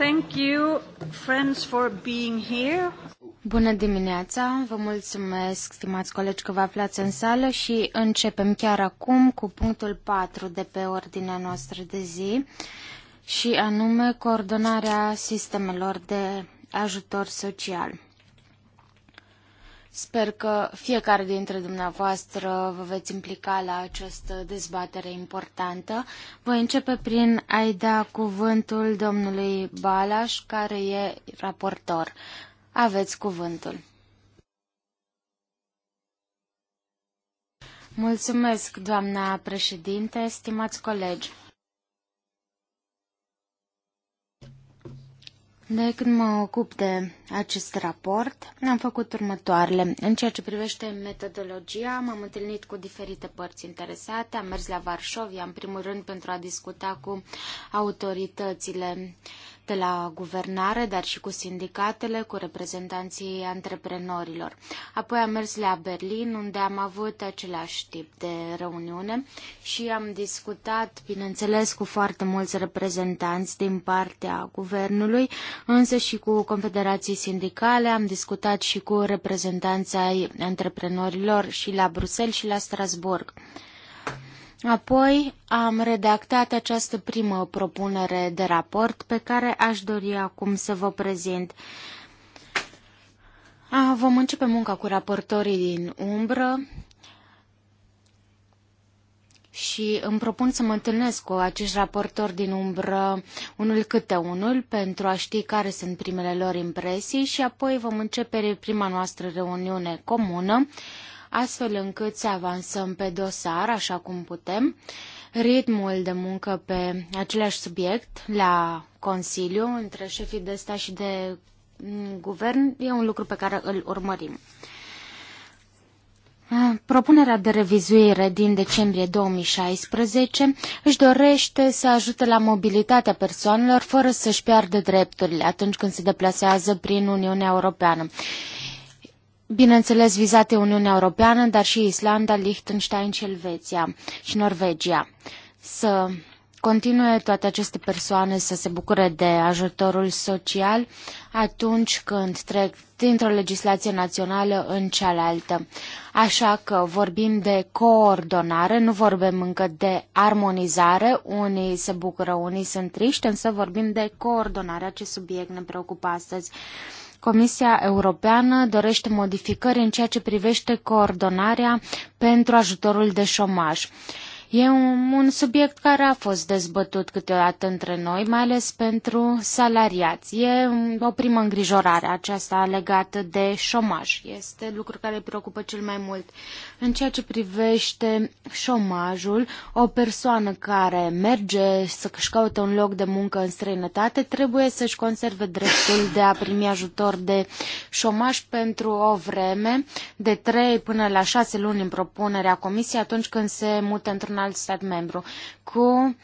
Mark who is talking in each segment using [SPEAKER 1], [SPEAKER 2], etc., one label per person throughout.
[SPEAKER 1] Thank you, friends, for being here. Bună dimineața, vă mulțumesc, stimați colegi, că vă aflați în sală și începem chiar acum cu punctul 4 de pe ordinea noastră de zi și anume coordonarea sistemelor de ajutor social. Sper că fiecare dintre dumneavoastră vă veți implica la această dezbatere importantă. Voi începe prin a-i da cuvântul domnului Balaș, care e raportor. Aveți cuvântul. Mulțumesc, doamna președinte, stimați colegi. De când mă ocup de acest raport, am făcut următoarele. În ceea ce privește metodologia, m-am întâlnit cu diferite părți interesate, am mers la Varșovia, în primul rând, pentru a discuta cu autoritățile uh, de la guvernare, dar și cu sindicatele, cu reprezentanții antreprenorilor. Apoi am mers la Berlin, unde am avut același tip de reuniune și am discutat, bineînțeles, cu foarte mulți reprezentanți din partea guvernului, însă și cu confederații sindicale, am discutat și cu reprezentanții antreprenorilor și la Bruxelles și la Strasbourg. Strasburg. Apoi am redactat această primă propunere de raport pe care aș dori acum să vă prezint. A, vom începe munca cu raportorii din umbră și îmi propun să mă întâlnesc cu acești raportori din umbră, unul câte unul, pentru a ști care sunt primele lor impresii și apoi vom începe prima noastră reuniune comună astfel încât să avansăm pe dosar așa cum putem. Ritmul de muncă pe același subiect la Consiliu între șefii de stat și de mm, guvern e un lucru pe care îl urmărim. Propunerea de revizuire din decembrie 2016 își dorește să ajute la mobilitatea persoanelor fără să-și piardă drepturile atunci când se deplasează prin Uniunea Europeană bineînțeles vizate Uniunea Europeană, dar și Islanda, Liechtenstein și Elveția și Norvegia. Să continue toate aceste persoane să se bucure de ajutorul social atunci când trec dintr-o legislație națională în cealaltă. Așa că vorbim de coordonare, nu vorbim încă de armonizare, unii se bucură, unii sunt triști, însă vorbim de coordonare, acest subiect ne preocupă astăzi. Comisia Europeană dorește modificări în ceea ce privește coordonarea pentru ajutorul de șomaj. E un, un subiect care a fost dezbătut câteodată între noi, mai ales pentru salariați. E o primă îngrijorare aceasta legată de șomaj. Este lucru care îi preocupă cel mai mult. În ceea ce privește șomajul, o persoană care merge să-și caute un loc de muncă în străinătate trebuie să-și conserve dreptul de a primi ajutor de șomaj pentru o vreme de 3 până la 6 luni în propunerea comisiei atunci când se mută într-un un alt stat membru. Cu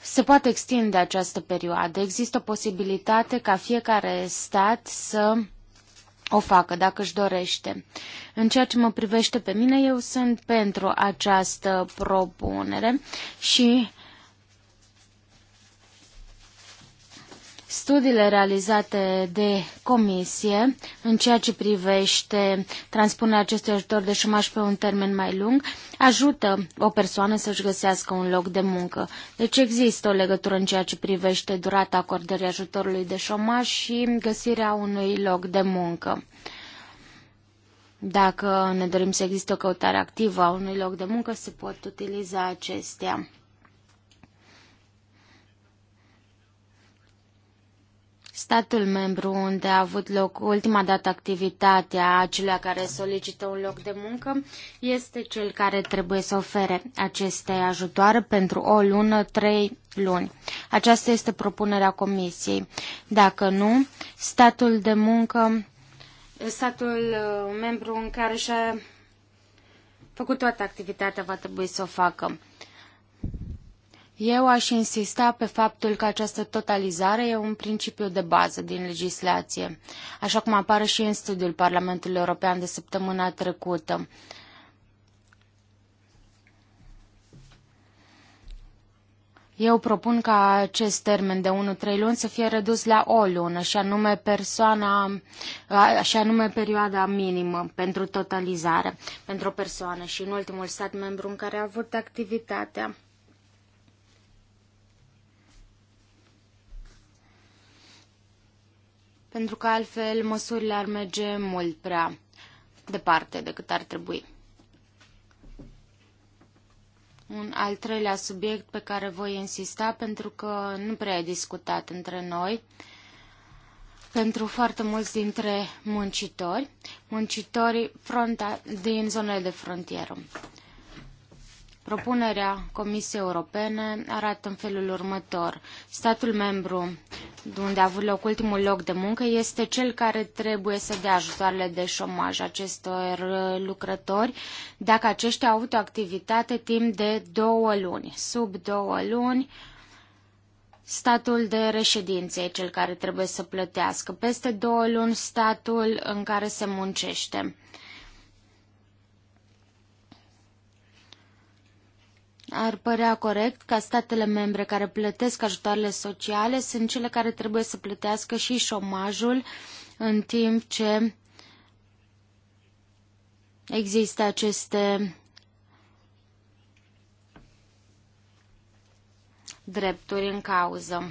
[SPEAKER 1] se poate extinde această perioadă. Există o posibilitate ca fiecare stat să o facă dacă își dorește. În ceea ce mă privește pe mine, eu sunt pentru această propunere și Studiile realizate de comisie în ceea ce privește transpunerea acestui ajutor de șomaș pe un termen mai lung ajută o persoană să-și găsească un loc de muncă. Deci există o legătură în ceea ce privește durata acordării ajutorului de șomaș și găsirea unui loc de muncă. Dacă ne dorim să existe o căutare activă a unui loc de muncă, se pot utiliza acestea. Statul membru unde a avut loc ultima dată activitatea acelea care solicită un loc de muncă este cel care trebuie să ofere aceste ajutoare pentru o lună, trei luni. Aceasta este propunerea comisiei. Dacă nu, statul de muncă, statul uh, membru în care și-a făcut toată activitatea va trebui să o facă. Eu aș insista pe faptul că această totalizare e un principiu de bază din legislație, așa cum apare și în studiul Parlamentului European de săptămâna trecută. Eu propun ca acest termen de 1-3 luni să fie redus la o lună, și anume, persoana, și anume perioada minimă pentru totalizare pentru o persoană și în ultimul stat membru în care a avut activitatea. pentru că altfel măsurile ar merge mult prea departe decât ar trebui. Un al treilea subiect pe care voi insista, pentru că nu prea e discutat între noi, pentru foarte mulți dintre muncitori, muncitorii fronta, din zonele de frontieră. Propunerea Comisiei Europene arată în felul următor. Statul membru unde a avut loc ultimul loc de muncă este cel care trebuie să dea ajutoarele de șomaj acestor lucrători dacă aceștia au avut o activitate timp de două luni. Sub două luni, statul de reședință e cel care trebuie să plătească. Peste două luni, statul în care se muncește. ar părea corect ca statele membre care plătesc ajutoarele sociale sunt cele care trebuie să plătească și șomajul în timp ce există aceste drepturi în cauză.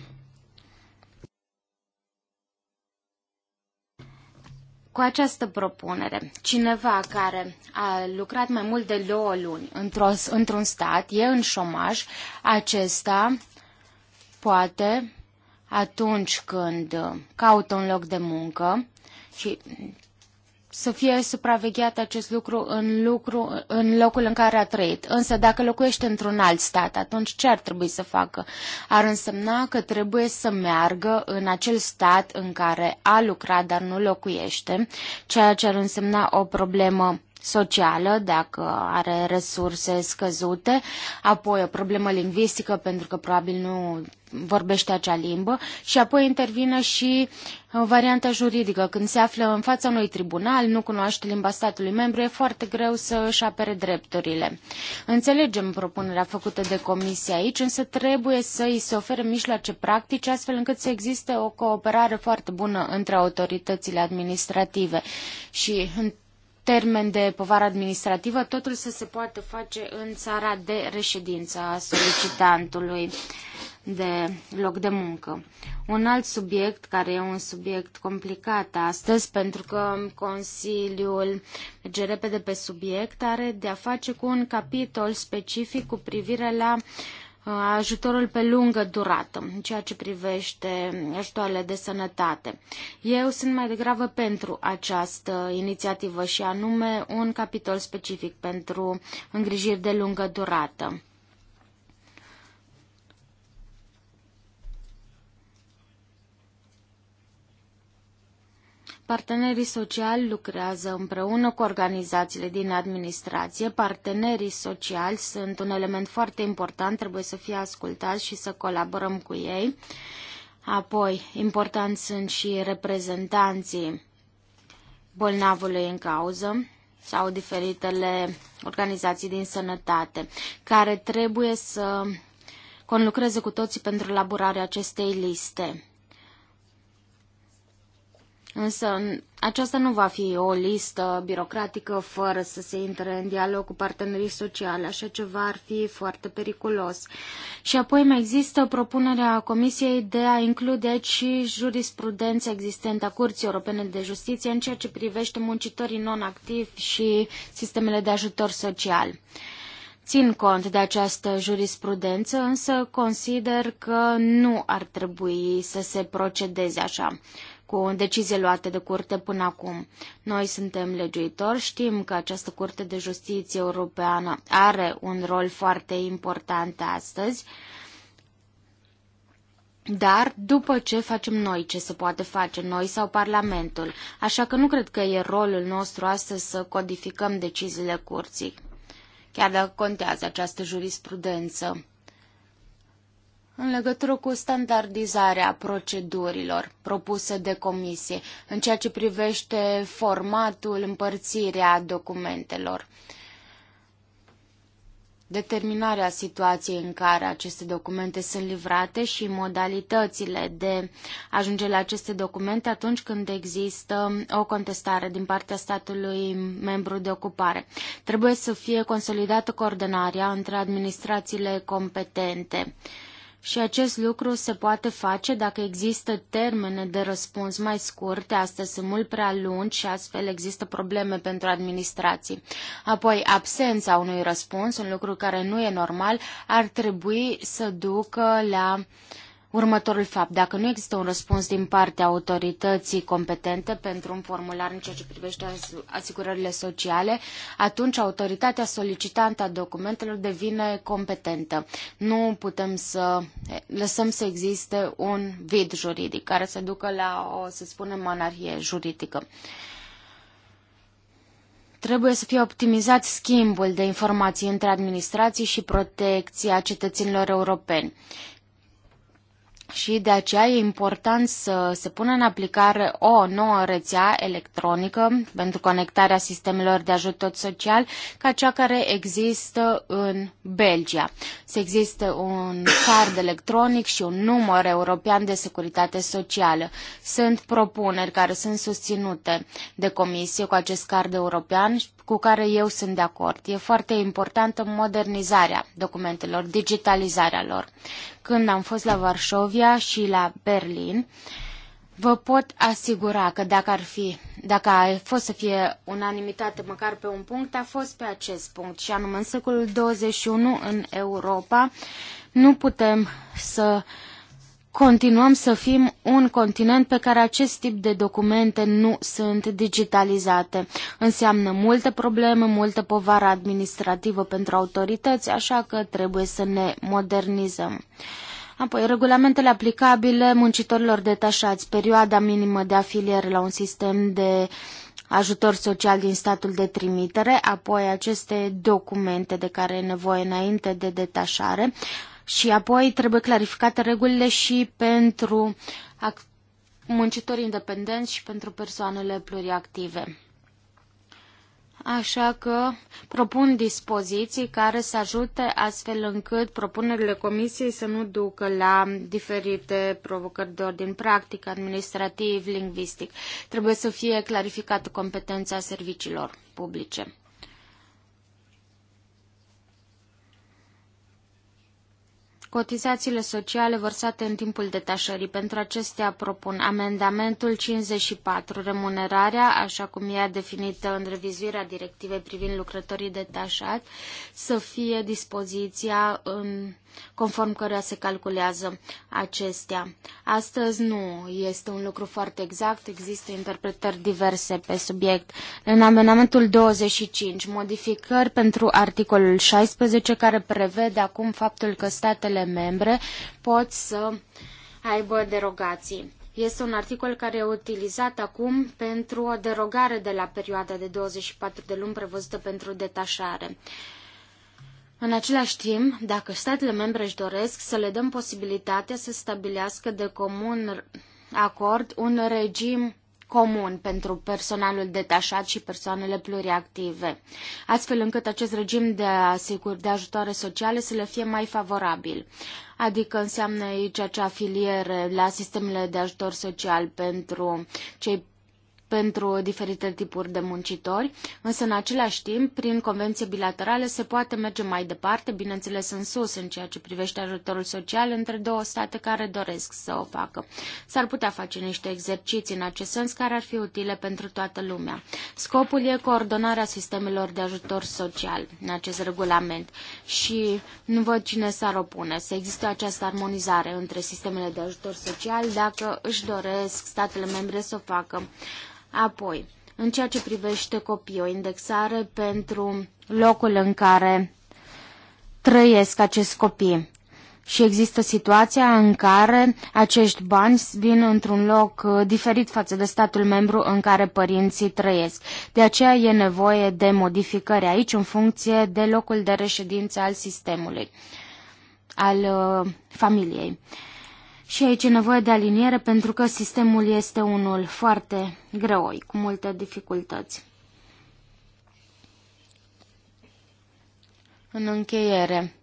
[SPEAKER 1] Cu această propunere, cineva care a lucrat mai mult de 2 luni într-un într stat, e în șomaj, acesta poate, atunci când caută un loc de muncă, și să fie supravegheat acest lucru în, lucru în locul în care a trăit. Însă dacă locuiește într-un alt stat, atunci ce ar trebui să facă? Ar însemna că trebuie să meargă în acel stat în care a lucrat, dar nu locuiește, ceea ce ar însemna o problemă socială, dacă are resurse scăzute, apoi o problemă lingvistică, pentru că probabil nu vorbește acea limbă, și apoi intervine și uh, varianta juridică. Când se află în fața unui tribunal, nu cunoaște limba statului membru, e foarte greu să își apere drepturile. Înțelegem propunerea făcută de comisie aici, însă trebuie să îi se ofere mijloace practice, astfel încât să existe o cooperare foarte bună între autoritățile administrative și termen de povară administrativă, totul să se poată face în țara de reședință a solicitantului de loc de muncă. Un alt subiect, care e un subiect complicat astăzi, pentru că Consiliul merge repede pe subiect, are de-a face cu un capitol specific cu privire la uh, ajutorul pe lungă durată, în ceea ce privește ajutoarele de sănătate. Eu sunt mai degrabă pentru această inițiativă și anume un capitol specific pentru îngrijiri de lungă durată. Partenerii sociali lucrează împreună cu organizațiile din administrație. Partenerii sociali sunt un element foarte important, trebuie să fie ascultați și să colaborăm cu ei. Apoi, important sunt și reprezentanții bolnavului în cauză sau diferitele organizații din sănătate, care trebuie să conlucreze cu toții pentru elaborarea acestei liste. Însă aceasta nu va fi o listă birocratică fără să se intre în dialog cu partenerii sociali. Așa ceva ar fi foarte periculos. Și apoi mai există propunerea Comisiei de a include și jurisprudența existentă a Curții Europene de Justiție în ceea ce privește muncitorii non-activi și sistemele de ajutor social. Țin cont de această jurisprudență, însă consider că nu ar trebui să se procedeze așa cu decizie luate de curte până acum. Noi suntem legiuitori, știm că această curte de justiție europeană are un rol foarte important astăzi, dar după ce facem noi ce se poate face, noi sau Parlamentul, așa că nu cred că e rolul nostru astăzi să codificăm deciziile curții, chiar dacă contează această jurisprudență în legătură cu standardizarea procedurilor propuse de comisie în ceea ce privește formatul, împărțirea documentelor, determinarea situației în care aceste documente sunt livrate și modalitățile de a ajunge la aceste documente atunci când există o contestare din partea statului membru de ocupare. Trebuie să fie consolidată coordonarea între administrațiile competente. Și acest lucru se poate face dacă există termene de răspuns mai scurte, astăzi sunt mult prea lungi și astfel există probleme pentru administrații. Apoi, absența unui răspuns, un lucru care nu e normal, ar trebui să ducă la uh, următorul fapt. Dacă nu există un răspuns din partea autorității competente pentru un formular în ceea ce privește asigurările sociale, atunci autoritatea solicitantă a documentelor devine competentă. Nu putem să lăsăm să existe un vid juridic care să ducă la o, să spunem, anarhie juridică trebuie să fie optimizat schimbul de informații între administrații și protecția cetățenilor europeni și de aceea e important să se pună în aplicare o nouă rețea electronică pentru conectarea sistemelor de ajutor social ca cea care există în Belgia. Se existe un card electronic și un număr european de securitate socială. Sunt propuneri care sunt susținute de comisie cu acest card european cu care eu sunt de acord. E foarte importantă modernizarea documentelor, digitalizarea lor. Când am fost la Varșovia și la Berlin, vă pot asigura că dacă ar fi, dacă a fost să fie unanimitate măcar pe un punct, a fost pe acest punct și anume în secolul 21 în Europa nu putem să uh, continuăm să fim un continent pe care acest tip de documente nu sunt digitalizate. Înseamnă multe probleme, multă povară administrativă pentru autorități, așa că trebuie să ne modernizăm. Apoi, regulamentele aplicabile muncitorilor detașați, perioada minimă de afiliere la un sistem de ajutor social din statul de trimitere, apoi aceste documente de care e nevoie înainte de detașare, și apoi trebuie clarificate regulile și pentru muncitorii independenți și pentru persoanele pluriactive. Așa că propun dispoziții care să ajute astfel încât propunerile comisiei să nu ducă la diferite provocări de ordin practic, administrativ, lingvistic. Trebuie să fie clarificată competența serviciilor publice. cotizațiile sociale vărsate în timpul detașării. Pentru acestea propun amendamentul 54, remunerarea, așa cum ea definită în revizuirea directivei privind lucrătorii detașați, să fie dispoziția în conform căruia se calculează acestea. Astăzi nu este un lucru foarte exact, există interpretări diverse pe subiect. În amendamentul 25, modificări pentru articolul 16 care prevede acum faptul că statele membre pot să aibă derogații. Este un articol care e utilizat acum pentru o derogare de la perioada de 24 de luni prevăzută pentru detașare. Uh, în același timp, dacă statele membre își doresc să le dăm posibilitatea să stabilească de comun acord un regim comun pentru personalul detașat și persoanele pluriactive, astfel încât acest regim de, asigur, de ajutoare sociale să le fie mai favorabil. Adică înseamnă aici acea filiere la sistemele de ajutor social pentru cei pentru diferite tipuri de muncitori, însă în același timp, prin convenție bilaterale se poate merge mai departe, bineînțeles în sus, în ceea ce privește ajutorul social între două state care doresc să o facă. S-ar putea face niște exerciții în acest sens care ar fi utile pentru toată lumea. Scopul e coordonarea sistemelor de ajutor social în acest regulament și nu văd cine s-ar opune să existe această armonizare între sistemele de ajutor social dacă își doresc statele membre să o facă. Apoi, în ceea ce privește copii, o indexare pentru locul în care trăiesc acești copii. Și există situația în care acești bani vin într-un loc uh, diferit față de statul membru în care părinții trăiesc. De aceea e nevoie de modificări aici în funcție de locul de reședință al sistemului, al uh, familiei. Și aici e nevoie de aliniere pentru că sistemul este unul foarte greoi, cu multe dificultăți. În încheiere,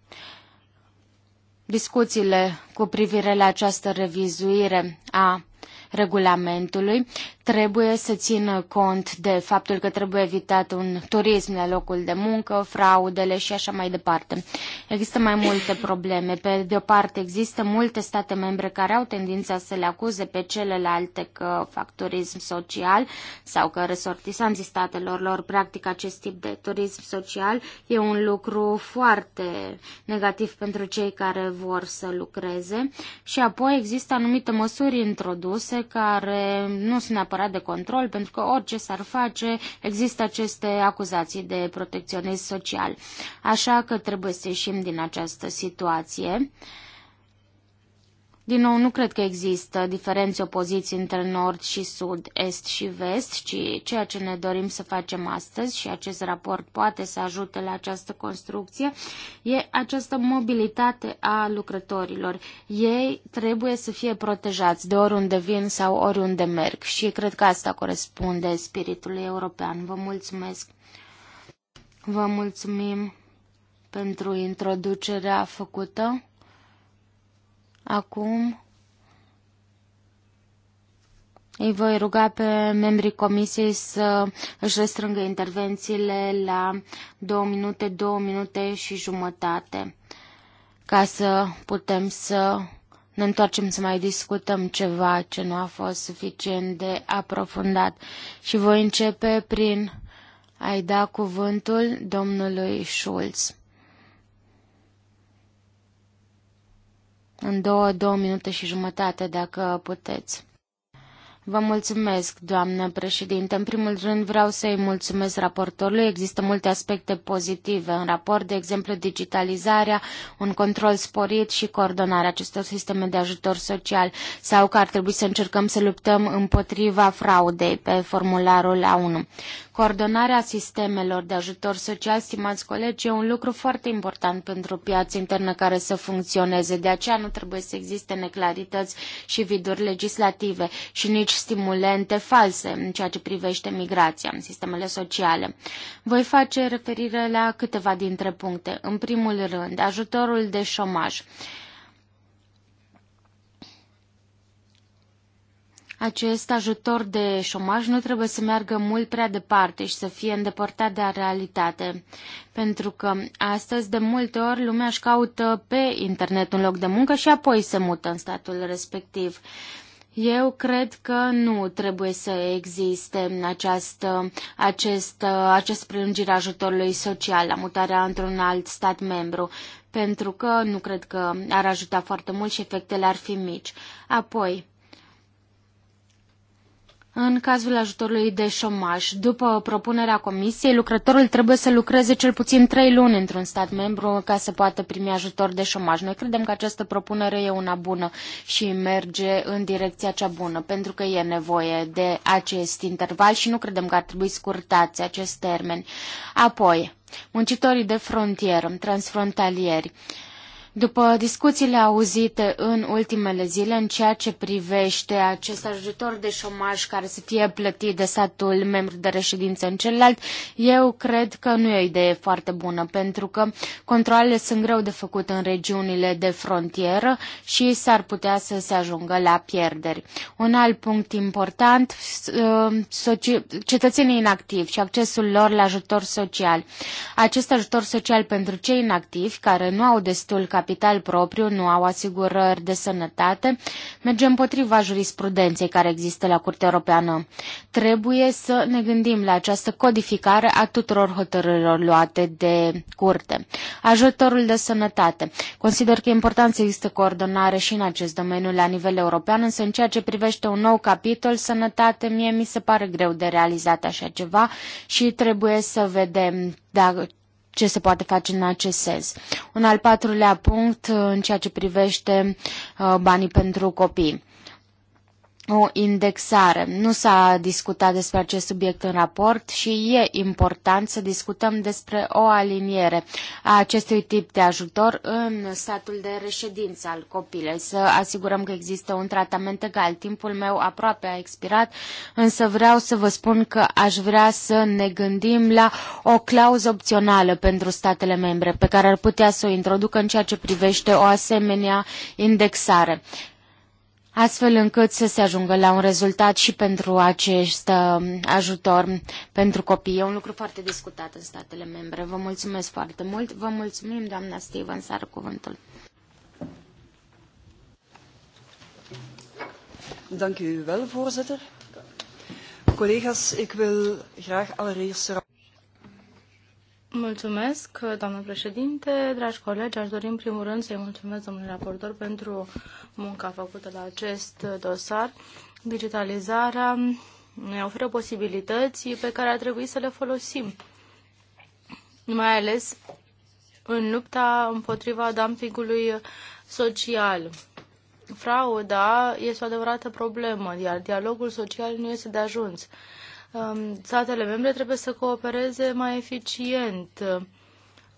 [SPEAKER 1] discuțiile cu privire la această revizuire a regulamentului trebuie să țină cont de faptul că trebuie evitat un turism la locul de muncă, fraudele și așa mai departe. Există mai multe probleme. Pe de o parte, există multe state membre care au tendința să le acuze pe celelalte că fac turism social sau că resortisanții statelor lor practică acest tip de turism social. E un lucru foarte negativ pentru cei care vor să lucreze. Și apoi există anumite măsuri introduse produse care nu sunt neapărat de control, pentru că orice s-ar face, există aceste acuzații de protecționism social. Așa că trebuie să ieșim din această situație. Uh, din nou, nu cred că există diferențe opoziții între nord și sud, est și vest, ci ceea ce ne dorim să facem astăzi și acest raport poate să ajute la această construcție, e această mobilitate a lucrătorilor. Ei trebuie să fie protejați de oriunde vin sau oriunde merg și cred că asta corespunde spiritului european. Vă mulțumesc! Vă mulțumim pentru introducerea făcută. Acum îi voi ruga pe membrii comisiei să își restrângă intervențiile la două minute, două minute și jumătate, ca să putem să ne întoarcem să mai discutăm ceva ce nu a fost suficient de aprofundat. Și voi începe prin a-i da cuvântul domnului Schulz. în două, două minute și jumătate, dacă puteți. Vă mulțumesc, doamnă președinte. În primul rând vreau să-i mulțumesc raportorului. Există multe aspecte pozitive în raport, de exemplu digitalizarea, un control sporit și coordonarea acestor sisteme de ajutor social sau că ar trebui să încercăm să luptăm împotriva fraudei pe formularul A1. Coordonarea sistemelor de ajutor social, stimați colegi, e un lucru foarte important pentru o piață internă care să funcționeze. De aceea nu trebuie să existe neclarități și viduri legislative și nici stimulente false în ceea ce privește migrația în sistemele sociale. Voi face referire la câteva dintre puncte. În primul rând, ajutorul de șomaj. Acest ajutor de șomaj nu trebuie să meargă mult prea departe și să fie îndepărtat de realitate, pentru că astăzi de multe ori lumea își caută pe internet un loc de muncă și apoi se mută în statul respectiv. Eu cred că nu trebuie să existe această, acest, acest prelungire ajutorului social la mutarea într-un alt stat membru, pentru că nu cred că ar ajuta foarte mult și efectele ar fi mici. Apoi, în cazul ajutorului de șomaj, după propunerea comisiei, lucrătorul trebuie să lucreze cel puțin trei luni într-un stat membru ca să poată primi ajutor de șomaj. Noi credem că această propunere e una bună și merge în direcția cea bună, pentru că e nevoie de acest interval și nu credem că ar trebui scurtați acest termen. Apoi, muncitorii de frontieră, transfrontalieri. Uh, după discuțiile auzite în ultimele zile în ceea ce privește acest ajutor de șomaj care să fie plătit de statul membru de reședință în celălalt, eu cred că nu e o idee foarte bună, pentru că controlele sunt greu de făcut în regiunile de frontieră și s-ar putea să se ajungă la pierderi. Un alt punct important, uh, cetățenii inactivi și accesul lor la ajutor social. Acest ajutor social pentru cei inactivi care nu au destul ca capital propriu, nu au asigurări de sănătate, merge împotriva jurisprudenței care există la Curtea Europeană. Trebuie să ne gândim la această codificare a tuturor hotărârilor luate de curte. Ajutorul de sănătate. Consider că e important să există coordonare și în acest domeniu la nivel european, însă în ceea ce privește un nou capitol sănătate, mie mi se pare greu de realizat așa ceva și trebuie să vedem dacă ce se poate face în acest sens. Un al patrulea punct uh, în ceea ce privește uh, banii pentru copii o indexare. Nu s-a discutat despre acest subiect în raport și e important să discutăm despre o aliniere a acestui tip de ajutor în statul de reședință al copilei, să asigurăm că există un tratament egal. Timpul meu aproape a expirat, însă vreau să vă spun că aș vrea să ne gândim la o clauză opțională pentru statele membre pe care ar putea să o introducă în ceea ce privește o asemenea indexare astfel încât să se ajungă la un rezultat și pentru acest um, ajutor pentru copii. E un lucru foarte discutat în statele membre. Vă mulțumesc foarte mult. Vă mulțumim, doamna Stevens, are cuvântul.
[SPEAKER 2] Dank u wel, voorzitter.
[SPEAKER 1] Collega's, ik
[SPEAKER 2] wil graag allereerst... Mulțumesc, doamnă președinte, dragi colegi, aș dori în primul rând să-i mulțumesc domnului raportor pentru munca făcută la acest dosar. Digitalizarea ne oferă posibilități pe care ar trebui să le folosim, mai ales în lupta împotriva dumpingului social. Frauda este o adevărată problemă, iar dialogul social nu este de ajuns statele membre trebuie să coopereze mai eficient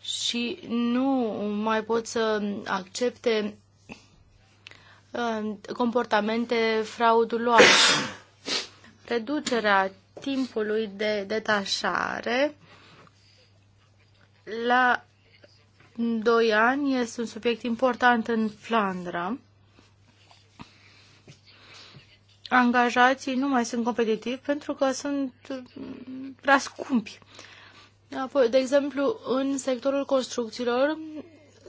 [SPEAKER 2] și nu mai pot să accepte uh, comportamente frauduloase. Reducerea timpului de detașare la 2 ani este un subiect important în Flandra angajații nu mai sunt competitivi pentru că sunt mm, prea scumpi. Apoi, de exemplu, în sectorul construcțiilor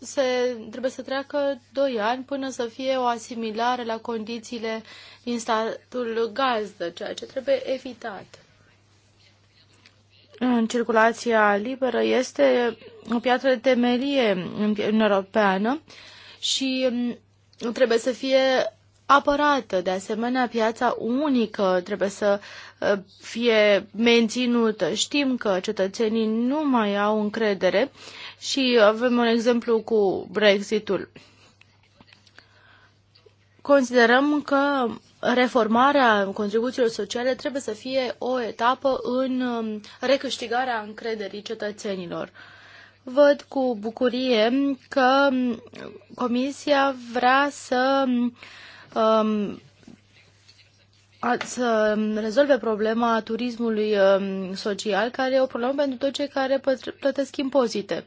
[SPEAKER 2] se, trebuie să treacă 2 ani până să fie o asimilare la condițiile din statul gazdă, ceea ce trebuie evitat. În circulația liberă este o piatră de temelie în Europeană și mm, trebuie să fie apărată. De asemenea, piața unică trebuie să uh, fie menținută. Știm că cetățenii nu mai au încredere și avem un exemplu cu Brexitul. Considerăm că reformarea contribuțiilor sociale trebuie să fie o etapă în um, recâștigarea încrederii cetățenilor. Văd cu bucurie că um, Comisia vrea să uh, um, a, să rezolve problema turismului um, social, care e o problemă pentru toți cei care plătesc impozite,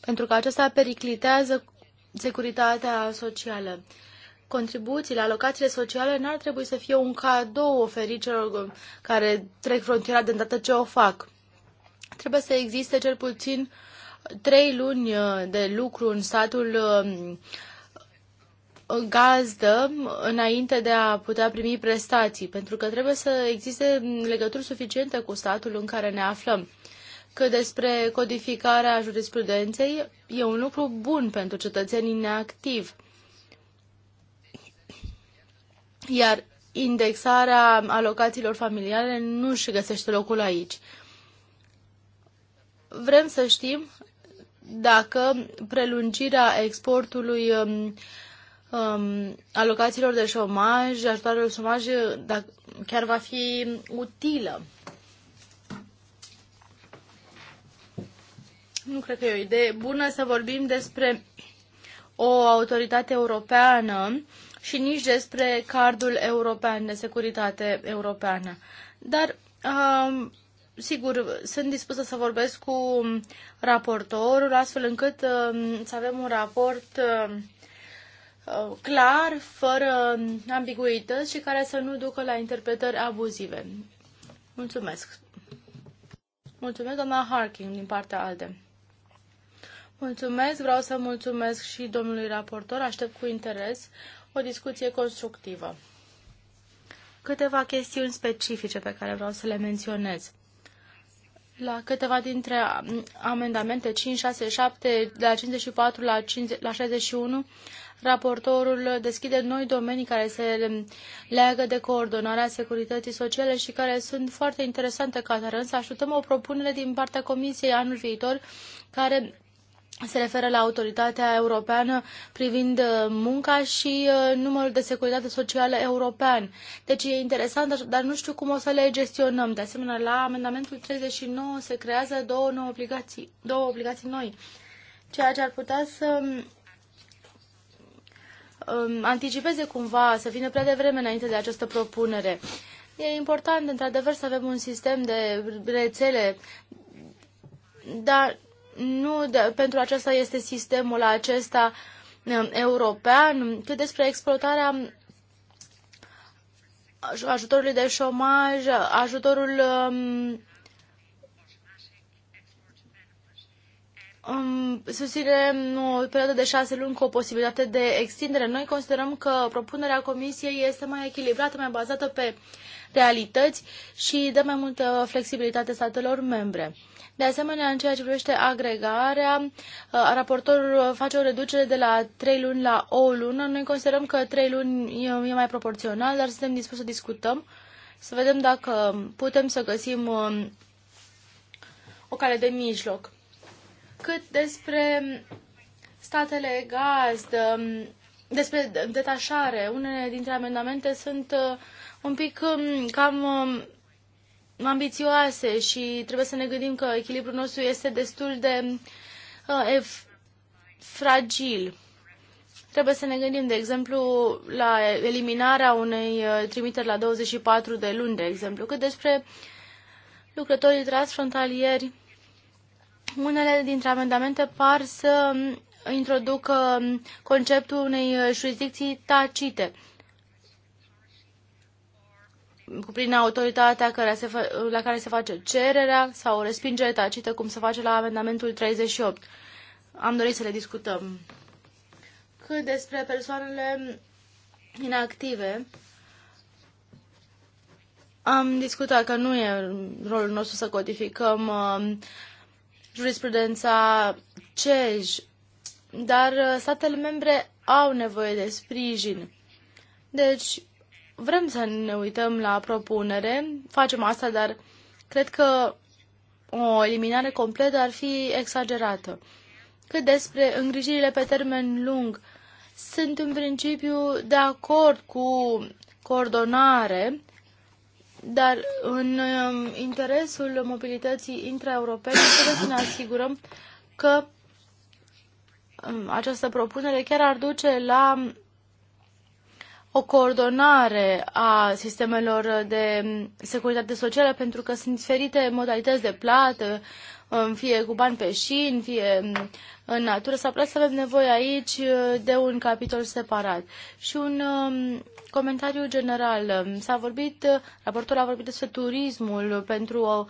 [SPEAKER 2] pentru că acesta periclitează securitatea socială. Contribuțiile, alocațiile sociale n-ar trebui să fie un cadou oferit celor care trec frontiera de îndată ce o fac. Trebuie să existe cel puțin trei luni uh, de lucru în statul um, gazdă înainte de a putea primi prestații, pentru că trebuie să existe legături suficiente cu statul în care ne aflăm. Că despre codificarea jurisprudenței e un lucru bun pentru cetățenii neactivi. Iar indexarea alocațiilor familiale nu își găsește locul aici. Vrem să știm dacă prelungirea exportului um, um, alocațiilor de șomaj, ajutoarele de șomaj, dacă, chiar va fi utilă. Nu cred că e o idee bună să vorbim despre o autoritate europeană și nici despre cardul european de securitate europeană. Dar, um, sigur, sunt dispusă să vorbesc cu raportorul, astfel încât um, să avem un raport um, Uh, clar, fără ambiguități și care să nu ducă la interpretări abuzive. Mulțumesc. Mulțumesc, doamna Harking, din partea ALDE. Mulțumesc, vreau să mulțumesc și domnului raportor, aștept cu interes o discuție constructivă. Câteva chestiuni specifice pe care vreau să le menționez la câteva dintre um, amendamente 5, 6, 7, de la 54 la, 50, la 61, raportorul deschide noi domenii care se leagă de coordonarea securității sociale și care sunt foarte interesante ca să așteptăm o propunere din partea Comisiei anul viitor care se referă la autoritatea europeană privind uh, munca și uh, numărul de securitate socială european. Deci e interesant, dar nu știu cum o să le gestionăm. De asemenea, la amendamentul 39 se creează două, nouă obligații, două obligații noi, ceea ce ar putea să um, um, anticipeze cumva, să vină prea devreme înainte de această propunere. E important, într-adevăr, să avem un sistem de rețele, dar nu de, pentru aceasta este sistemul acesta um, european, cât despre exploatarea ajutorului de șomaj, ajutorul um, um susținere o perioadă de șase luni cu o posibilitate de extindere. Noi considerăm că propunerea Comisiei este mai echilibrată, mai bazată pe realități și dă mai multă flexibilitate statelor membre. De asemenea, în ceea ce privește agregarea, uh, raportorul face o reducere de la 3 luni la o lună. Noi considerăm că 3 luni e mai proporțional, dar suntem dispuși să discutăm, să vedem dacă putem să găsim uh, o cale de mijloc. Cât despre statele gazdă, um, despre detașare, unele dintre amendamente sunt uh, un pic um, cam um, ambițioase și trebuie să ne gândim că echilibrul nostru este destul de uh, fragil. Trebuie să ne gândim, de exemplu, la eliminarea unei uh, trimiteri la 24 de luni, de exemplu, cât despre lucrătorii transfrontalieri. Unele dintre amendamente par să introducă conceptul unei jurisdicții tacite prin autoritatea care se la care se face cererea sau respingere tacită, cum se face la amendamentul 38. Am dorit să le discutăm. Cât despre persoanele inactive, am discutat că nu e rolul nostru să codificăm uh, jurisprudența CEJ, dar uh, statele membre au nevoie de sprijin. Deci, vrem să ne uităm la propunere, facem asta, dar cred că o eliminare completă ar fi exagerată. Cât despre îngrijirile pe termen lung, sunt în principiu de acord cu coordonare, dar în um, interesul mobilității intraeuropene trebuie să ne asigurăm că um, această propunere chiar ar duce la o coordonare a sistemelor de securitate socială, pentru că sunt diferite modalități de plată, um, fie cu bani pe șin, fie um, în natură, sau să avem nevoie aici uh, de un capitol separat. Și un um, comentariu general. S-a vorbit, uh, raportul a vorbit despre turismul pentru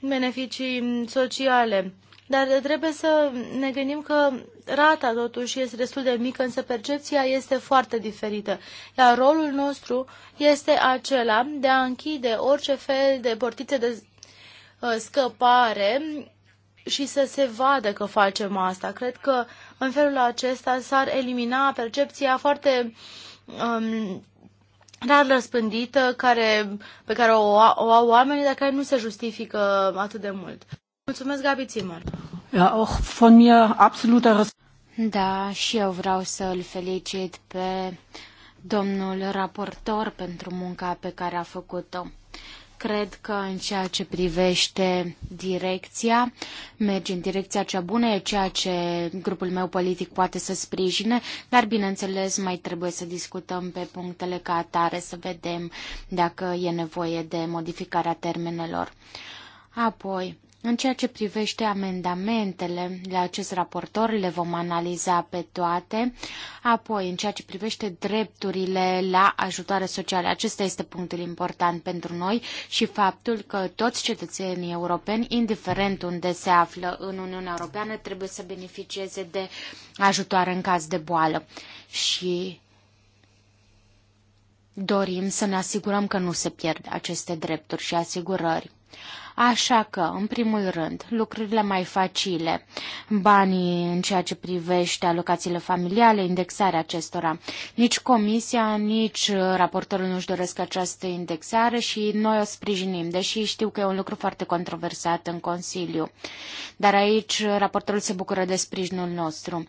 [SPEAKER 2] beneficii sociale. Dar trebuie să ne gândim că rata totuși este destul de mică, însă percepția este foarte diferită. Iar rolul nostru este acela de a închide orice fel de portițe de uh, scăpare și să se vadă că facem asta. Cred că în felul acesta s-ar elimina percepția foarte um, rar răspândită care, pe care o, o au oamenii, dar care nu se justifică atât de mult. Mulțumesc, Gabi Zimmer.
[SPEAKER 1] Ja, von mir absoluter Da, și eu vreau să îl felicit pe domnul raportor pentru munca pe care a făcut-o. Cred că în ceea ce privește direcția, merge în direcția cea bună, e ceea ce grupul meu politic poate să sprijine, dar bineînțeles mai trebuie să discutăm pe punctele ca atare, să vedem dacă e nevoie de modificarea termenelor. Apoi, în ceea ce privește amendamentele la acest raportor, le vom analiza pe toate. Apoi, în ceea ce privește drepturile la ajutoare sociale, acesta este punctul important pentru noi și faptul că toți cetățenii europeni, indiferent unde se află în Uniunea Europeană, trebuie să beneficieze de ajutoare în caz de boală. Și dorim să ne asigurăm că nu se pierd aceste drepturi și asigurări. Așa că, în primul rând, lucrurile mai facile, banii în ceea ce privește alocațiile familiale, indexarea acestora. Nici comisia, nici raportorul nu-și doresc această indexare și noi o sprijinim, deși știu că e un lucru foarte controversat în Consiliu. Dar aici raportorul se bucură de sprijinul nostru.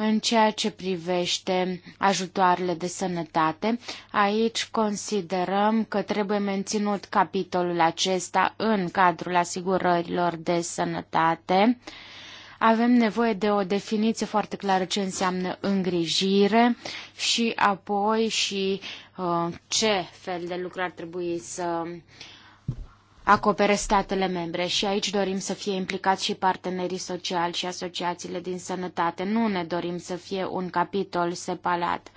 [SPEAKER 1] În ceea ce privește ajutoarele de sănătate, aici considerăm că trebuie menținut capitolul acesta în cadrul asigurărilor de sănătate. Avem nevoie de o definiție foarte clară ce înseamnă îngrijire și apoi și uh, ce fel de lucru ar trebui să uh, acopere statele membre și aici dorim să fie implicați și partenerii sociali și asociațiile din sănătate. Nu ne dorim să fie un capitol separat,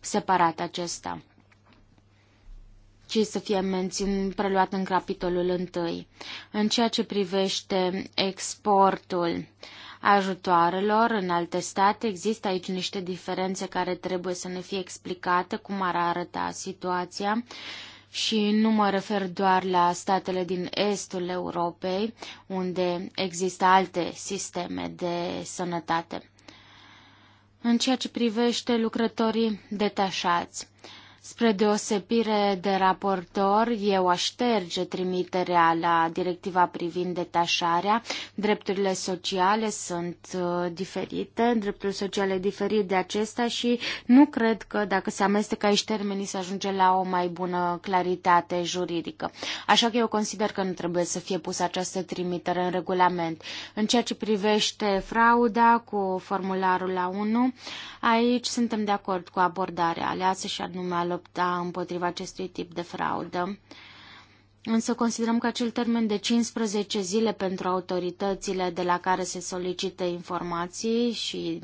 [SPEAKER 1] separat acesta, ci să fie mențin, preluat în capitolul întâi. În ceea ce privește exportul ajutoarelor în alte state, există aici niște diferențe care trebuie să ne fie explicate, cum ar arăta situația și nu mă refer doar la statele din estul Europei, unde există alte sisteme de sănătate. În ceea ce privește lucrătorii detașați, Spre deosebire de raportor, eu așterge trimiterea la directiva privind detașarea. Drepturile sociale sunt uh, diferite, drepturile sociale diferite de acesta și nu cred că dacă se amestecă aici termenii se ajunge la o mai bună claritate juridică. Așa că eu consider că nu trebuie să fie pusă această trimitere în regulament. În ceea ce privește frauda cu formularul la 1, aici suntem de acord cu abordarea aleasă și anume al lupta împotriva acestui tip de fraudă. Însă considerăm că acel termen de 15 zile pentru autoritățile de la care se solicită informații și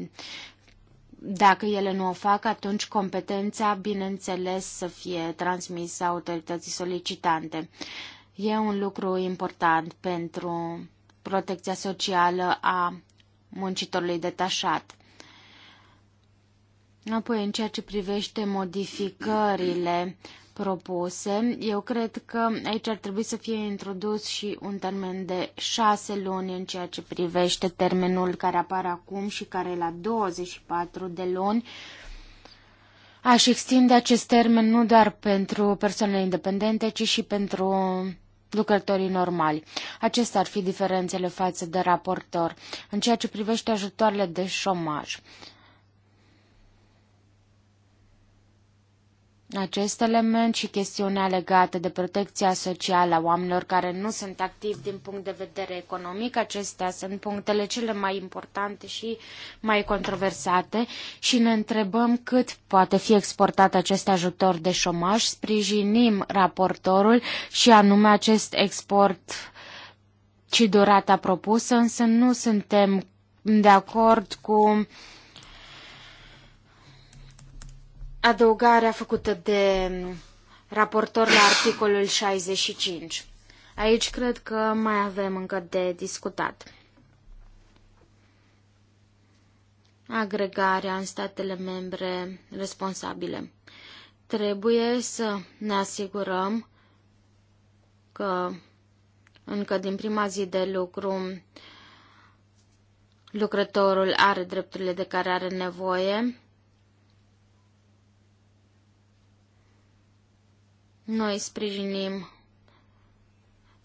[SPEAKER 1] dacă ele nu o fac, atunci competența, bineînțeles, să fie transmisă autorității solicitante. E un lucru important pentru protecția socială a muncitorului detașat. Apoi, în ceea ce privește modificările propuse, eu cred că aici ar trebui să fie introdus și un termen de șase luni în ceea ce privește termenul care apare acum și care e la 24 de luni. Aș extinde acest termen nu doar pentru persoanele independente, ci și pentru lucrătorii normali. Acestea ar fi diferențele față de raportor în ceea ce privește ajutoarele de șomaj. Uh, acest element și chestiunea legată de protecția socială a oamenilor care nu sunt activi din punct de vedere economic. Acestea sunt punctele cele mai importante și mai controversate și ne întrebăm cât poate fi exportat acest ajutor de șomaj. Sprijinim raportorul și anume acest export și durata propusă, însă nu suntem de acord cu uh, adăugarea făcută de mm, raportor la articolul 65. Aici cred că mai avem încă de discutat. Agregarea în statele membre responsabile. Trebuie să ne asigurăm că încă din prima zi de lucru lucrătorul are drepturile de care are nevoie Noi sprijinim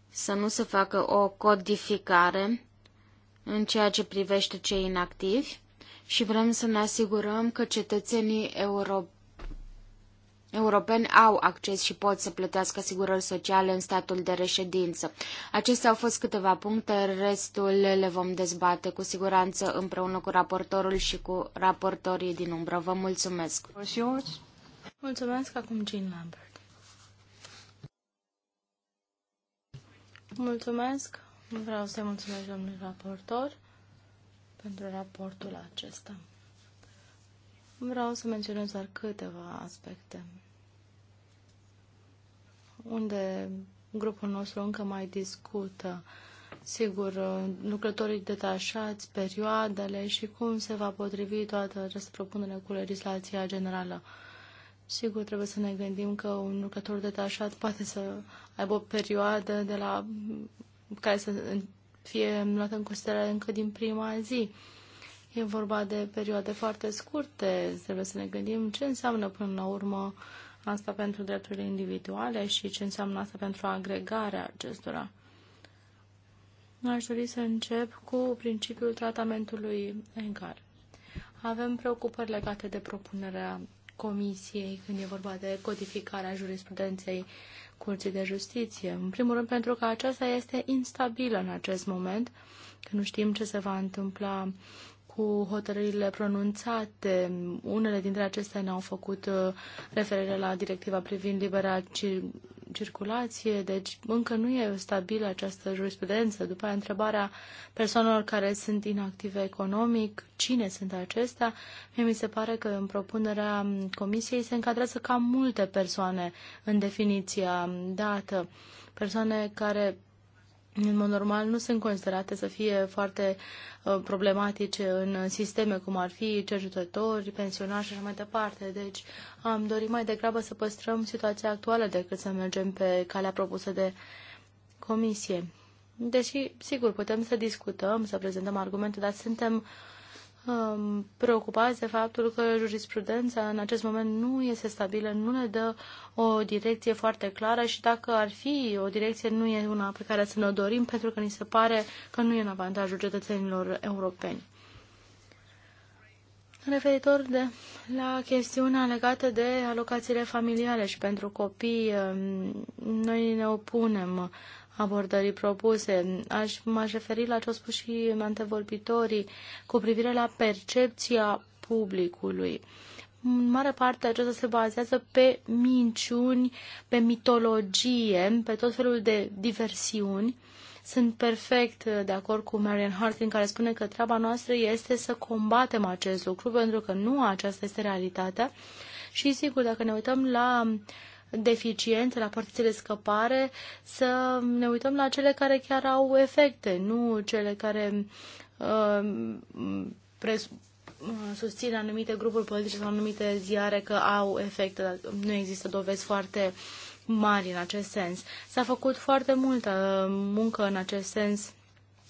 [SPEAKER 1] să nu se facă o codificare în ceea ce privește cei inactivi și vrem să ne asigurăm că cetățenii europeni europeni au acces și pot să plătească asigurări sociale în statul de reședință. Acestea au fost câteva puncte, restul le vom dezbate cu siguranță împreună cu raportorul și cu raportorii din umbră. Vă mulțumesc!
[SPEAKER 2] Mulțumesc acum Jean Lambert. Mulțumesc. Vreau să-i mulțumesc domnului raportor pentru raportul acesta. Vreau să menționez doar câteva aspecte unde grupul nostru încă mai discută, sigur, lucrătorii detașați, perioadele și cum se va potrivi toată această propunere cu legislația generală. Sigur, trebuie să ne gândim că un lucrător detașat poate să aibă o perioadă de la care să fie luată în considerare încă din prima zi. E vorba de perioade foarte scurte. Trebuie să ne gândim ce înseamnă până la urmă asta pentru drepturile individuale și ce înseamnă asta pentru agregarea acestora. Aș dori să încep cu principiul tratamentului egal. Avem preocupări legate de propunerea Comisiei când e vorba de codificarea jurisprudenței Curții de Justiție. În primul rând pentru că aceasta este instabilă în acest moment, că nu știm ce se va întâmpla cu hotărârile pronunțate. Unele dintre acestea ne-au făcut uh, referire la directiva privind libera cir circulație, deci încă nu e stabilă această jurisprudență. După aia, întrebarea persoanelor care sunt inactive economic, cine sunt acestea, mie mi se pare că în propunerea comisiei se încadrează cam multe persoane în definiția dată. Persoane care în mod normal nu sunt considerate să fie foarte uh, problematice în sisteme cum ar fi cercetători, pensionari și așa mai departe. Deci am dorit mai degrabă să păstrăm situația actuală decât să mergem pe calea propusă de comisie. Deși, sigur, putem să discutăm, să prezentăm argumente, dar suntem preocupați de faptul că jurisprudența în acest moment nu este stabilă, nu ne dă o direcție foarte clară și dacă ar fi o direcție, nu e una pe care să ne dorim, pentru că ni se pare că nu e în avantajul cetățenilor europeni. Referitor de la chestiunea legată de alocațiile familiale și pentru copii, um, noi ne opunem abordării propuse. Aș, m-aș referi la ce au spus și antevorbitorii cu privire la percepția publicului. În mare parte aceasta se bazează pe minciuni, pe mitologie, pe tot felul de diversiuni. Sunt perfect de acord cu Marian Harting care spune că treaba noastră este să combatem acest lucru, pentru că nu aceasta este realitatea. Și sigur, dacă ne uităm la uh, deficient, la portițe de scăpare, să ne uităm la cele care chiar au efecte, nu cele care uh, pres- uh, susțin anumite grupuri politice sau anumite ziare că au efecte, dar nu există dovezi foarte mari în acest sens. S-a făcut foarte multă uh, muncă în acest sens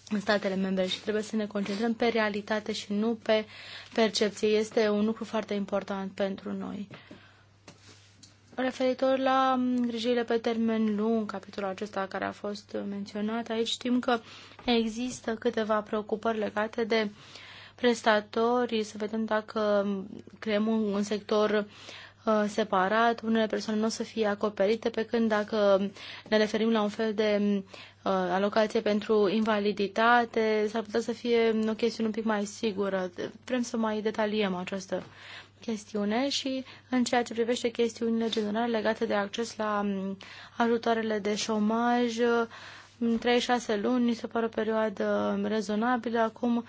[SPEAKER 2] în statele membre și trebuie să ne concentrăm pe realitate și nu pe percepție. Este un lucru foarte important pentru noi. Referitor la mm, grijile pe termen lung, capitolul acesta care a fost menționat, aici știm că există câteva preocupări legate de prestatorii, să vedem dacă creăm un, un sector uh, separat, unele persoane nu o să fie acoperite, pe când dacă ne referim la un fel de mm, uh, alocație pentru invaliditate, s-ar putea să fie o chestiune un pic mai sigură. Vrem să mai detaliem această chestiune și în ceea ce privește chestiunile generale legate de acces la mm, ajutoarele de șomaj, 3-6 mm, luni se pare o perioadă rezonabilă. Acum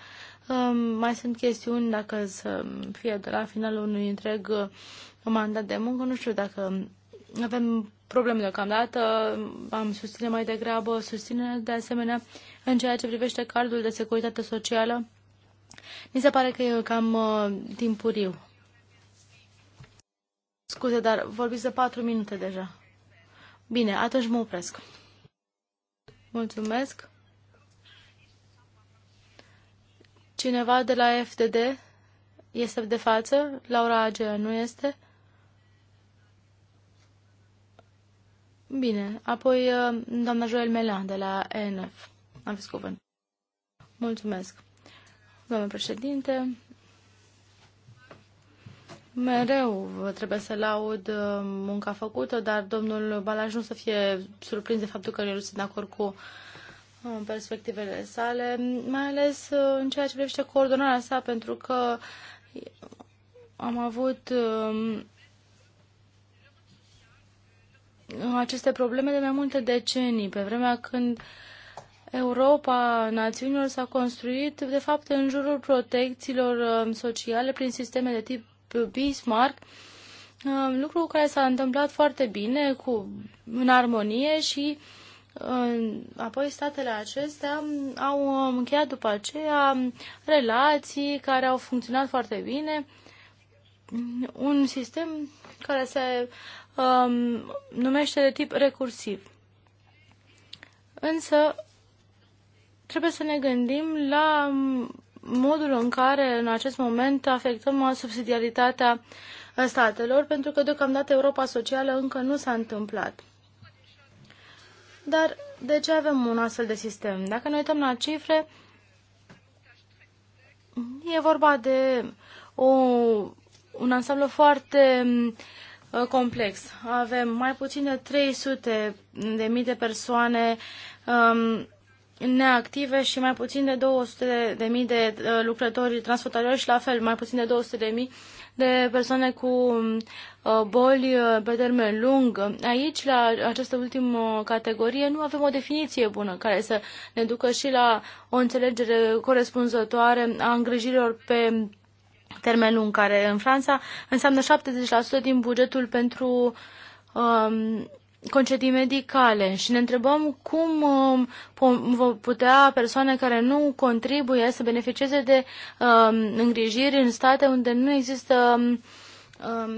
[SPEAKER 2] mm, mai sunt chestiuni dacă să fie de la finalul unui întreg mandat de muncă, nu știu dacă avem probleme deocamdată, am susține mai degrabă, susține de asemenea în ceea ce privește cardul de securitate socială, mi se pare că e cam uh, timpuriu. Scuze, dar vorbiți de patru minute deja. Bine, atunci mă opresc. Mulțumesc. Cineva de la FDD este de față? Laura Agea nu este? Bine, apoi uh, doamna Joel Melan de la ENF. Aveți cuvânt. Mulțumesc. Doamne președinte, Mereu trebuie să laud uh, munca făcută, dar domnul Balaj nu să fie surprins de faptul că eu sunt de acord cu uh, perspectivele sale, mai ales uh, în ceea ce privește coordonarea sa, pentru că am avut um, aceste probleme de mai multe decenii, pe vremea când Europa națiunilor s-a construit, de fapt, în jurul protecțiilor um, sociale prin sisteme de tip Bismarck, um, lucru care s-a întâmplat foarte bine, cu, în armonie și um, apoi statele acestea au um, încheiat după aceea relații care au funcționat foarte bine, un sistem care se um, numește de tip recursiv. Însă trebuie să ne gândim la modul în care în acest moment afectăm uh, subsidiaritatea uh, statelor, pentru că deocamdată Europa Socială încă nu s-a întâmplat. Dar de ce avem un astfel de sistem? Dacă ne uităm la cifre, e vorba de o, un ansamblu foarte mm, uh, complex. Avem mai puțin de 300 de mii de persoane um, neactive și mai puțin de 200.000 de, de uh, lucrători transfrontalieri și la fel mai puțin de 200.000 de persoane cu uh, boli uh, pe termen lung. Aici, la această ultimă categorie, nu avem o definiție bună care să ne ducă și la o înțelegere corespunzătoare a îngrijirilor pe termen lung, care în Franța înseamnă 70% din bugetul pentru um, concedii medicale și ne întrebăm cum uh, putea persoane care nu contribuie să beneficieze de um, îngrijiri în state unde nu există um,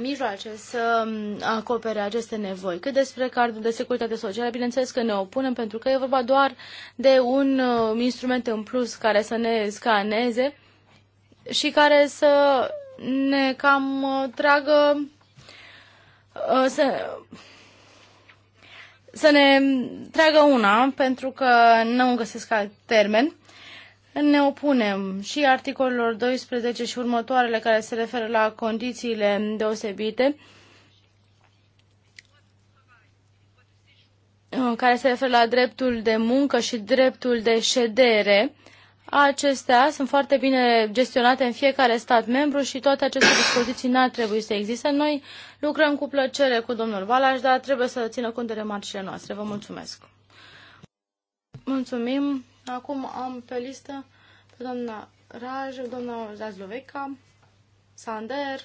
[SPEAKER 2] mijloace să acopere aceste nevoi. Cât despre cardul de securitate socială, bineînțeles că ne opunem pentru că e vorba doar de un instrument în plus care să ne scaneze și care să ne cam uh, tragă uh, să să ne tragă una, pentru că nu găsesc alt termen. Ne opunem și articolelor 12 și următoarele care se referă la condițiile deosebite, care se referă la dreptul de muncă și dreptul de ședere, Acestea sunt foarte bine gestionate în fiecare stat membru și toate aceste dispoziții n-ar trebui să existe. Noi lucrăm cu plăcere cu domnul Valaș, dar trebuie să țină cont de remarcile noastre. Vă mulțumesc. Mulțumim. Acum am pe listă pe doamna Raj, doamna Zazloveca, Sander,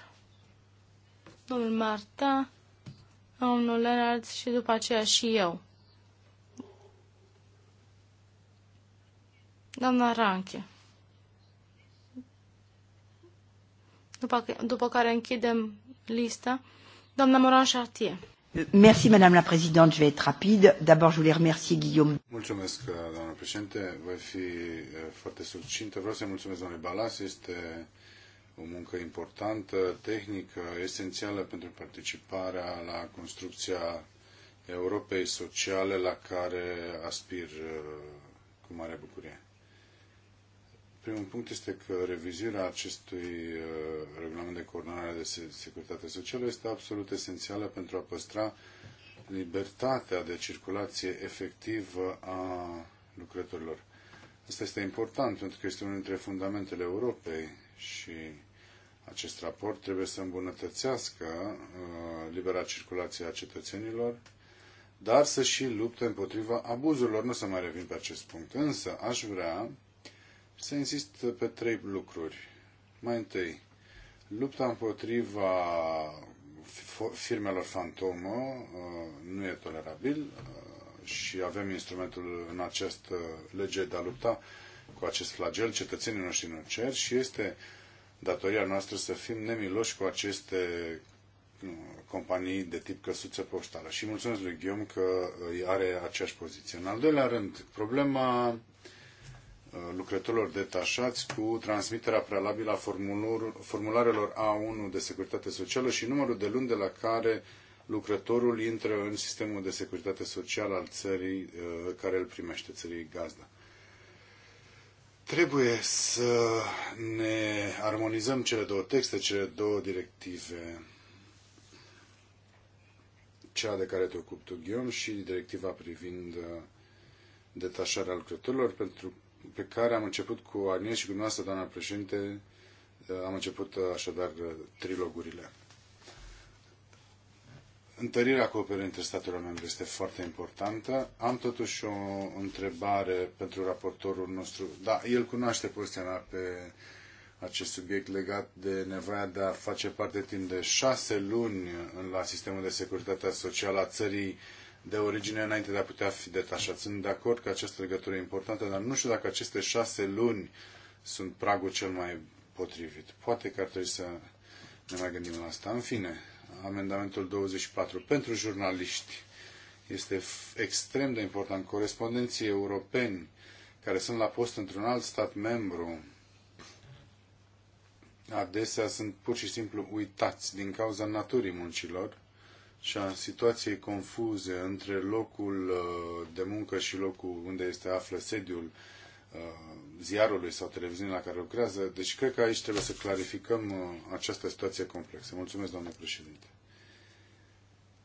[SPEAKER 2] domnul Marta, domnul Leonard și după aceea și eu. Doamna Ranche. După, după care închidem lista. Doamna Moran Chartier.
[SPEAKER 1] Merci, Madame la Présidente. Je vais être rapide. D'abord, je voulais remercier Guillaume.
[SPEAKER 3] Mulțumesc, uh, doamna președinte. Voi fi uh, foarte succintă. Vreau să-i mulțumesc, doamne Balas. Este o muncă importantă, tehnică, esențială pentru participarea la construcția Europei sociale la care aspir uh, cu mare bucurie. Primul punct este că revizuirea acestui uh, regulament de coordonare de securitate socială este absolut esențială pentru a păstra libertatea de circulație efectivă a lucrătorilor. Asta este important pentru că este unul dintre fundamentele Europei și acest raport trebuie să îmbunătățească uh, libera circulație a cetățenilor, dar să și lupte împotriva abuzurilor. Nu să mai revin pe acest punct. Însă aș vrea să insist pe trei lucruri. Mai întâi, lupta împotriva firmelor fantomă uh, nu e tolerabil uh, și avem instrumentul în acest lege de a lupta cu acest flagel, cetățenii noștri nu cer și este datoria noastră să fim nemiloși cu aceste uh, companii de tip căsuță poștală. Și mulțumesc lui Ghiom că are aceeași poziție. În al doilea rând, problema Uh, lucrătorilor detașați cu transmiterea prealabilă a formularelor A1 de securitate socială și numărul de luni de la care lucrătorul intră în sistemul de securitate socială al țării uh, care îl primește, țării gazdă. Trebuie să ne armonizăm cele două texte, cele două directive, cea de care te ocupi tu, Ghion, și directiva privind uh, detașarea lucrătorilor, pentru pe care am început cu Agnes și cu dumneavoastră, doamna președinte, am început uh, așadar uh, trilogurile. Întărirea cooperării între statele membre este foarte importantă. Am totuși o întrebare pentru raportorul nostru. Da, el cunoaște poziția mea pe acest subiect legat de nevoia de a face parte timp de șase luni la sistemul de securitate socială a țării uh, de origine înainte de a putea fi detașat. Sunt de acord că această legătură e importantă, dar nu știu dacă aceste șase luni sunt pragul cel mai potrivit. Poate că ar trebui să ne mai gândim la asta. În fine, amendamentul 24 pentru jurnaliști este extrem de important. Corespondenții europeni care sunt la post într-un alt stat membru adesea sunt pur și simplu uitați din cauza naturii muncilor și a situației confuze între locul uh, de muncă și locul unde este află sediul uh, ziarului sau televiziunii la care lucrează. Deci cred că aici trebuie să clarificăm uh, această situație complexă. Mulțumesc, doamnă președinte.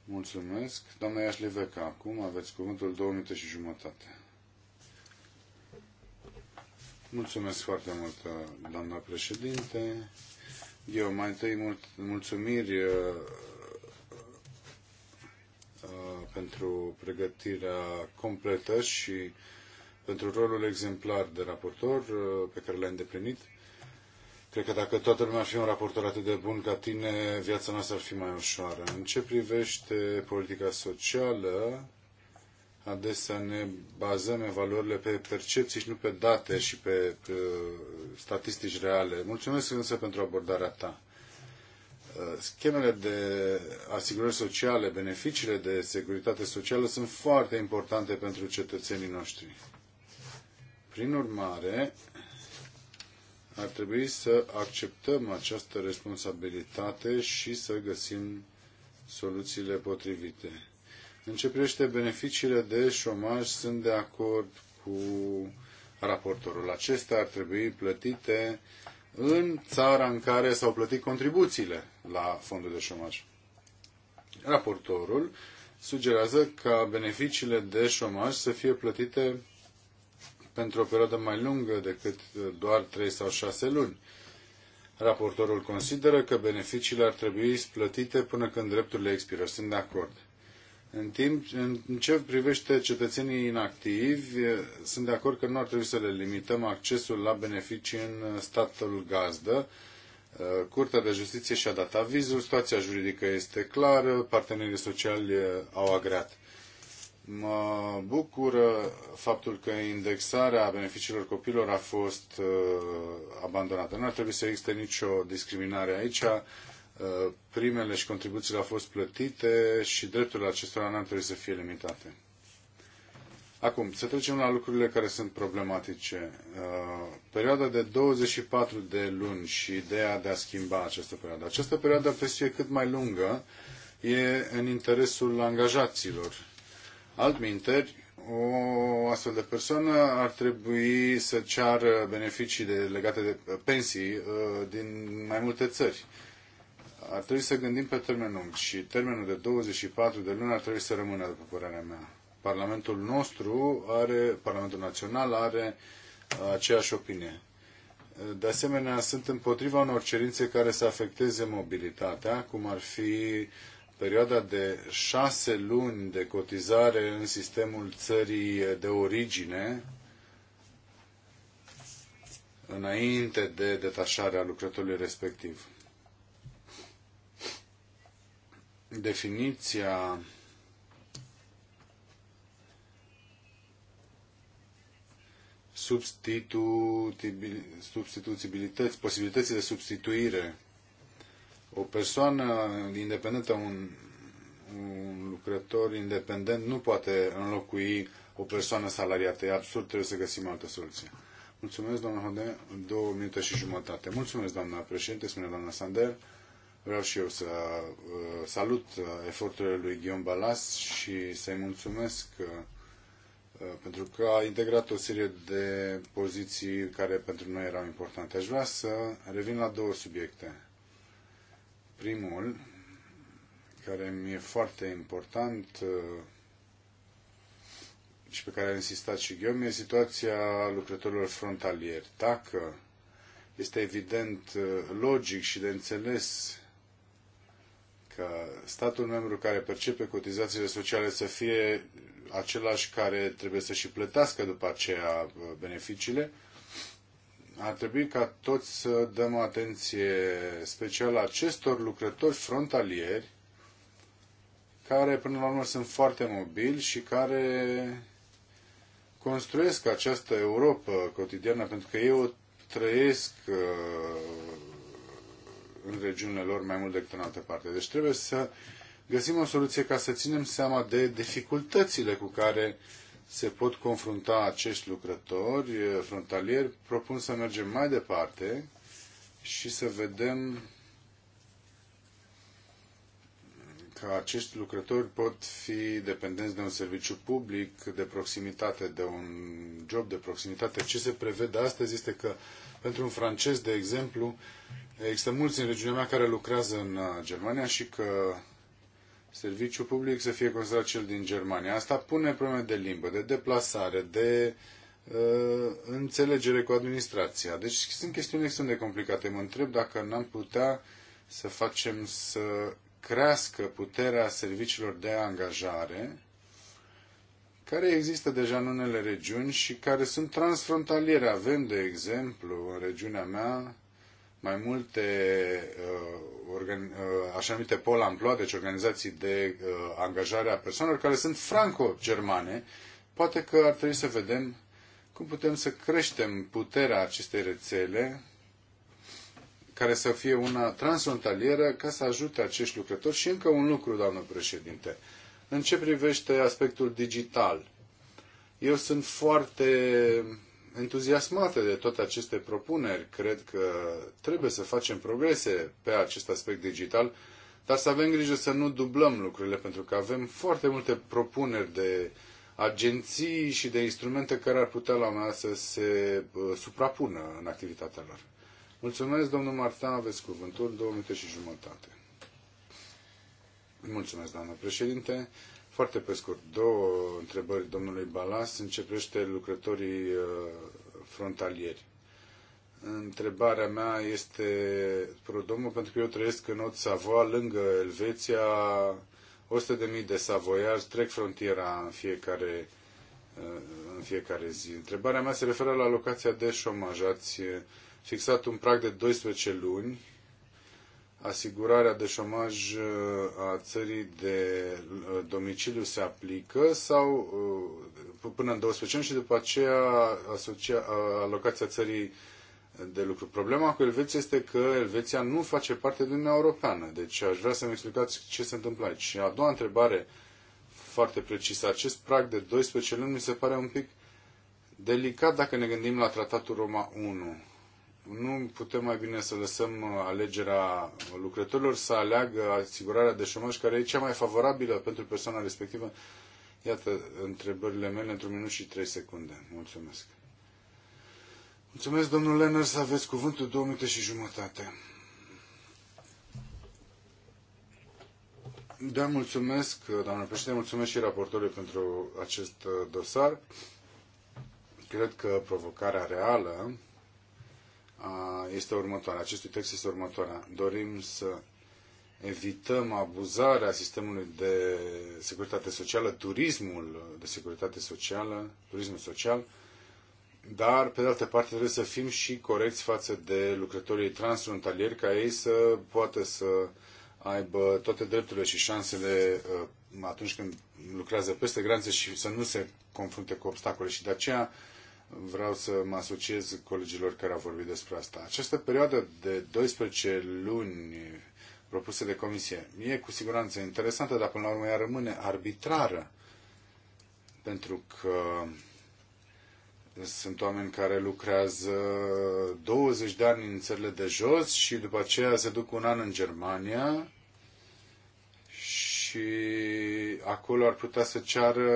[SPEAKER 3] Mulțumesc. Doamna Iaș Leveca, acum aveți cuvântul două minute și jumătate. Mulțumesc foarte mult, doamna președinte. Eu mai întâi mult, mulțumiri pentru pregătirea completă și pentru rolul exemplar de raportor uh, pe care l-a îndeplinit. Cred că dacă toată lumea ar fi un raportor atât de bun ca tine, viața noastră ar fi mai ușoară. În ce privește politica socială, adesea ne bazăm evaluările pe percepții și nu pe date și pe, pe uh, statistici reale. Mulțumesc însă pentru abordarea ta schemele de asigurări sociale, beneficiile de securitate socială sunt foarte importante pentru cetățenii noștri. Prin urmare, ar trebui să acceptăm această responsabilitate și să găsim soluțiile potrivite. În ce privește beneficiile de șomaj, sunt de acord cu raportorul. Acestea ar trebui plătite în țara în care s-au plătit contribuțiile la fondul de șomaj. Raportorul sugerează ca beneficiile de șomaj să fie plătite pentru o perioadă mai lungă decât uh, doar 3 sau 6 luni. Raportorul consideră că beneficiile ar trebui plătite până când drepturile expiră. Sunt de acord. În timp, în ce privește cetățenii inactivi, sunt de acord că nu ar trebui să le limităm accesul la beneficii în uh, statul gazdă. Uh, Curtea de Justiție și-a dat avizul, situația juridică este clară, partenerii sociali au agreat. Mă bucură faptul că indexarea beneficiilor copilor a fost uh, abandonată. Nu ar trebui să existe nicio discriminare aici. Uh, primele și contribuțiile au fost plătite și drepturile acestora n-ar trebui să fie limitate. Acum, să trecem la lucrurile care sunt problematice. Uh, perioada de 24 de luni și ideea de a schimba această perioadă. Această perioadă pe să fie cât mai lungă, e în interesul angajaților. Altminteri, o astfel de persoană ar trebui să ceară beneficii de, legate de pensii uh, din mai multe țări ar trebui să gândim pe termen lung și termenul de 24 de luni ar trebui să rămână, după părerea mea. Parlamentul nostru are, Parlamentul Național are aceeași opinie. De asemenea, sunt împotriva unor cerințe care să afecteze mobilitatea, cum ar fi perioada de șase luni de cotizare în sistemul țării de origine, înainte de detașarea lucrătorului respectiv. definiția substituțibilități, posibilității de substituire. O persoană independentă, un, un lucrător independent nu poate înlocui o persoană salariată. E absurd, trebuie să găsim altă soluție. Mulțumesc, doamna Hode, două minute și jumătate. Mulțumesc, doamna președinte, spune doamna Sander. Vreau și eu să uh, salut uh, eforturile lui Ghion Balas și să-i mulțumesc uh, pentru că a integrat o serie de poziții care pentru noi erau importante. Aș vrea să revin la două subiecte. Primul, care mi-e foarte important și pe care a insistat și Ghiom, e situația lucrătorilor frontalieri. Dacă este evident logic și de înțeles ca statul membru care percepe cotizațiile sociale să fie același care trebuie să și plătească după aceea uh, beneficiile, ar trebui ca toți să dăm atenție specială acestor lucrători frontalieri care până la urmă sunt foarte mobili și care construiesc această Europa cotidiană pentru că eu o trăiesc uh, în regiunile lor mai mult decât în alte parte. Deci trebuie să găsim o soluție ca să ținem seama de dificultățile cu care se pot confrunta acești lucrători eh, frontalieri. Propun să mergem mai departe și să vedem că acești lucrători pot fi dependenți de un serviciu public, de proximitate, de un job de proximitate. Ce se prevede astăzi este că pentru un francez, de exemplu, există mulți în regiunea mea care lucrează în uh, Germania și că serviciul public să fie considerat cel din Germania. Asta pune probleme de limbă, de deplasare, de uh, înțelegere cu administrația. Deci sunt chestiuni extrem de complicate. Mă întreb dacă n-am putea să facem să crească puterea serviciilor de angajare care există deja în unele regiuni și care sunt transfrontaliere. Avem, de exemplu, în regiunea mea, mai multe uh, uh, așa numite pol amploa, deci organizații de uh, angajare a persoanelor care sunt franco-germane, poate că ar trebui să vedem cum putem să creștem puterea acestei rețele care să fie una transfrontalieră ca să ajute acești lucrători. Și încă un lucru, doamnă președinte, în ce privește aspectul digital. Eu sunt foarte entuziasmată de toate aceste propuneri. Cred că trebuie să facem progrese pe acest aspect digital, dar să avem grijă să nu dublăm lucrurile, pentru că avem foarte multe propuneri de agenții și de instrumente care ar putea la mea să se suprapună în activitatea lor. Mulțumesc, domnul Martin, aveți cuvântul, două minute și jumătate. Mulțumesc, doamnă președinte. Foarte pe scurt, două întrebări domnului Balas. Începește lucrătorii uh, frontalieri. Întrebarea mea este pro domnul, pentru că eu trăiesc în Ot Savoia, lângă Elveția, 100.000 de de savoiari trec frontiera în fiecare, uh, în fiecare zi. Întrebarea mea se referă la locația de șomaj. Ați fixat un prag de 12 luni asigurarea de șomaj uh, a țării de uh, domiciliu se aplică sau uh, până în 12 ani și după aceea asocia, alocația țării de lucru. Problema cu Elveția este că Elveția nu face parte din Uniunea Europeană. Deci aș vrea să-mi explicați ce se întâmplă aici. Și a doua întrebare foarte precisă. Acest prag de 12 luni mi se pare un pic delicat dacă ne gândim la tratatul Roma 1 nu putem mai bine să lăsăm uh, alegerea lucrătorilor să aleagă asigurarea de șomaj care e cea mai favorabilă pentru persoana respectivă? Iată întrebările mele într-un minut și trei secunde. Mulțumesc. Mulțumesc, domnul Lenner, să aveți cuvântul două minute și jumătate. Da, mulțumesc, doamnă președinte, mulțumesc și raportorului pentru acest uh, dosar. Cred că provocarea reală este următoarea. Acestui text este următoarea. Dorim să evităm abuzarea sistemului de securitate socială, turismul de securitate socială, turismul social, dar, pe de altă parte, trebuie să fim și corecți față de lucrătorii transfrontalieri, ca ei să poată să aibă toate drepturile și șansele uh, atunci când lucrează peste granițe și să nu se confrunte cu obstacole. Și de aceea, vreau să mă asociez colegilor care au vorbit despre asta. Această perioadă de 12 luni propuse de comisie e cu siguranță interesantă, dar până la urmă ea rămâne arbitrară, pentru că sunt oameni care lucrează 20 de ani în țările de jos și după aceea se duc un an în Germania și acolo ar putea să ceară,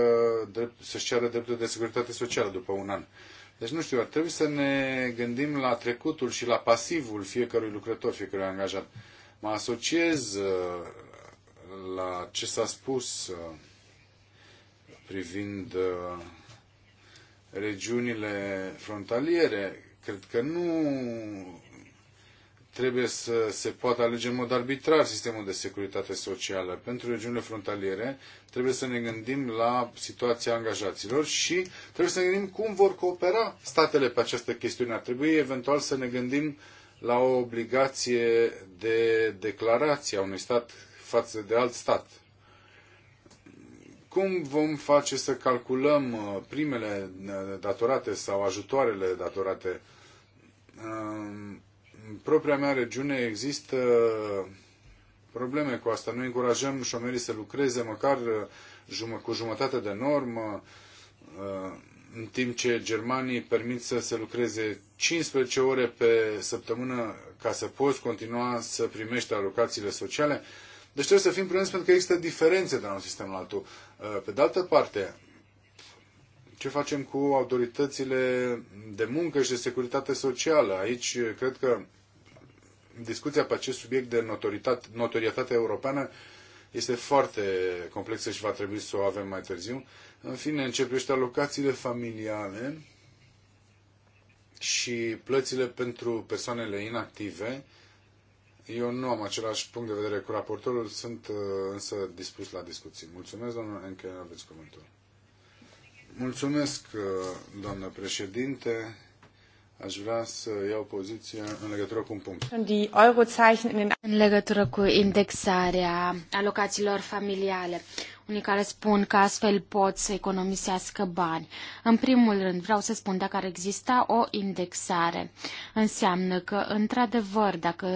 [SPEAKER 3] să-și ceară dreptul de securitate socială după un an. Deci nu știu, ar trebui să ne gândim la trecutul și la pasivul fiecărui lucrător, fiecărui angajat. Mă asociez uh, la ce s-a spus uh, privind uh, regiunile frontaliere. Cred că nu trebuie să se poată alege în mod arbitrar sistemul de securitate socială. Pentru regiunile frontaliere trebuie să ne gândim la situația angajaților și trebuie să ne gândim cum vor coopera statele pe această chestiune. Ar trebui eventual să ne gândim la o obligație de declarație a unui stat față de alt stat. Cum vom face să calculăm uh, primele uh, datorate sau ajutoarele datorate? Um, în propria mea regiune există probleme cu asta. Noi încurajăm șomerii să lucreze măcar uh, cu jumătate de normă, uh, în timp ce germanii permit să se lucreze 15 ore pe săptămână ca să poți continua să primești alocațiile sociale. Deci trebuie să fim prudenți pentru că există diferențe de la un sistem la altul. Uh, pe de altă parte, ce facem cu autoritățile de muncă și de securitate socială? Aici cred că discuția pe acest subiect de notorietate, europeană este foarte complexă și va trebui să o avem mai târziu. În fine, începește alocațiile familiale și plățile pentru persoanele inactive. Eu nu am același punct de vedere cu raportorul, sunt uh, însă dispus la discuții. Mulțumesc, domnul Enche, aveți cuvântul. Mulțumesc, uh, doamnă președinte. Aș vrea să iau poziția în legătură cu un punct.
[SPEAKER 1] În legătură cu indexarea alocațiilor familiale, unii care spun că astfel pot să economisească bani. În primul rând, vreau să spun, dacă ar exista o indexare, înseamnă că, într-adevăr, dacă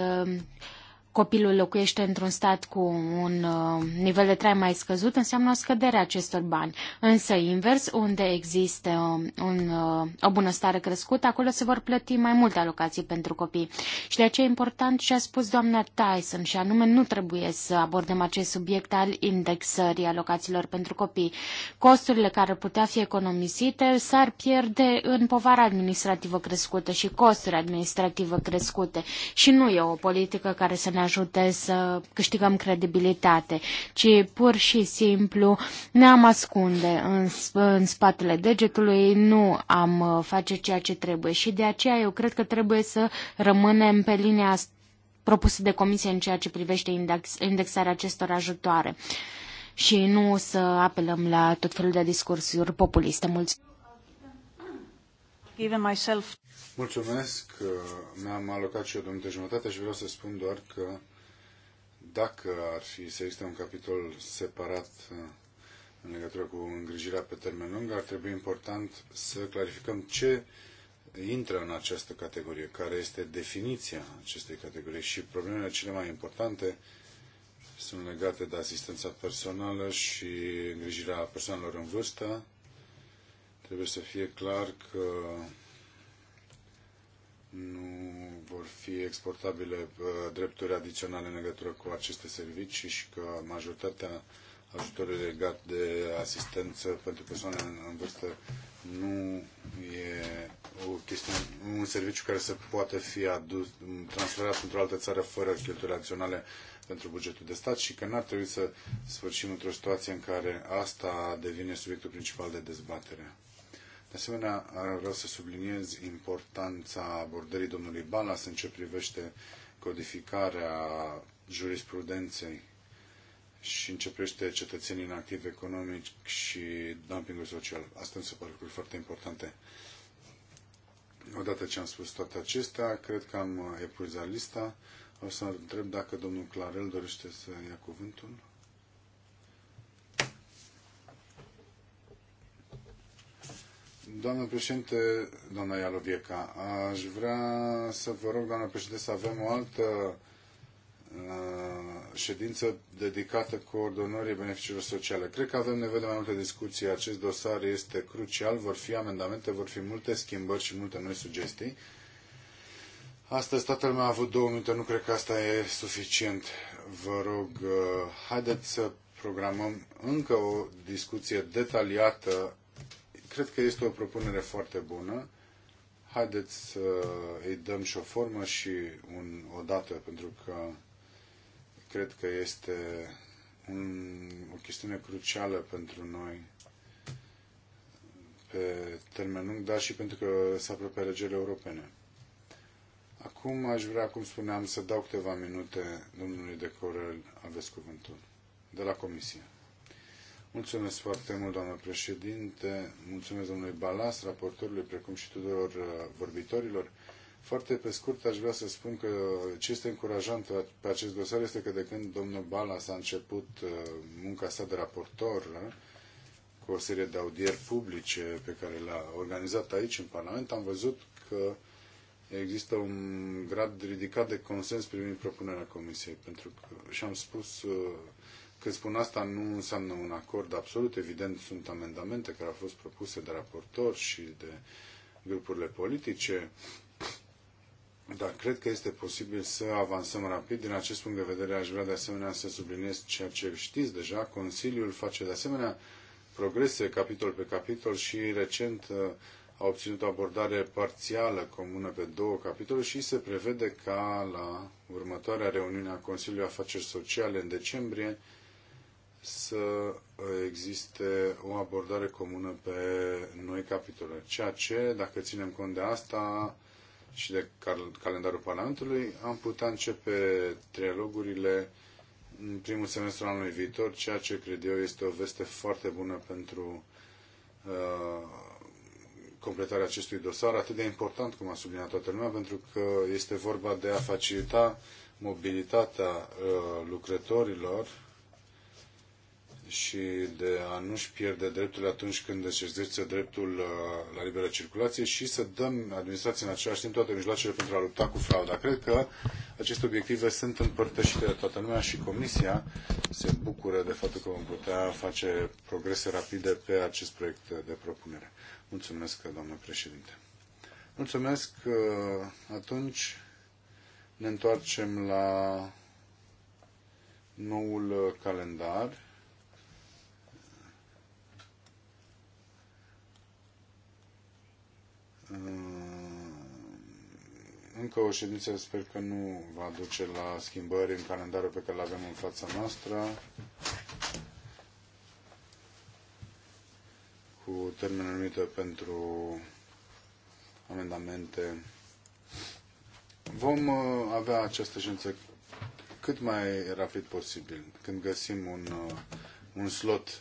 [SPEAKER 1] copilul locuiește într-un stat cu un uh, nivel de trai mai scăzut, înseamnă o scădere a acestor bani. Însă invers, unde există um, un, uh, o bunăstare crescută, acolo se vor plăti mai multe alocații pentru copii. Și de aceea e important ce a spus doamna Tyson, și anume nu trebuie să abordăm acest subiect al indexării alocațiilor pentru copii. Costurile care putea fi economisite s-ar pierde în povara administrativă crescută și costuri administrative crescute. Și nu e o politică care să ne ajute să câștigăm credibilitate, ci pur și simplu ne-am ascunde în, în spatele degetului, nu am uh, face ceea ce trebuie și de aceea eu cred că trebuie să rămânem pe linia propusă de comisie în ceea ce privește index, indexarea acestor ajutoare și nu să apelăm la tot felul de discursuri populiste. Mulțumesc!
[SPEAKER 2] given
[SPEAKER 3] myself... Mulțumesc, mi-am alocat și eu de minute jumătate și vreau să spun doar că dacă ar fi să existe un capitol separat uh, în legătură cu îngrijirea pe termen lung, ar trebui important să clarificăm ce intră în această categorie, care este definiția acestei categorii și problemele cele mai importante sunt legate de asistența personală și îngrijirea persoanelor în vârstă, Trebuie să fie clar că nu vor fi exportabile uh, drepturi adiționale în legătură cu aceste servicii și că majoritatea ajutorului legat de asistență pentru persoane în vârstă nu e o chestiune, un serviciu care să poată fi adus, transferat într-o altă țară fără cheltuieli adiționale pentru bugetul de stat și că n-ar trebui să sfârșim într-o situație în care asta devine subiectul principal de dezbatere. De asemenea, vreau să subliniez importanța abordării domnului Balas în ce privește codificarea jurisprudenței și în ce privește cetățenii inactivi economici și dumpingul social. Asta mi se pare lucruri foarte importante. Odată ce am spus toate acestea, cred că am epuizat lista. O să întreb dacă domnul Clarel dorește să ia cuvântul. Doamnă președinte, doamna Ialovieca, aș vrea să vă rog, doamnă președinte, să avem o altă uh, ședință dedicată coordonării beneficiilor sociale. Cred că avem nevoie de mai multe discuții. Acest dosar este crucial, vor fi amendamente, vor fi multe schimbări și multe noi sugestii. Astăzi toată lumea a avut două minute, nu cred că asta e suficient. Vă rog, uh, haideți să programăm încă o discuție detaliată cred că este o propunere foarte bună. Haideți să îi dăm și o formă și un, o dată, pentru că cred că este un, o chestiune crucială pentru noi pe termen lung, dar și pentru că se apropie alegerile europene. Acum aș vrea, cum spuneam, să dau câteva minute domnului de Corel, aveți cuvântul, de la Comisie. Mulțumesc foarte mult, doamnă președinte, mulțumesc domnului Balas, raportorului, precum și tuturor uh, vorbitorilor. Foarte pe scurt aș vrea să spun că ce este încurajant pe acest dosar este că de când domnul Balas a început uh, munca sa de raportor, uh, cu o serie de audieri publice pe care le-a organizat aici în Parlament, am văzut că există un grad ridicat de consens privind propunerea Comisiei. Pentru că, și am spus când spun asta, nu înseamnă un acord absolut. Evident, sunt amendamente care au fost propuse de raportor și de grupurile politice, dar cred că este posibil să avansăm rapid. Din acest punct de vedere, aș vrea de asemenea să subliniez ceea ce știți deja. Consiliul face de asemenea progrese capitol pe capitol și recent uh, a obținut o abordare parțială comună pe două capitole și se prevede ca la următoarea reuniune a Consiliului Afaceri Sociale în decembrie să uh, existe o abordare comună pe noi capitole. Ceea ce, dacă ținem cont de asta și de calendarul Parlamentului, am putea începe trialogurile în primul semestru anului viitor, ceea ce cred eu este o veste foarte bună pentru uh, completarea acestui dosar, atât de important cum a subliniat toată lumea, pentru că este vorba de a facilita mobilitatea uh, lucrătorilor și de a nu-și pierde dreptul atunci când își exerce dreptul uh, la liberă circulație și să dăm administrației în același timp toate mijloacele pentru a lupta cu frauda. Cred că aceste obiective sunt împărtășite de toată lumea și Comisia se bucură de faptul că vom putea face progrese rapide pe acest proiect de propunere. Mulțumesc, doamnă președinte. Mulțumesc. Uh, atunci ne întoarcem la noul calendar. Mm, încă o ședință sper că nu va duce la schimbări în calendarul pe care îl avem în fața noastră. cu termenul limită pentru amendamente. Vom uh, avea această ședință cât mai rapid posibil, când găsim un, uh, un slot,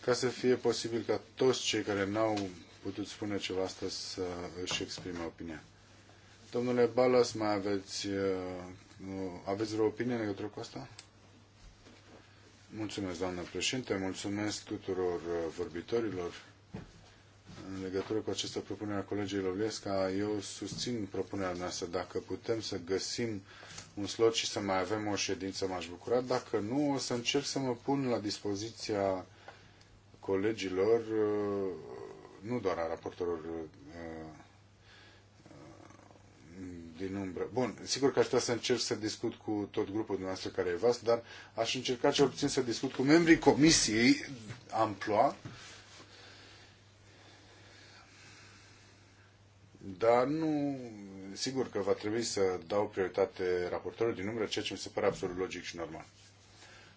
[SPEAKER 3] ca să fie posibil ca toți cei care n-au putut spune ceva astăzi să își exprime opinia. Domnule Balas, mai aveți, uh, uh, aveți vreo opinie în legătură cu asta? Mulțumesc, doamnă președinte, mulțumesc tuturor uh, vorbitorilor. În legătură cu această propunere a colegii Lovlesca, eu susțin propunerea noastră. Dacă putem să găsim un slot și să mai avem o ședință, m-aș bucura. Dacă nu, o să încerc să mă pun la dispoziția colegilor nu doar a raportorilor uh, uh, din umbră. Bun, sigur că aș putea să încerc să discut cu tot grupul dumneavoastră care e vast, dar aș încerca cel puțin să discut cu membrii comisiei amploa, dar nu, sigur că va trebui să dau prioritate raportorului din umbră, ceea ce mi se pare absolut logic și normal.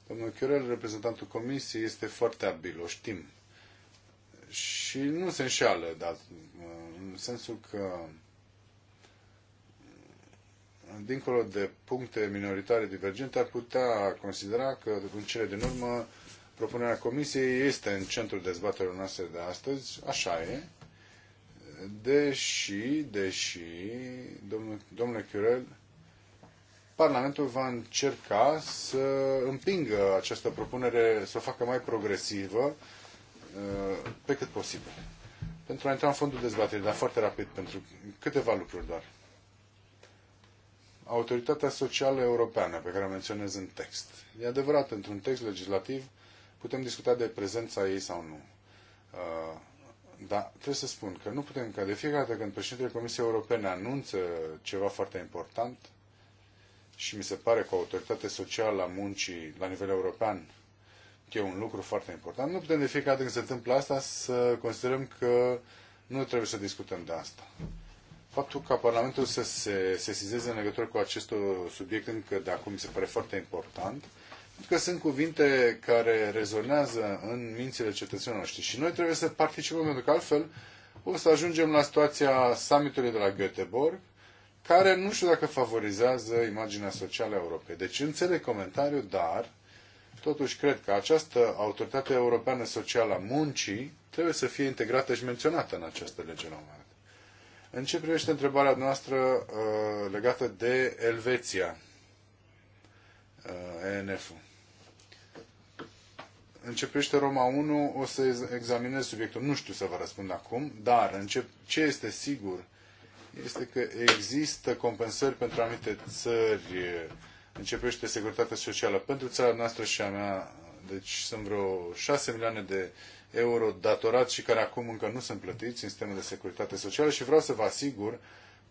[SPEAKER 3] Domnul Chiorel, reprezentantul comisiei, este foarte abil, o știm și nu se înșeală, dar uh, în sensul că uh, dincolo de puncte minoritare divergente, ar putea considera că în cele din urmă propunerea Comisiei este în centrul dezbaterilor noastre de astăzi, așa e, deși, deși, domnule, domnule Chiurel, Parlamentul va încerca să împingă această propunere, să o facă mai progresivă, Uh, pe cât posibil. Pentru a intra în fondul dezbaterii, dar foarte rapid, pentru câteva lucruri doar. Autoritatea Socială Europeană, pe care o menționez în text. E adevărat, într-un text legislativ putem discuta de prezența ei sau nu. Uh, dar trebuie să spun că nu putem ca de fiecare dată când președintele Comisiei Europene anunță ceva foarte important, și mi se pare că autoritatea socială a muncii la nivel european e un lucru foarte important. Nu putem de fiecare dată când se întâmplă asta să considerăm că nu trebuie să discutăm de asta. Faptul ca Parlamentul să se sesizeze în legătură cu acest subiect încă de acum mi se pare foarte important, pentru că sunt cuvinte care rezonează în mințile cetățenilor noștri și noi trebuie să participăm, pentru că altfel o să ajungem la situația summitului de la Göteborg, care nu știu dacă favorizează imaginea socială a Europei. Deci înțeleg comentariul, dar Totuși, cred că această Autoritate Europeană Socială a Muncii trebuie să fie integrată și menționată în această lege la un moment. În ce privește întrebarea noastră uh, legată de Elveția, uh, ENF-ul? În ce privește Roma 1, o să examinez subiectul. Nu știu să vă răspund acum, dar în ce, ce este sigur este că există compensări pentru anumite țări începește securitatea socială pentru țara noastră și a mea. Deci sunt vreo 6 milioane de euro datorați și care acum încă nu sunt plătiți în sistemul de securitate socială și vreau să vă asigur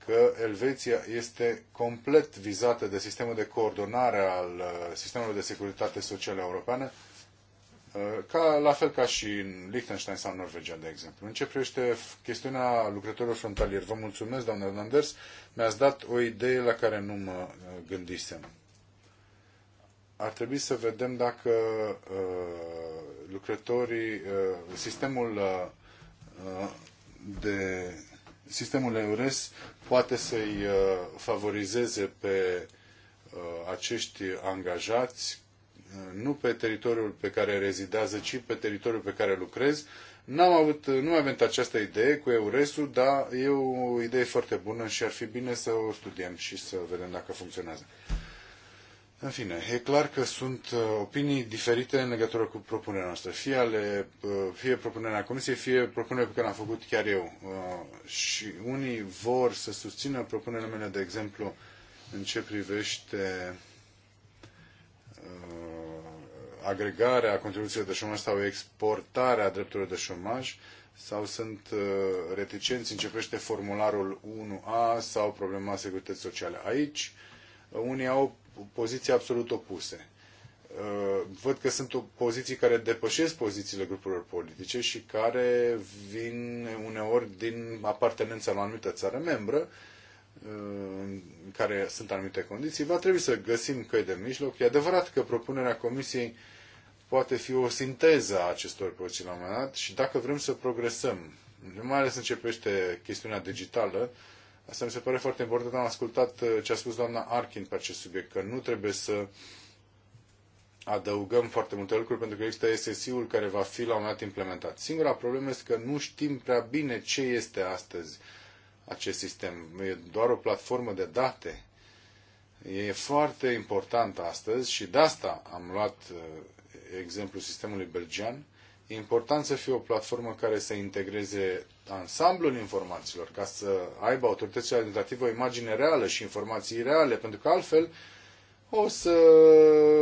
[SPEAKER 3] că Elveția este complet vizată de sistemul de coordonare al uh, sistemului de securitate socială europeană, uh, ca, la fel ca și în Liechtenstein sau Norvegia, de exemplu. În ce privește chestiunea lucrătorilor frontalieri, vă mulțumesc, doamnă Anders, mi-ați dat o idee la care nu mă uh, gândisem ar trebui să vedem dacă uh, lucrătorii, uh, sistemul uh, de sistemul EURES poate să-i favorizeze pe acești angajați, nu pe teritoriul pe care rezidează, ci pe teritoriul pe care lucrez. N-am avut, nu am avut această idee cu EURES-ul, dar e o idee foarte bună și ar fi bine să o studiem și să vedem dacă funcționează. În fine, e clar că sunt uh, opinii diferite în legătură cu propunerea noastră, fie, ale, uh, fie propunerea Comisiei, fie propunerea pe care am făcut chiar eu. Uh, și unii vor să susțină propunerea mele, de exemplu, în ce privește agregarea contribuțiilor de șomaj sau exportarea drepturilor de șomaj, sau sunt reticenți în ce privește formularul 1A sau problema securității sociale. Aici, unii au poziții absolut opuse. Uh, văd că sunt poziții care depășesc pozițiile grupurilor politice și care vin uneori din apartenența la o anumită țară membră, uh, în care sunt anumite condiții, va trebui să găsim căi de mijloc. E adevărat că propunerea Comisiei poate fi o sinteză a acestor poziții la un moment dat și dacă vrem să progresăm, mai ales în ce privește chestiunea digitală, Asta mi se pare foarte important. Am ascultat uh, ce a spus doamna Arkin pe acest subiect, că nu trebuie să adăugăm foarte multe lucruri pentru că există SSI-ul care va fi la un moment dat implementat. Singura problemă este că nu știm prea bine ce este astăzi acest sistem. E doar o platformă de date. E foarte important astăzi și de asta am luat uh, exemplul sistemului belgian E important să fie o platformă care să integreze ansamblul informațiilor, ca să aibă autoritățile administrative o imagine reală și informații reale, pentru că altfel o să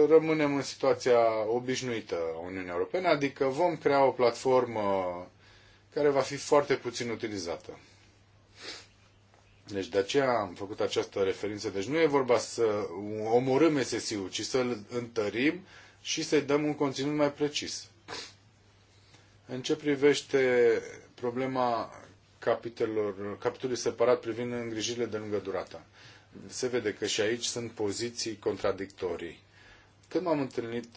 [SPEAKER 3] rămânem în situația obișnuită a Uniunii Europene, adică vom crea o platformă care va fi foarte puțin utilizată. Deci de aceea am făcut această referință. Deci nu e vorba să omorâm SSI-ul, ci să-l întărim și să-i dăm un conținut mai precis. În ce privește problema capitolului separat privind îngrijirile de lungă durată, se vede că și aici sunt poziții contradictorii. Când m-am întâlnit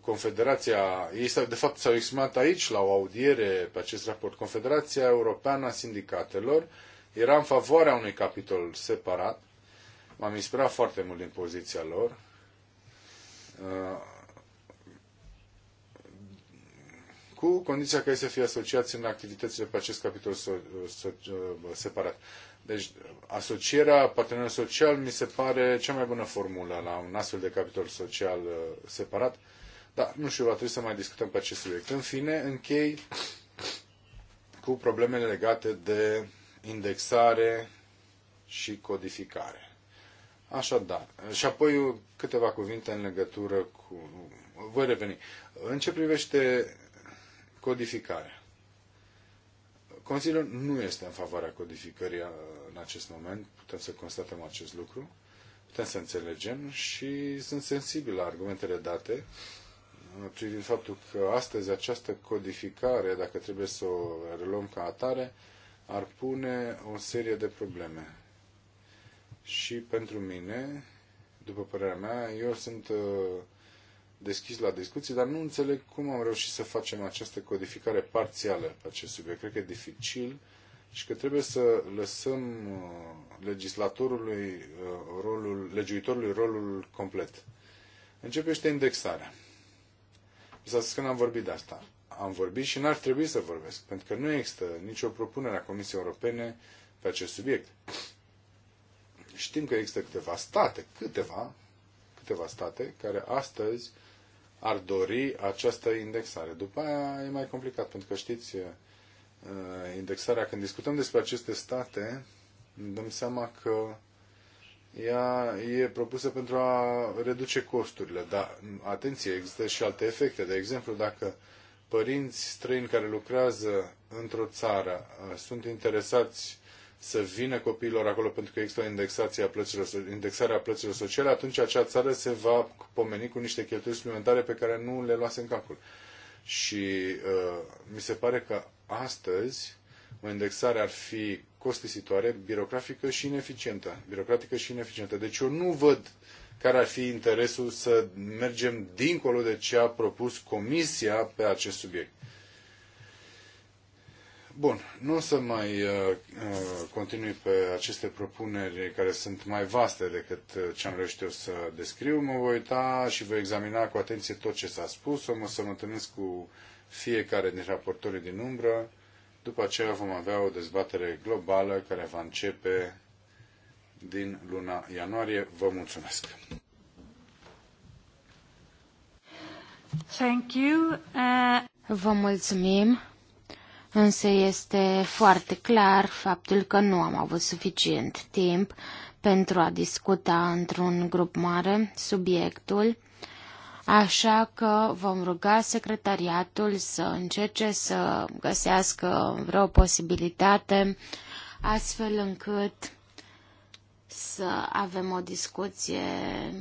[SPEAKER 3] Confederația, ei de fapt s-au exprimat aici la o audiere pe acest raport, Confederația Europeană a Sindicatelor era în favoarea unui capitol separat, m-am inspirat foarte mult din poziția lor, uh, cu condiția ca ei să fie asociați în activitățile pe acest capitol uh, separat. Deci, asocierea partenerilor social mi se pare cea mai bună formulă la un astfel de capitol social uh, separat. Dar, nu știu, va trebui să mai discutăm pe acest subiect. În fine, închei cu problemele legate de indexare și codificare. Așadar, și apoi câteva cuvinte în legătură cu... Voi reveni. În ce privește Codificarea. Consiliul nu este în favoarea codificării uh, în acest moment, putem să constatăm acest lucru, putem să înțelegem și sunt sensibil la argumentele date uh, privind faptul că astăzi această codificare, dacă trebuie să o reluăm ca atare, ar pune o serie de probleme. Și pentru mine, după părerea mea, eu sunt uh, deschis la discuții, dar nu înțeleg cum am reușit să facem această codificare parțială pe acest subiect. Cred că e dificil și că trebuie să lăsăm uh, legislatorului uh, rolul, legiuitorului rolul complet. Începește indexarea. Mi s-a zis că n-am vorbit de asta. Am vorbit și n-ar trebui să vorbesc, pentru că nu există nicio propunere a Comisiei Europene pe acest subiect. Știm că există câteva state, câteva, câteva state, care astăzi ar dori această indexare. După aia e mai complicat, pentru că știți, uh, indexarea, când discutăm despre aceste state, dăm seama că ea e propusă pentru a reduce costurile, dar atenție, există și alte efecte. De exemplu, dacă părinți străini care lucrează într-o țară uh, sunt interesați să vină copiilor acolo pentru că există o indexație a plăților, indexarea plăților sociale, atunci acea țară se va pomeni cu niște cheltuieli suplimentare pe care nu le luase în calcul. Și uh, mi se pare că astăzi o indexare ar fi costisitoare, birocratică și ineficientă. Birocratică și ineficientă. Deci eu nu văd care ar fi interesul să mergem dincolo de ce a propus Comisia pe acest subiect. Bun, nu o să mai uh, uh, continui pe aceste propuneri care sunt mai vaste decât uh, ce am reușit eu să descriu. Mă voi uita și voi examina cu atenție tot ce s-a spus. O să mă întâlnesc cu fiecare din raportorii din umbră. După aceea vom avea o dezbatere globală care va începe din luna ianuarie. Vă mulțumesc!
[SPEAKER 1] Thank you. Uh... Vă mulțumim! însă este foarte clar faptul că nu am avut suficient timp pentru a discuta într-un grup mare subiectul, așa că vom ruga secretariatul să încerce să găsească vreo posibilitate astfel încât să avem o discuție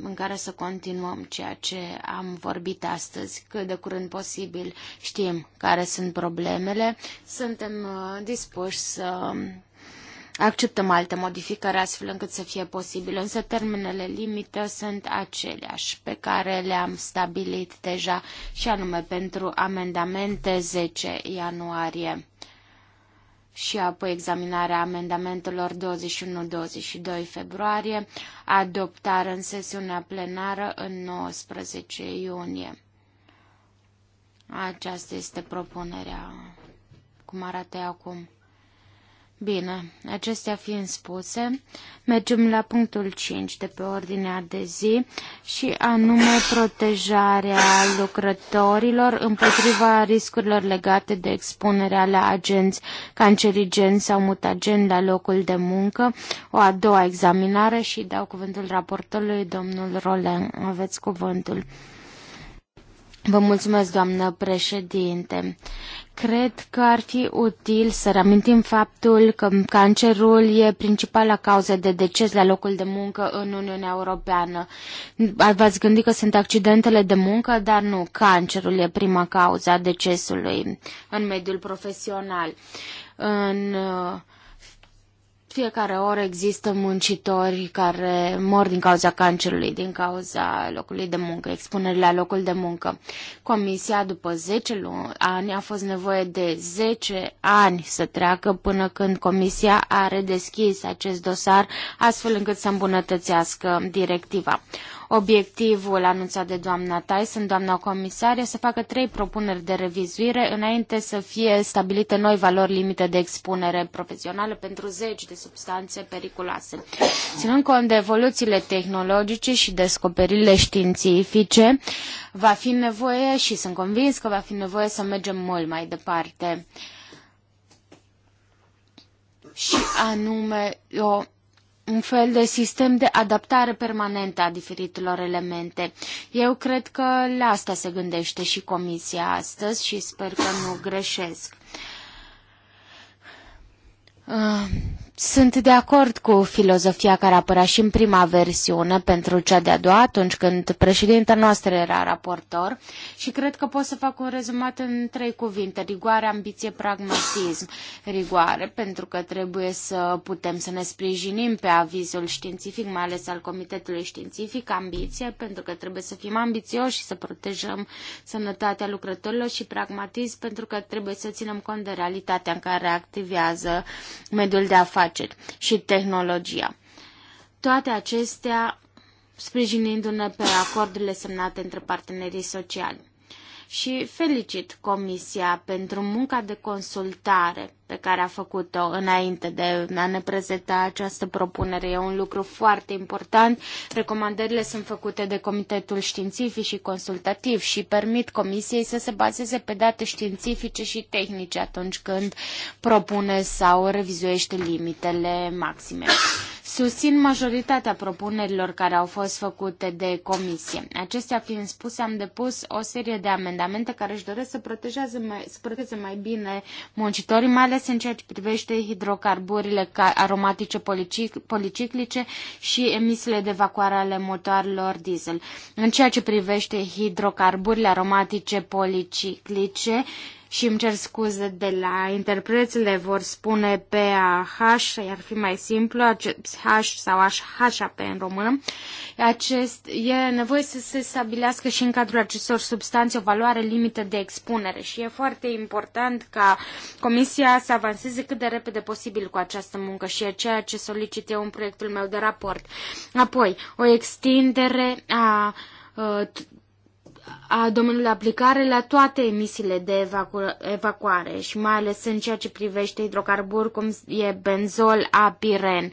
[SPEAKER 1] în care să continuăm ceea ce am vorbit astăzi, cât de curând posibil știm care sunt problemele, suntem uh, dispuși să acceptăm alte modificări astfel încât să fie posibil, însă termenele limită sunt aceleași pe care le-am stabilit deja și anume pentru amendamente 10 ianuarie și apoi examinarea amendamentelor 21-22 februarie, adoptare în sesiunea plenară în 19 iunie. Aceasta este propunerea cum arată acum. Bine, acestea fiind spuse, mergem la punctul 5 de pe ordinea de zi și anume protejarea lucrătorilor împotriva riscurilor legate de expunerea la agenți cancerigeni sau mutageni la locul de muncă, o a doua examinare și dau cuvântul raportorului domnul Rolen. Aveți cuvântul. Vă mulțumesc, doamnă președinte. Cred că ar fi util să reamintim faptul că cancerul e principala cauză de deces la locul de muncă în Uniunea Europeană. V-ați gândit că sunt accidentele de muncă, dar nu, cancerul e prima cauză a decesului în mediul profesional. În uh, fiecare oră există muncitori care mor din cauza cancerului, din cauza locului de muncă, expunerii la locul de muncă. Comisia, după 10 ani, a fost nevoie de 10 ani să treacă până când Comisia a redeschis acest dosar, astfel încât să îmbunătățească directiva. Obiectivul anunțat de doamna Tyson, doamna comisar, să facă trei propuneri de revizuire înainte să fie stabilite noi valori limite de expunere profesională pentru zeci de substanțe periculoase. Ținând cont de evoluțiile tehnologice și descoperirile științifice, va fi nevoie și sunt convins că va fi nevoie să mergem mult mai departe și anume o un fel de sistem de adaptare permanentă a diferitelor elemente. Eu cred că la asta se gândește și Comisia astăzi și sper că nu greșesc. Uh, sunt de acord cu filozofia care apărea și în prima versiune pentru cea de-a doua, atunci când președinta noastră era raportor și cred că pot să fac un rezumat în trei cuvinte, rigoare, ambiție, pragmatism, rigoare, pentru că trebuie să putem să ne sprijinim pe avizul științific, mai ales al Comitetului Științific, ambiție, pentru că trebuie să fim ambițioși și să protejăm sănătatea lucrătorilor și pragmatism, pentru că trebuie să ținem cont de realitatea în care activează mediul de afaceri afaceri și tehnologia. Toate acestea sprijinindu-ne pe acordurile semnate între partenerii sociali. Și felicit Comisia pentru munca de consultare pe care a făcut-o înainte de a ne prezenta această propunere. E un lucru foarte important. Recomandările sunt făcute de Comitetul Științific și Consultativ și permit Comisiei să se bazeze pe date științifice și tehnice atunci când propune sau revizuiește limitele maxime. Susțin majoritatea propunerilor care au fost făcute de comisie. Acestea fiind spuse, am depus o serie de amendamente care își doresc să protejeze mai, să protejeze mai bine muncitorii, mai ales ales în ceea ce privește hidrocarburile aromatice policiclice și emisiile de evacuare ale motoarelor diesel. În ceea ce privește hidrocarburile aromatice policiclice, și îmi cer scuze de la interpreți, le vor spune h, ar fi mai simplu, H sau h pe în română. Acest, e nevoie să se stabilească și în cadrul acestor substanțe o valoare limită de expunere și e foarte important ca Comisia să avanseze cât de repede posibil cu această muncă și e ceea ce solicit eu în proiectul meu de raport. Apoi, o extindere a uh, a domeniului aplicare la toate emisiile de evacu evacuare și mai ales în ceea ce privește hidrocarburi cum e benzol, apiren.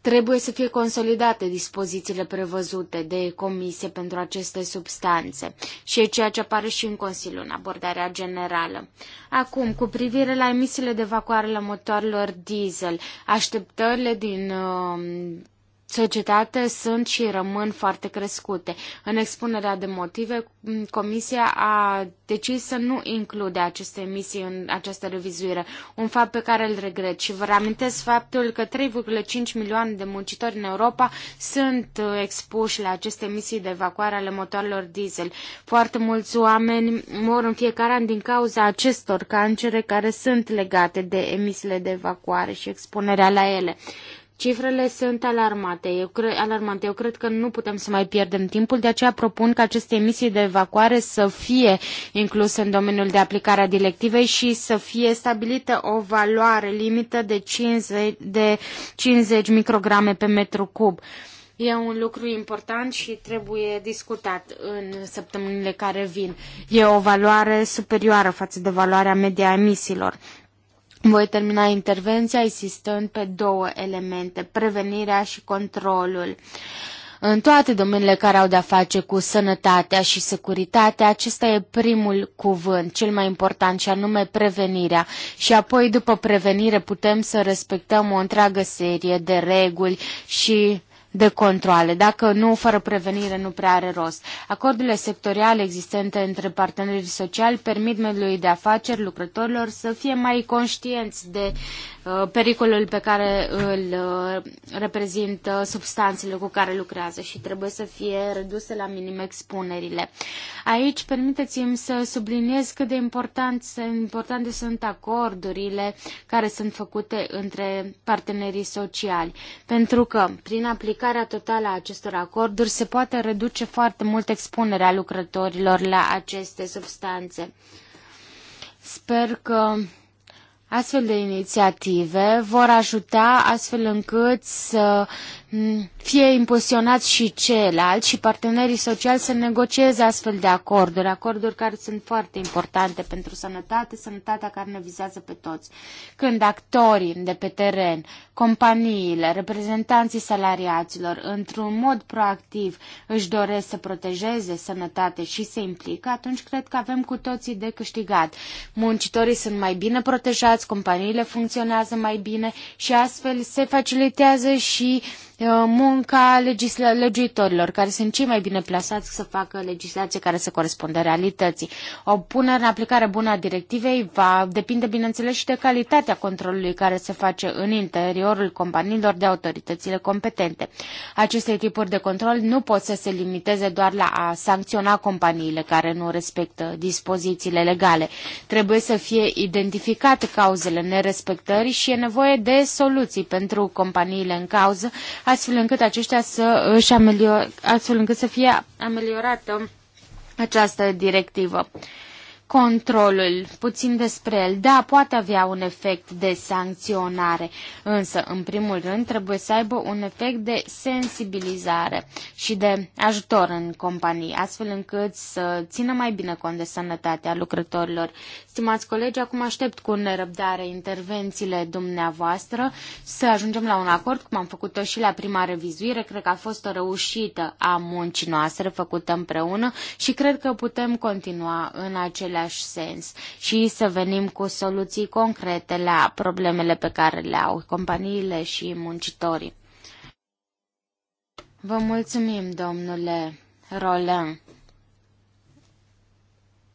[SPEAKER 1] Trebuie să fie consolidate dispozițiile prevăzute de comisie pentru aceste substanțe și e ceea ce apare și în Consiliu, în abordarea generală. Acum, cu privire la emisiile de evacuare la motoarelor diesel, așteptările din uh, societate sunt și rămân foarte crescute. În expunerea de motive, Comisia a decis să nu include aceste emisii în această revizuire, un fapt pe care îl regret și vă reamintesc faptul că 3,5 milioane de muncitori în Europa sunt uh, expuși la aceste emisii de evacuare ale motoarelor diesel. Foarte mulți oameni mor în fiecare an din cauza acestor cancere care sunt legate de emisiile de evacuare și expunerea la ele. Cifrele sunt alarmate. Eu cre- alarmante. Eu cred că nu putem să mai pierdem timpul, de aceea propun ca aceste emisii de evacuare să fie incluse în domeniul de aplicare a directivei și să fie stabilită o valoare limită de 50, de 50 micrograme pe metru cub. E un lucru important și trebuie discutat în săptămânile care vin. E o valoare superioară față de valoarea media emisiilor. Voi termina intervenția insistând pe două elemente, prevenirea și controlul. În toate domeniile care au de-a face cu sănătatea și securitatea, acesta e primul cuvânt, cel mai important, și anume prevenirea. Și apoi, după prevenire, putem să respectăm o întreagă serie de reguli și de controle. Dacă nu, fără prevenire, nu prea are rost. Acordurile sectoriale existente între partenerii sociali permit mediului de afaceri lucrătorilor să fie mai conștienți de Uh, pericolul pe care îl uh, reprezintă substanțele cu care lucrează și trebuie să fie reduse la minim expunerile. Aici permiteți-mi să subliniez cât de important, importante sunt acordurile care sunt făcute între partenerii sociali, pentru că prin aplicarea totală a acestor acorduri se poate reduce foarte mult expunerea lucrătorilor la aceste substanțe. Sper că Astfel de inițiative vor ajuta astfel încât să fie impulsionați și ceilalți și partenerii sociali să negocieze astfel de acorduri, acorduri care sunt foarte importante pentru sănătate, sănătatea care ne vizează pe toți. Când actorii de pe teren, companiile, reprezentanții salariaților, într-un mod proactiv își doresc să protejeze sănătate și se implică, atunci cred că avem cu toții de câștigat. Muncitorii sunt mai bine protejați, companiile funcționează mai bine și astfel se facilitează și uh, Uh, munca legiuitorilor, care sunt cei mai bine plasați să facă legislație care să corespundă realității. O punere în aplicare bună a directivei va depinde, bineînțeles, și de calitatea controlului care se face în interiorul companiilor de autoritățile competente. Aceste tipuri de control nu pot să se limiteze doar la a sancționa companiile care nu respectă dispozițiile legale. Trebuie să fie identificate cauzele nerespectării și e nevoie de soluții pentru companiile în cauză, astfel încât aceștia să își amelior, astfel încât să fie ameliorată această directivă controlul, puțin despre el, da, poate avea un efect de sancționare, însă, în primul rând, trebuie să aibă un efect de sensibilizare și de ajutor în companii, astfel încât să țină mai bine cont de sănătatea lucrătorilor. Stimați colegi, acum aștept cu nerăbdare intervențiile dumneavoastră să ajungem la un acord, cum am făcut-o și la prima revizuire. Cred că a fost o reușită a muncii noastre făcută împreună și cred că putem continua în acele același sens și să venim cu soluții concrete la problemele pe care le au companiile și muncitorii. Vă mulțumim, domnule Roland.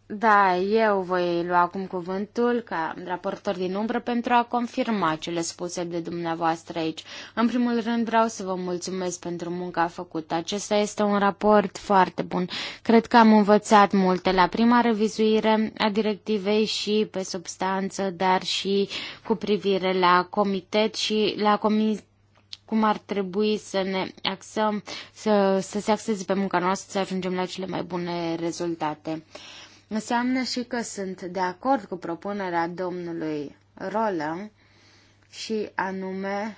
[SPEAKER 1] Da, eu voi lua acum cuvântul ca raportor din umbră pentru a confirma cele spuse de dumneavoastră aici. În primul rând vreau să vă mulțumesc pentru munca făcută. Acesta este un raport foarte bun. Cred că am învățat multe la prima revizuire a directivei și pe substanță, dar și cu privire la comitet și la comitet cum ar trebui să ne axăm, să, să se axeze pe munca noastră, să ajungem la cele mai bune rezultate. Înseamnă și că sunt de acord cu propunerea domnului Roland și anume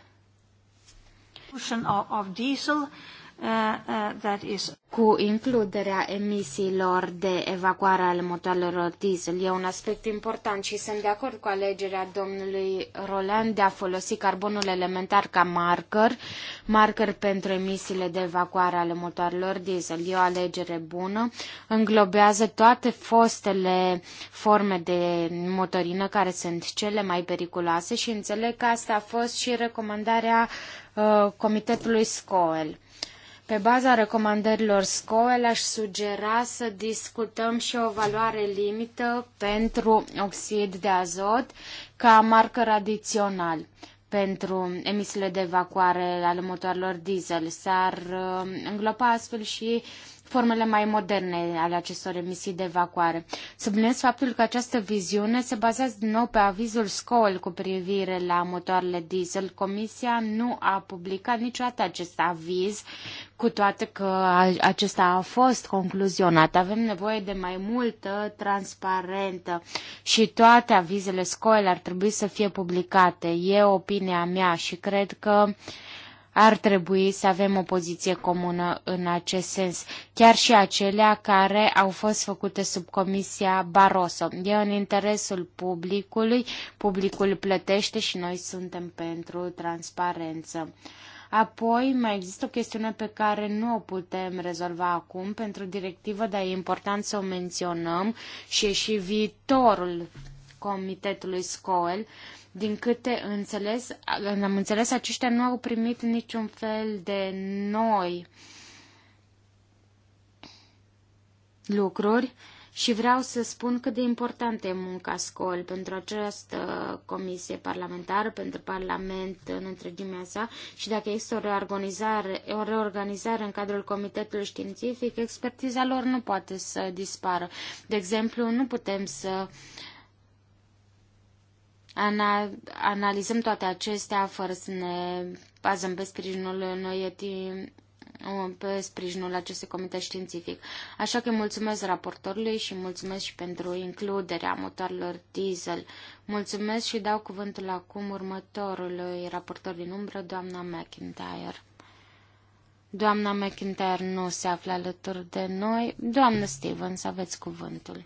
[SPEAKER 1] of diesel Uh, uh, that is... Cu includerea emisiilor de evacuare ale motoarelor diesel e un aspect important și sunt de acord cu alegerea domnului Roland de a folosi carbonul elementar ca marker, marker pentru emisiile de evacuare ale motoarelor diesel. E o alegere bună, înglobează toate fostele forme de motorină care sunt cele mai periculoase și înțeleg că asta a fost și recomandarea uh, Comitetului SCOEL pe baza recomandărilor SCOEL aș sugera să discutăm și o valoare limită pentru oxid de azot ca marcă adițional pentru emisiile de evacuare ale motoarelor diesel. S-ar uh, înglopa astfel și formele mai moderne ale acestor emisii de evacuare. Subliniez faptul că această viziune se bazează din nou pe avizul scol, cu privire la motoarele diesel. Comisia nu a publicat niciodată acest aviz, cu toate că acesta a fost concluzionat. Avem nevoie de mai multă transparentă și toate avizele scol ar trebui să fie publicate. E opinia mea și cred că uh, ar trebui să avem o poziție comună în acest sens, chiar și acelea care au fost făcute sub Comisia Barroso. E în interesul publicului, publicul plătește și noi suntem pentru transparență. Apoi mai există o chestiune pe care nu o putem rezolva acum pentru directivă, dar e important să o menționăm și e și viitorul comitetului SCOEL. Din câte înțeles, am înțeles, aceștia nu au primit niciun fel de noi lucruri și vreau să spun cât de importantă e munca Scoel pentru această comisie parlamentară, pentru Parlament în întregimea sa și dacă există o reorganizare, o reorganizare în cadrul Comitetului Științific, expertiza lor nu poate să dispară. De exemplu, nu putem să uh, Ana, analizăm toate acestea fără să ne bazăm pe sprijinul noi pe sprijinul acestui comitet științific. Așa că mulțumesc raportorului și mulțumesc și pentru includerea motoarelor diesel. Mulțumesc și dau cuvântul acum următorului raportor din umbră, doamna McIntyre. Doamna McIntyre nu se află alături de noi. Doamna Stevens, aveți cuvântul.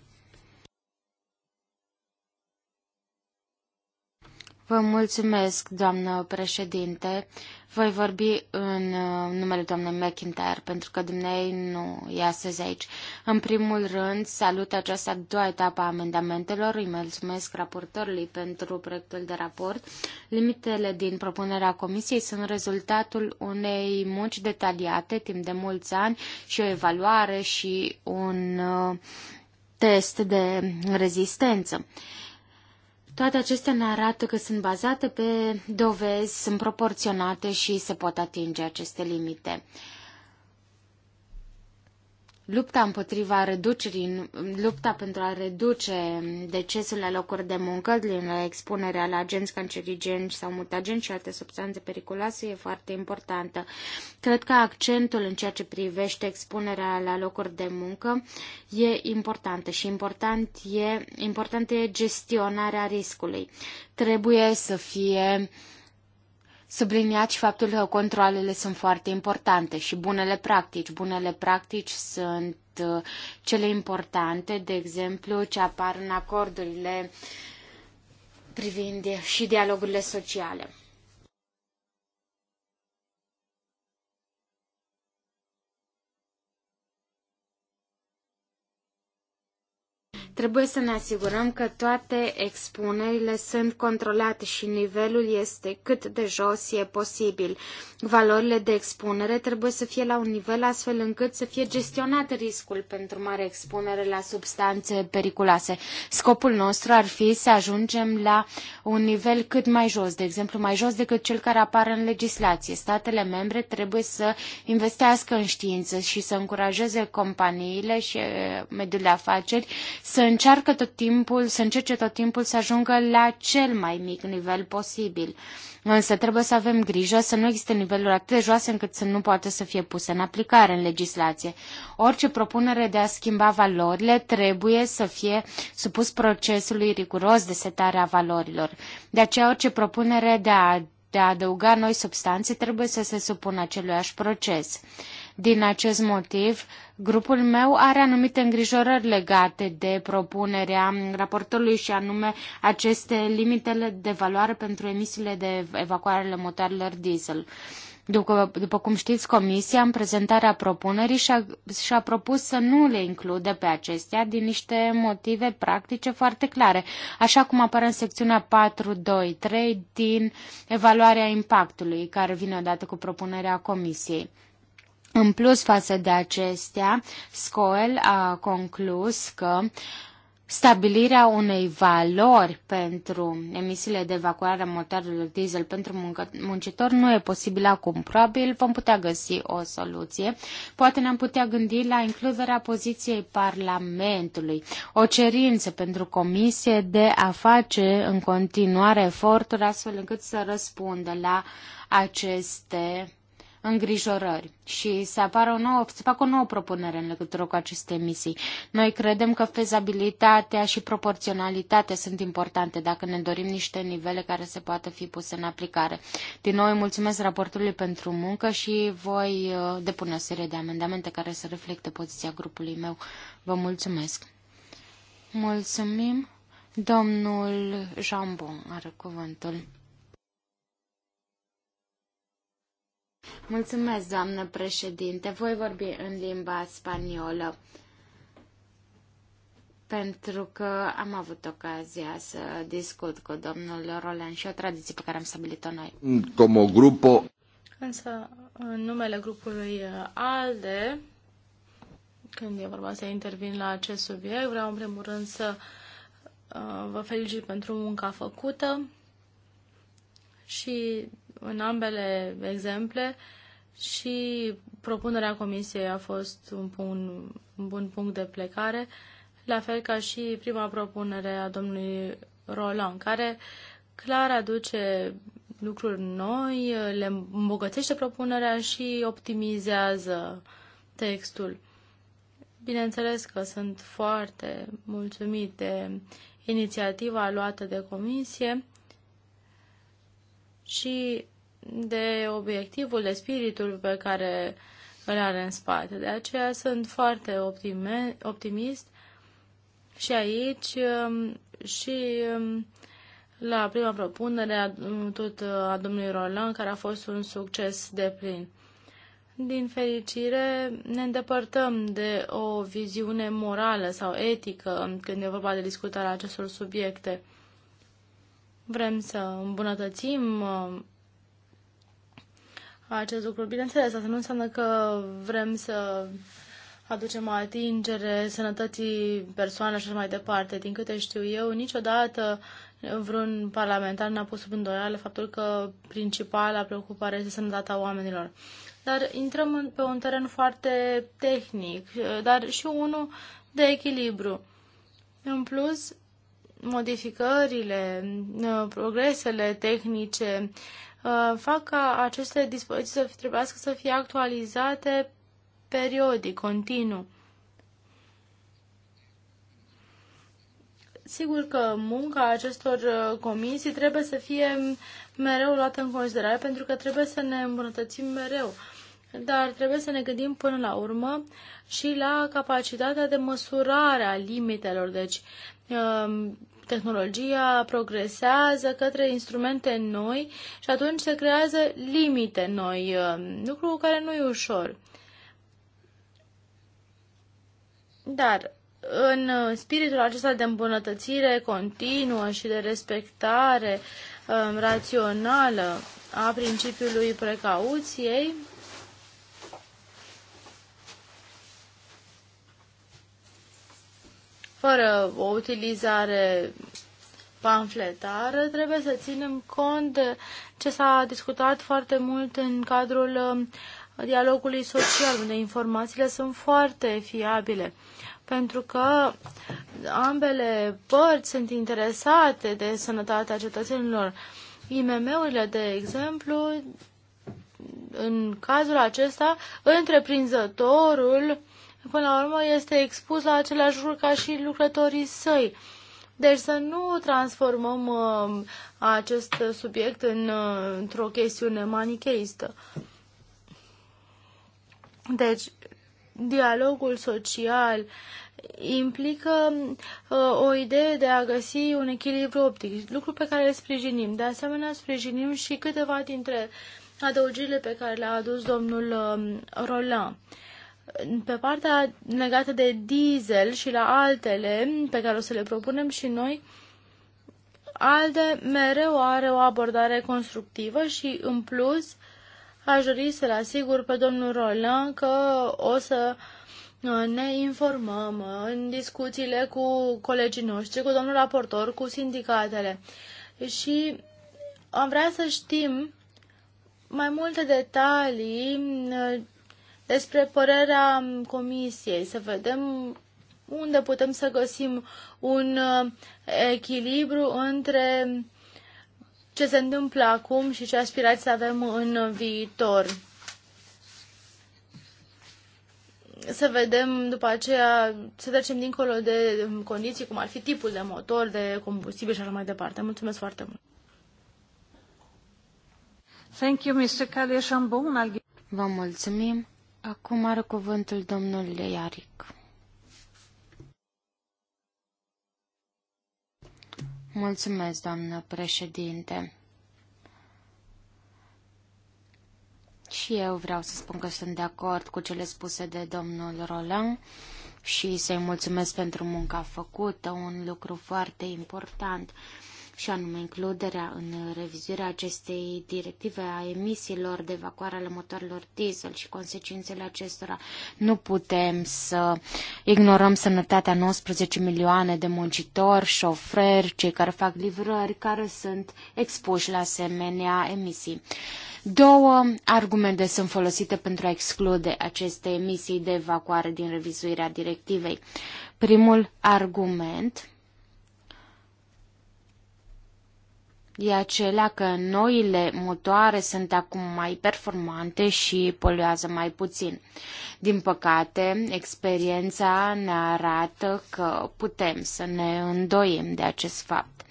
[SPEAKER 1] Vă mulțumesc, doamnă președinte. Voi vorbi în uh, numele doamnei McIntyre, pentru că dumnei nu e astăzi aici. În primul rând, salut această a doua etapă a amendamentelor. Îi mulțumesc raportorului pentru proiectul de raport. Limitele din propunerea comisiei sunt rezultatul unei munci detaliate timp de mulți ani și o evaluare și un uh, test de rezistență. Toate acestea ne arată că sunt bazate pe dovezi, sunt proporționate și se pot atinge aceste limite lupta împotriva reducerii, lupta pentru a reduce decesul la locuri de muncă din expunerea la agenți cancerigeni sau mutageni și alte substanțe periculoase e foarte importantă. Cred că accentul în ceea ce privește expunerea la locuri de muncă e importantă și important e, important e gestionarea riscului. Trebuie să fie uh, subliniat și faptul că controlele sunt foarte importante și bunele practici. Bunele practici sunt uh, cele importante, de exemplu, ce apar în acordurile privind și dialogurile sociale. Trebuie să ne asigurăm că toate expunerile sunt controlate și nivelul este cât de jos e posibil. Valorile de expunere trebuie să fie la un nivel astfel încât să fie gestionat riscul pentru mare expunere la substanțe periculoase. Scopul nostru ar fi să ajungem la un nivel cât mai jos, de exemplu mai jos decât cel care apare în legislație. Statele membre trebuie să investească în știință și să încurajeze companiile și eh, mediul de afaceri să încearcă tot timpul, să încerce tot timpul să ajungă la cel mai mic nivel posibil. Însă trebuie să avem grijă să nu existe niveluri atât de joase încât să nu poată să fie puse în aplicare în legislație. Orice propunere de a schimba valorile trebuie să fie supus procesului riguros de setare a valorilor. De aceea orice propunere de a, de a adăuga noi substanțe trebuie să se supună aceluiași proces. Din acest motiv, grupul meu are anumite îngrijorări legate de propunerea raportorului și anume aceste limitele de valoare pentru emisiile de evacuare ale motoarelor diesel. După, după cum știți, Comisia, în prezentarea propunerii, și-a, și-a propus să nu le includă pe acestea din niște motive practice foarte clare, așa cum apare în secțiunea 4.2.3 din evaluarea impactului, care vine odată cu propunerea Comisiei. În plus față de acestea, Scoel a conclus că stabilirea unei valori pentru emisiile de evacuare a motorului diesel pentru muncitor nu e posibil acum. Probabil vom putea găsi o soluție. Poate ne-am putea gândi la includerea poziției Parlamentului, o cerință pentru Comisie de a face în continuare eforturi astfel încât să răspundă la aceste îngrijorări și să, apară o nouă, să fac o nouă propunere în legătură cu aceste emisii. Noi credem că fezabilitatea și proporționalitatea sunt importante dacă ne dorim niște nivele care se poată fi puse în aplicare. Din nou, mulțumesc raportului pentru muncă și voi uh, depune o serie de amendamente care să reflecte poziția grupului meu. Vă mulțumesc! Mulțumim! Domnul Jambon are cuvântul. Mulțumesc, doamnă președinte. Voi vorbi în limba spaniolă pentru că am avut ocazia să discut cu domnul Roland și o tradiție pe care am stabilit-o noi.
[SPEAKER 3] Como grupo...
[SPEAKER 1] Însă, în numele grupului ALDE,
[SPEAKER 2] când e vorba să intervin la acest subiect, vreau în primul rând să uh, vă felicit pentru munca făcută și în ambele exemple și propunerea comisiei a fost un, bun, un bun punct de plecare, la fel ca și prima propunere a domnului Roland, care clar aduce lucruri noi, le îmbogățește propunerea și optimizează textul. Bineînțeles că sunt foarte mulțumit de inițiativa luată de comisie și de obiectivul, de spiritul pe care îl are în spate. De aceea sunt foarte optimi, optimist și aici um, și um, la prima propunere a, mm, tot uh, a domnului Roland, care a fost un succes de plin. Din fericire, ne îndepărtăm de o viziune morală sau etică când e vorba de discutarea acestor subiecte. Vrem să îmbunătățim uh, acest lucru. Bineînțeles, asta nu înseamnă că vrem să aducem atingere sănătății persoane și așa mai departe. Din câte știu eu, niciodată vreun parlamentar n-a pus sub îndoială faptul că principala preocupare este sănătatea oamenilor. Dar intrăm pe un teren foarte tehnic, dar și unul de echilibru. În plus, modificările, progresele tehnice Uh, fac ca aceste dispoziții să trebuiască să fie actualizate periodic, continuu. Sigur că munca acestor uh, comisii trebuie să fie mereu luată în considerare pentru că trebuie să ne îmbunătățim mereu. Dar trebuie să ne gândim până la urmă și la capacitatea de măsurare a limitelor. Deci, uh, tehnologia progresează către instrumente noi și atunci se creează limite noi, um, lucru care nu e ușor. Dar în spiritul acesta de îmbunătățire continuă și de respectare um, rațională a principiului precauției, fără o utilizare pamfletară, trebuie să ținem cont de ce s-a discutat foarte mult în cadrul um, dialogului social, unde informațiile sunt foarte fiabile, pentru că ambele părți sunt interesate de sănătatea cetățenilor. IMM-urile, de exemplu, în cazul acesta, întreprinzătorul până la urmă este expus la același lucru ca și lucrătorii săi. Deci să nu transformăm uh, acest subiect în, uh, într-o chestiune manicheistă. Deci, dialogul social implică uh, o idee de a găsi un echilibru optic, lucru pe care îl sprijinim. De asemenea, sprijinim și câteva dintre adăugirile pe care le-a adus domnul uh, Roland. Pe partea legată de diesel și la altele pe care o să le propunem și noi, ALDE mereu are o abordare constructivă și, în plus, aș dori să-l asigur pe domnul Roland că o să uh, ne informăm în discuțiile cu colegii noștri, cu domnul raportor, cu sindicatele. Și am vrea să știm mai multe detalii uh, despre părerea Comisiei, să vedem unde putem să găsim un uh, echilibru între ce se întâmplă acum și ce aspirați să avem în viitor. Să vedem după aceea, să trecem dincolo de condiții, cum ar fi tipul de motor, de
[SPEAKER 1] combustibil și așa mai departe. Mulțumesc foarte mult! Thank you, Mr. Vă mulțumim. Acum are cuvântul domnul Leiaric. Mulțumesc, doamnă președinte. Și eu vreau să spun că sunt de acord cu cele spuse de domnul Roland și să-i mulțumesc pentru munca făcută, un lucru foarte important. Uh, și anume includerea în revizuirea acestei directive a emisiilor de evacuare ale motorilor diesel și consecințele acestora. Nu putem să ignorăm sănătatea 19 milioane de muncitori, șofreri, cei care fac livrări, care sunt expuși la asemenea emisii. Două argumente sunt folosite pentru a exclude aceste emisii de evacuare din revizuirea directivei. Primul argument e acela că noile motoare sunt acum mai performante și poluează mai puțin. Din păcate, experiența ne arată că putem să ne îndoim de acest fapt.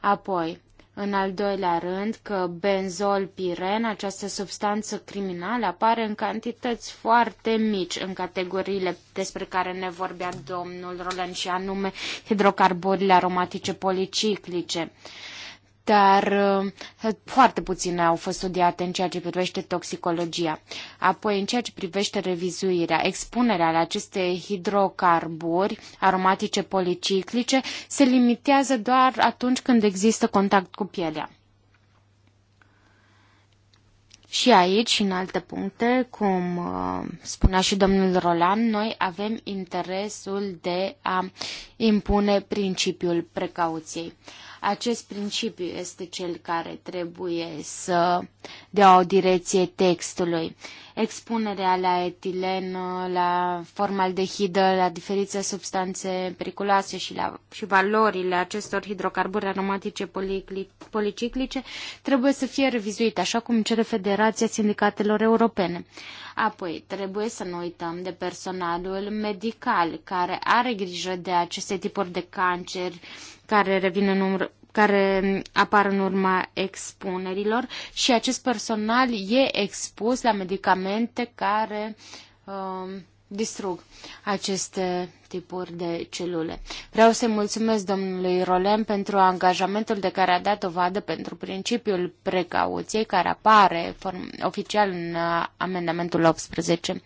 [SPEAKER 1] Apoi, în al doilea rând, că benzol piren, această substanță criminală, apare în cantități foarte mici în categoriile despre care ne vorbea domnul Roland și anume hidrocarburile aromatice policiclice dar uh, foarte puține au fost studiate în ceea ce privește toxicologia. Apoi, în ceea ce privește revizuirea, expunerea la aceste hidrocarburi aromatice policiclice se limitează doar atunci când există contact cu pielea. Și aici, și în alte puncte, cum uh, spunea și domnul Roland, noi avem interesul de a impune principiul precauției. Acest principiu este cel care trebuie să dea o direcție textului. Expunerea la etilen, la formaldehidă, la diferite substanțe periculoase și, la, și valorile acestor hidrocarburi aromatice policiclice trebuie să fie revizuite, așa cum cere Federația Sindicatelor Europene. Apoi, trebuie să nu uităm de personalul medical care are grijă de aceste tipuri de cancer, care, revin în umr- care apar în urma expunerilor și acest personal e expus la medicamente care uh, distrug aceste tipuri de celule. Vreau să mulțumesc domnului Rolem pentru angajamentul de care a dat dovadă pentru principiul precauției care apare oficial în uh, amendamentul 18.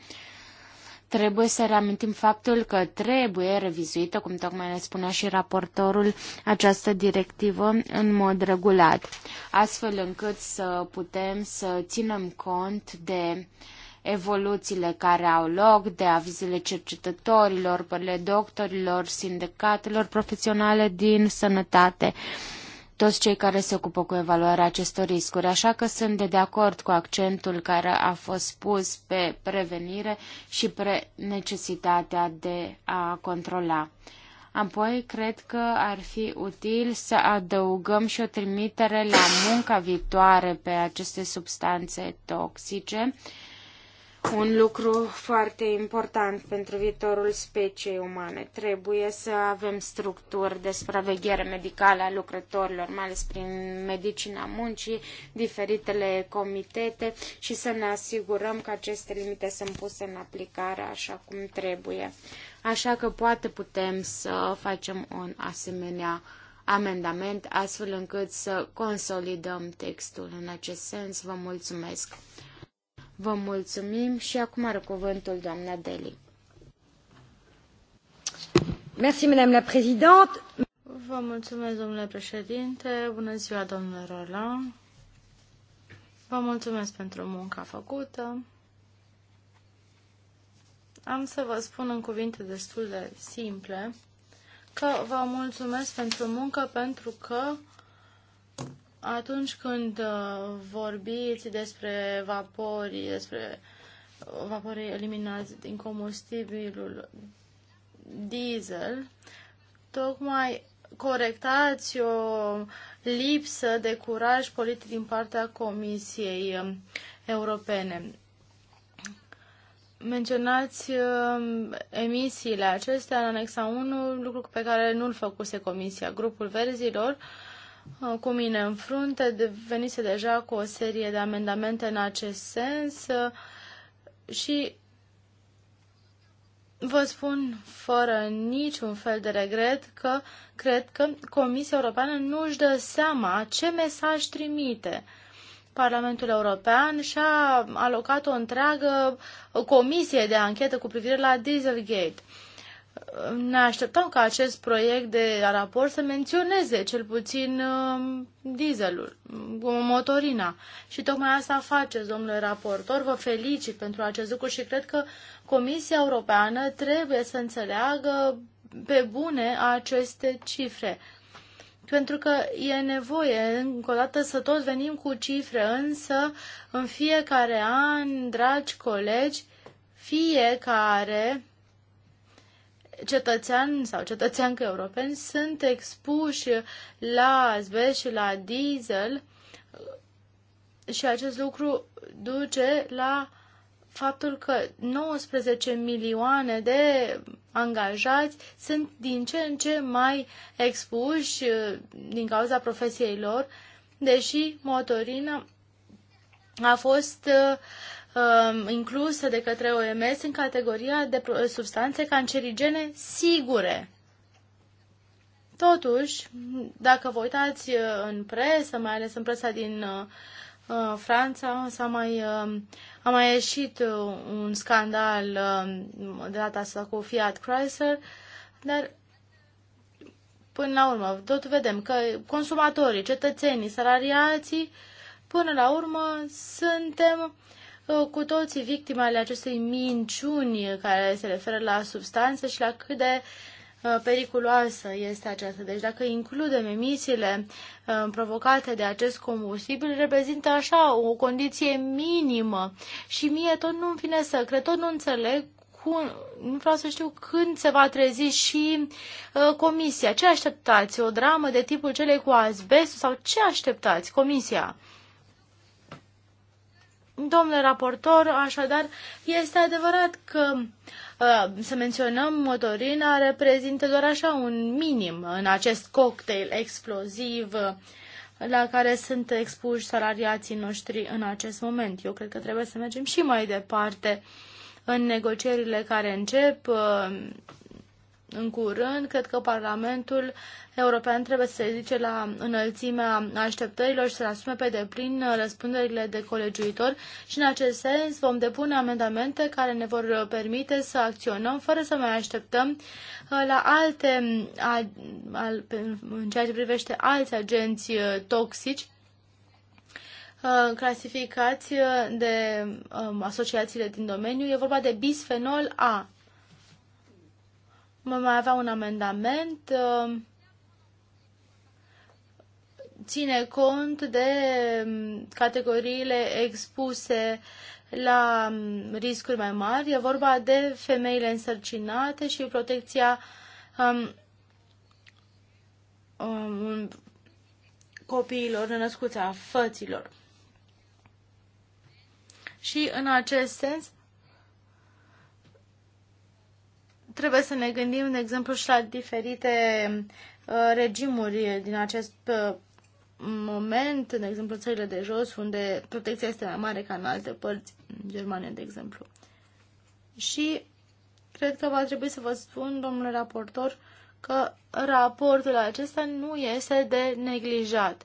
[SPEAKER 1] Trebuie să reamintim faptul că trebuie revizuită, cum tocmai ne spunea și raportorul, această directivă în mod regulat, astfel încât să putem să ținem cont de evoluțiile care au loc, de avizele cercetătorilor, pările doctorilor, sindicatelor profesionale din sănătate toți cei care se ocupă cu evaluarea acestor riscuri, așa că sunt de, de acord cu accentul care a fost pus pe prevenire și pre necesitatea de a controla. Apoi, cred că ar fi util să adăugăm și o trimitere la munca viitoare pe aceste substanțe toxice, uh, un lucru foarte important pentru viitorul speciei umane. Trebuie să avem structuri de supraveghere medicală a lucrătorilor, mai ales prin medicina muncii, diferitele comitete și să ne asigurăm că aceste limite sunt puse în aplicare așa cum trebuie. Așa că poate putem să facem un asemenea amendament astfel încât să consolidăm textul. În acest sens, vă mulțumesc. Vă mulțumim și acum are cuvântul doamna Deli. Merci, Madame la Présidente. Vă mulțumesc,
[SPEAKER 2] domnule președinte. Bună ziua, domnule Roland. Vă mulțumesc pentru munca făcută. Am să vă spun în cuvinte destul de simple că vă mulțumesc pentru muncă pentru că atunci când uh, vorbiți despre vapori, despre uh, vapori eliminați din combustibilul diesel, tocmai corectați o lipsă de curaj politic din partea Comisiei um, Europene. Menționați um, emisiile acestea în anexa 1, lucru pe care nu-l făcuse Comisia. Grupul Verzilor uh, Ah, cu mine în frunte, venise deja cu o serie de amendamente în acest sens ah, și vă spun fără niciun fel de regret că cred că Comisia Europeană nu își dă seama ce mesaj trimite. Parlamentul European și-a alocat o întreagă comisie de anchetă cu privire la Dieselgate ne așteptam ca acest proiect de raport să menționeze cel puțin um, dieselul, um, motorina. Și tocmai asta faceți, domnule raportor. Vă felicit pentru acest lucru și cred că Comisia Europeană trebuie să înțeleagă pe bune aceste cifre. Pentru că e nevoie, încă o dată, să toți venim cu cifre, însă în fiecare an, dragi colegi, fiecare cetățean sau cetățean că europeni sunt expuși la azbest și la diesel și acest lucru duce la faptul că 19 milioane de angajați sunt din ce în ce mai expuși uh, din cauza profesiei lor, deși motorina a fost uh, Um, incluse de către OMS în categoria de substanțe cancerigene sigure. Totuși, dacă vă uitați uh, în presă, mai ales în presa din uh, uh, Franța, s-a mai, um, a mai ieșit un scandal um, de data asta cu Fiat Chrysler, dar până la urmă, tot vedem că consumatorii, cetățenii, salariații, până la urmă suntem uh, Uh, cu toții victime ale acestei minciuni care se referă la substanță și la cât de uh, periculoasă este aceasta. Deci dacă includem emisiile uh, provocate de acest combustibil, reprezintă așa o condiție minimă și mie tot nu-mi vine să cred, tot nu înțeleg nu vreau să știu când se va trezi și uh, comisia. Ce așteptați? O dramă de tipul celei cu asbest sau ce așteptați? Comisia. Domnule raportor, așadar, este adevărat că uh, să menționăm motorina reprezintă doar așa un minim în acest cocktail exploziv uh, la care sunt expuși salariații noștri în acest moment. Eu cred că trebuie să mergem și mai departe în negocierile care încep uh, în curând. Cred că Parlamentul European trebuie să se ridice la înălțimea așteptărilor și să asume pe deplin răspunderile de colegiuitor și în acest sens vom depune amendamente care ne vor permite să acționăm fără să mai așteptăm uh, la alte, în ceea ce privește alți agenți uh, toxici uh, clasificați de um, asociațiile din domeniu. E vorba de bisfenol A Mă mai avea un amendament um, ține cont de um, categoriile expuse la um, riscuri mai mari. E vorba de femeile însărcinate și protecția um, um, copiilor născuți a făților. Și în acest sens trebuie să ne gândim, de exemplu, și la diferite uh, regimuri din acest uh, moment, de exemplu, țările de jos, unde protecția este mai mare ca în alte părți, în Germania, de exemplu. Și cred că va trebui să vă spun, domnule raportor, că raportul acesta nu este de neglijat.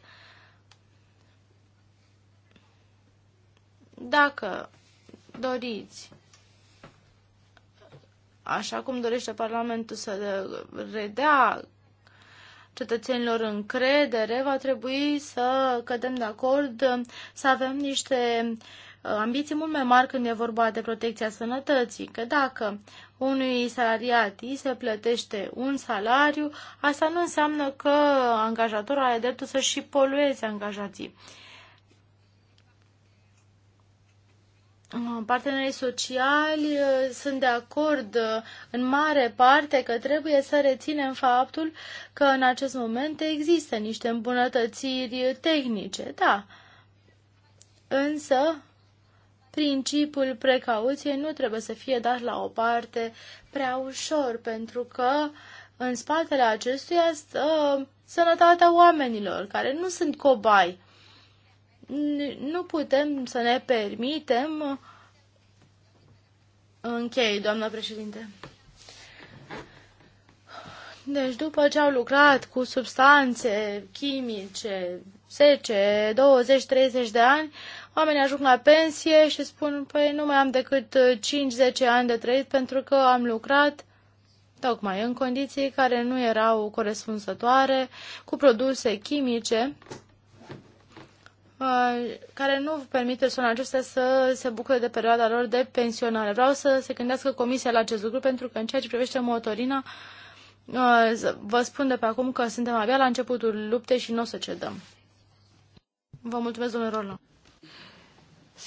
[SPEAKER 2] Dacă doriți așa cum dorește Parlamentul să redea cetățenilor încredere, va trebui să cădem de acord, să avem niște uh, ambiții mult mai mari când e vorba de protecția sănătății, că dacă unui salariat îi se plătește un salariu, asta nu înseamnă că angajatorul are dreptul să și polueze angajații. Ah, partenerii sociali uh, sunt de acord uh, în mare parte că trebuie să reținem faptul că în acest moment există niște îmbunătățiri tehnice, da. Însă, principiul precauției nu trebuie să fie dat la o parte prea ușor, pentru că în spatele acestuia stă sănătatea oamenilor, care nu sunt cobai nu putem să ne permitem. Închei, doamna președinte. Deci după ce au lucrat cu substanțe chimice 10, 20, 30 de ani, oamenii ajung la pensie și spun, păi nu mai am decât 5-10 ani de trăit pentru că am lucrat tocmai în condiții care nu erau corespunzătoare cu produse chimice Uh, care nu permit persoanelor acestea să se bucure de perioada lor de pensionare. Vreau să se gândească comisia la acest lucru, pentru că în ceea ce privește motorina, uh, vă spun de pe acum că suntem abia la începutul luptei și nu o să cedăm. Vă mulțumesc, domnule Roland.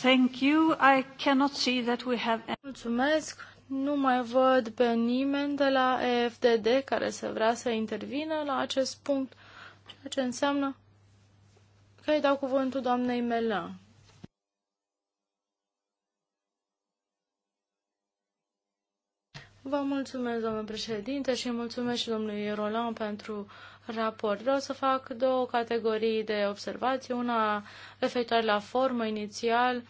[SPEAKER 2] Thank you. I cannot see that we have... Mulțumesc. Nu mai văd pe nimeni de la EFDD care să vrea să intervină la acest punct, ceea ce înseamnă care dau cuvântul doamnei Melan. Vă mulțumesc, domnule președinte, și mulțumesc și domnului Roland pentru raport. Vreau să fac două categorii de observații, una referitoare la formă inițial,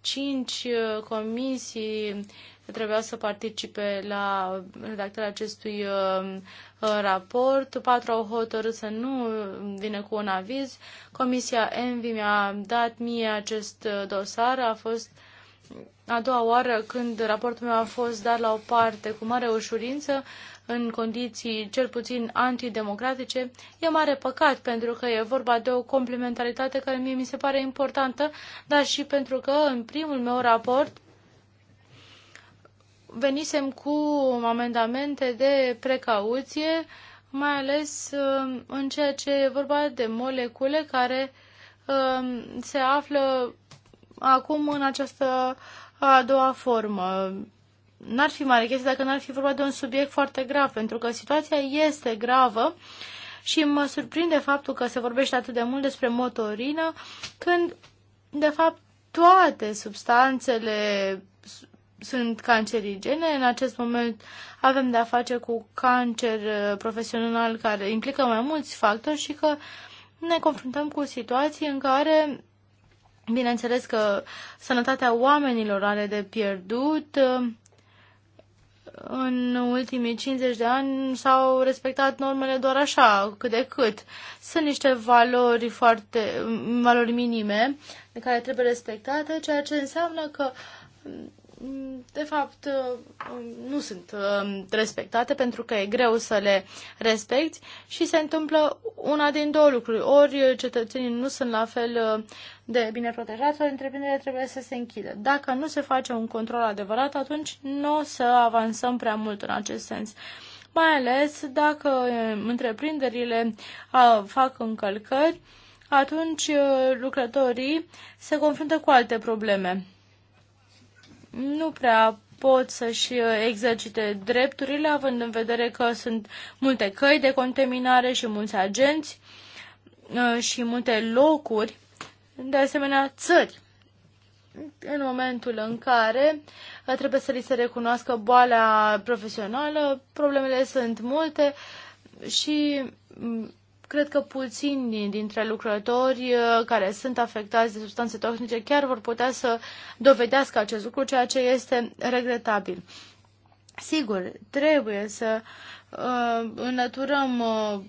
[SPEAKER 2] cinci uh, comisii trebuiau să participe la redactarea acestui um, uh, raport. Patru au hotărât să nu um, vină cu un aviz. Comisia Envi mi-a dat mie acest uh, dosar. A fost a doua oară când raportul meu a fost dat la o parte cu mare ușurință, în condiții cel puțin antidemocratice, e mare păcat pentru că e vorba de o complementaritate care mie mi se pare importantă, dar și pentru că în primul meu raport venisem cu amendamente de precauție, mai ales um, în ceea ce e vorba de molecule care um, se află acum în această a doua formă. N-ar fi mare chestie dacă n-ar fi vorba de un subiect foarte grav, pentru că situația este gravă și mă surprinde faptul că se vorbește atât de mult despre motorină, când, de fapt, toate substanțele sunt cancerigene. În acest moment avem de a face cu cancer uh, profesional care implică mai mulți factori și că ne confruntăm cu situații în care, bineînțeles că sănătatea oamenilor are de pierdut, uh, în ultimii 50 de ani s-au respectat normele doar așa, cât de cât. Sunt niște valori foarte, valori minime de care trebuie respectate, ceea ce înseamnă că de fapt, uh, um, nu sunt um, respectate pentru că e greu să le respecti și se întâmplă una din două lucruri. Ori cetățenii nu sunt la fel uh, de bine protejați, ori întreprinderile trebuie să se închidă. Dacă nu se face un control adevărat, atunci nu o să avansăm prea mult în acest sens mai ales dacă um, întreprinderile uh, fac încălcări, atunci lucrătorii se confruntă cu alte probleme nu prea pot să-și uh, exercite drepturile, având în vedere că sunt multe căi de contaminare și mulți agenți uh, și multe locuri, de asemenea țări, în momentul în care uh, trebuie să li se recunoască boala profesională, problemele sunt multe și mm, Cred că puțini dintre lucrători uh, care sunt afectați de substanțe toxice chiar vor putea să dovedească acest lucru, ceea ce este regretabil. Sigur, trebuie să uh, înlăturăm uh,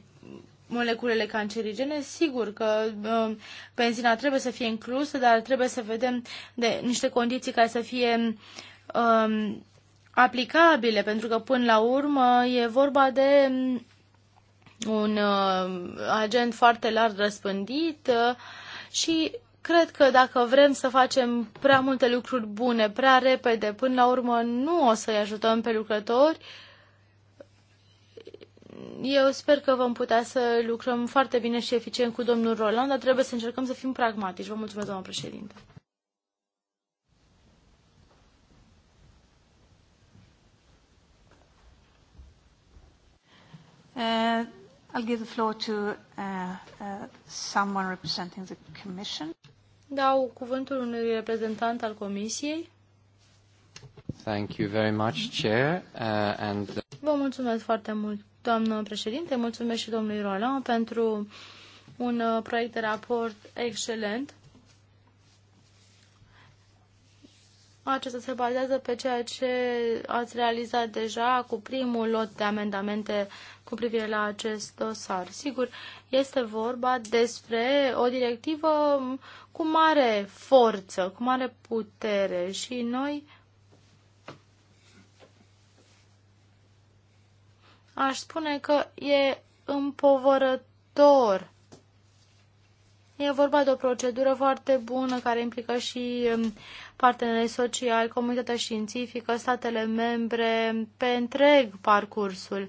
[SPEAKER 2] moleculele cancerigene, sigur că uh, benzina trebuie să fie inclusă, dar trebuie să vedem de niște condiții care să fie uh, aplicabile, pentru că până la urmă e vorba de un uh, agent foarte larg răspândit uh, și cred că dacă vrem să facem prea multe lucruri bune, prea repede, până la urmă nu o să-i ajutăm pe lucrători. Eu sper că vom putea să lucrăm foarte bine și eficient cu domnul Roland, dar trebuie să încercăm să fim pragmatici. Vă mulțumesc, doamna președinte.
[SPEAKER 1] Uh, I'll give the floor to uh, uh, someone representing the commission. Dau
[SPEAKER 2] cuvântul unui reprezentant al comisiei.
[SPEAKER 3] Thank you very much, Chair, uh, and...
[SPEAKER 2] Uh, Vă mulțumesc foarte mult, doamnă președinte, mulțumesc și domnului Roland pentru un uh, proiect de raport excelent Acesta se bazează pe ceea ce ați realizat deja cu primul lot de amendamente cu privire la acest dosar. Sigur, este vorba despre o directivă cu mare forță, cu mare putere și noi aș spune că e împovărător. E vorba de o procedură foarte bună care implică și um, partenerii sociali, comunitatea științifică, statele membre, pe întreg parcursul.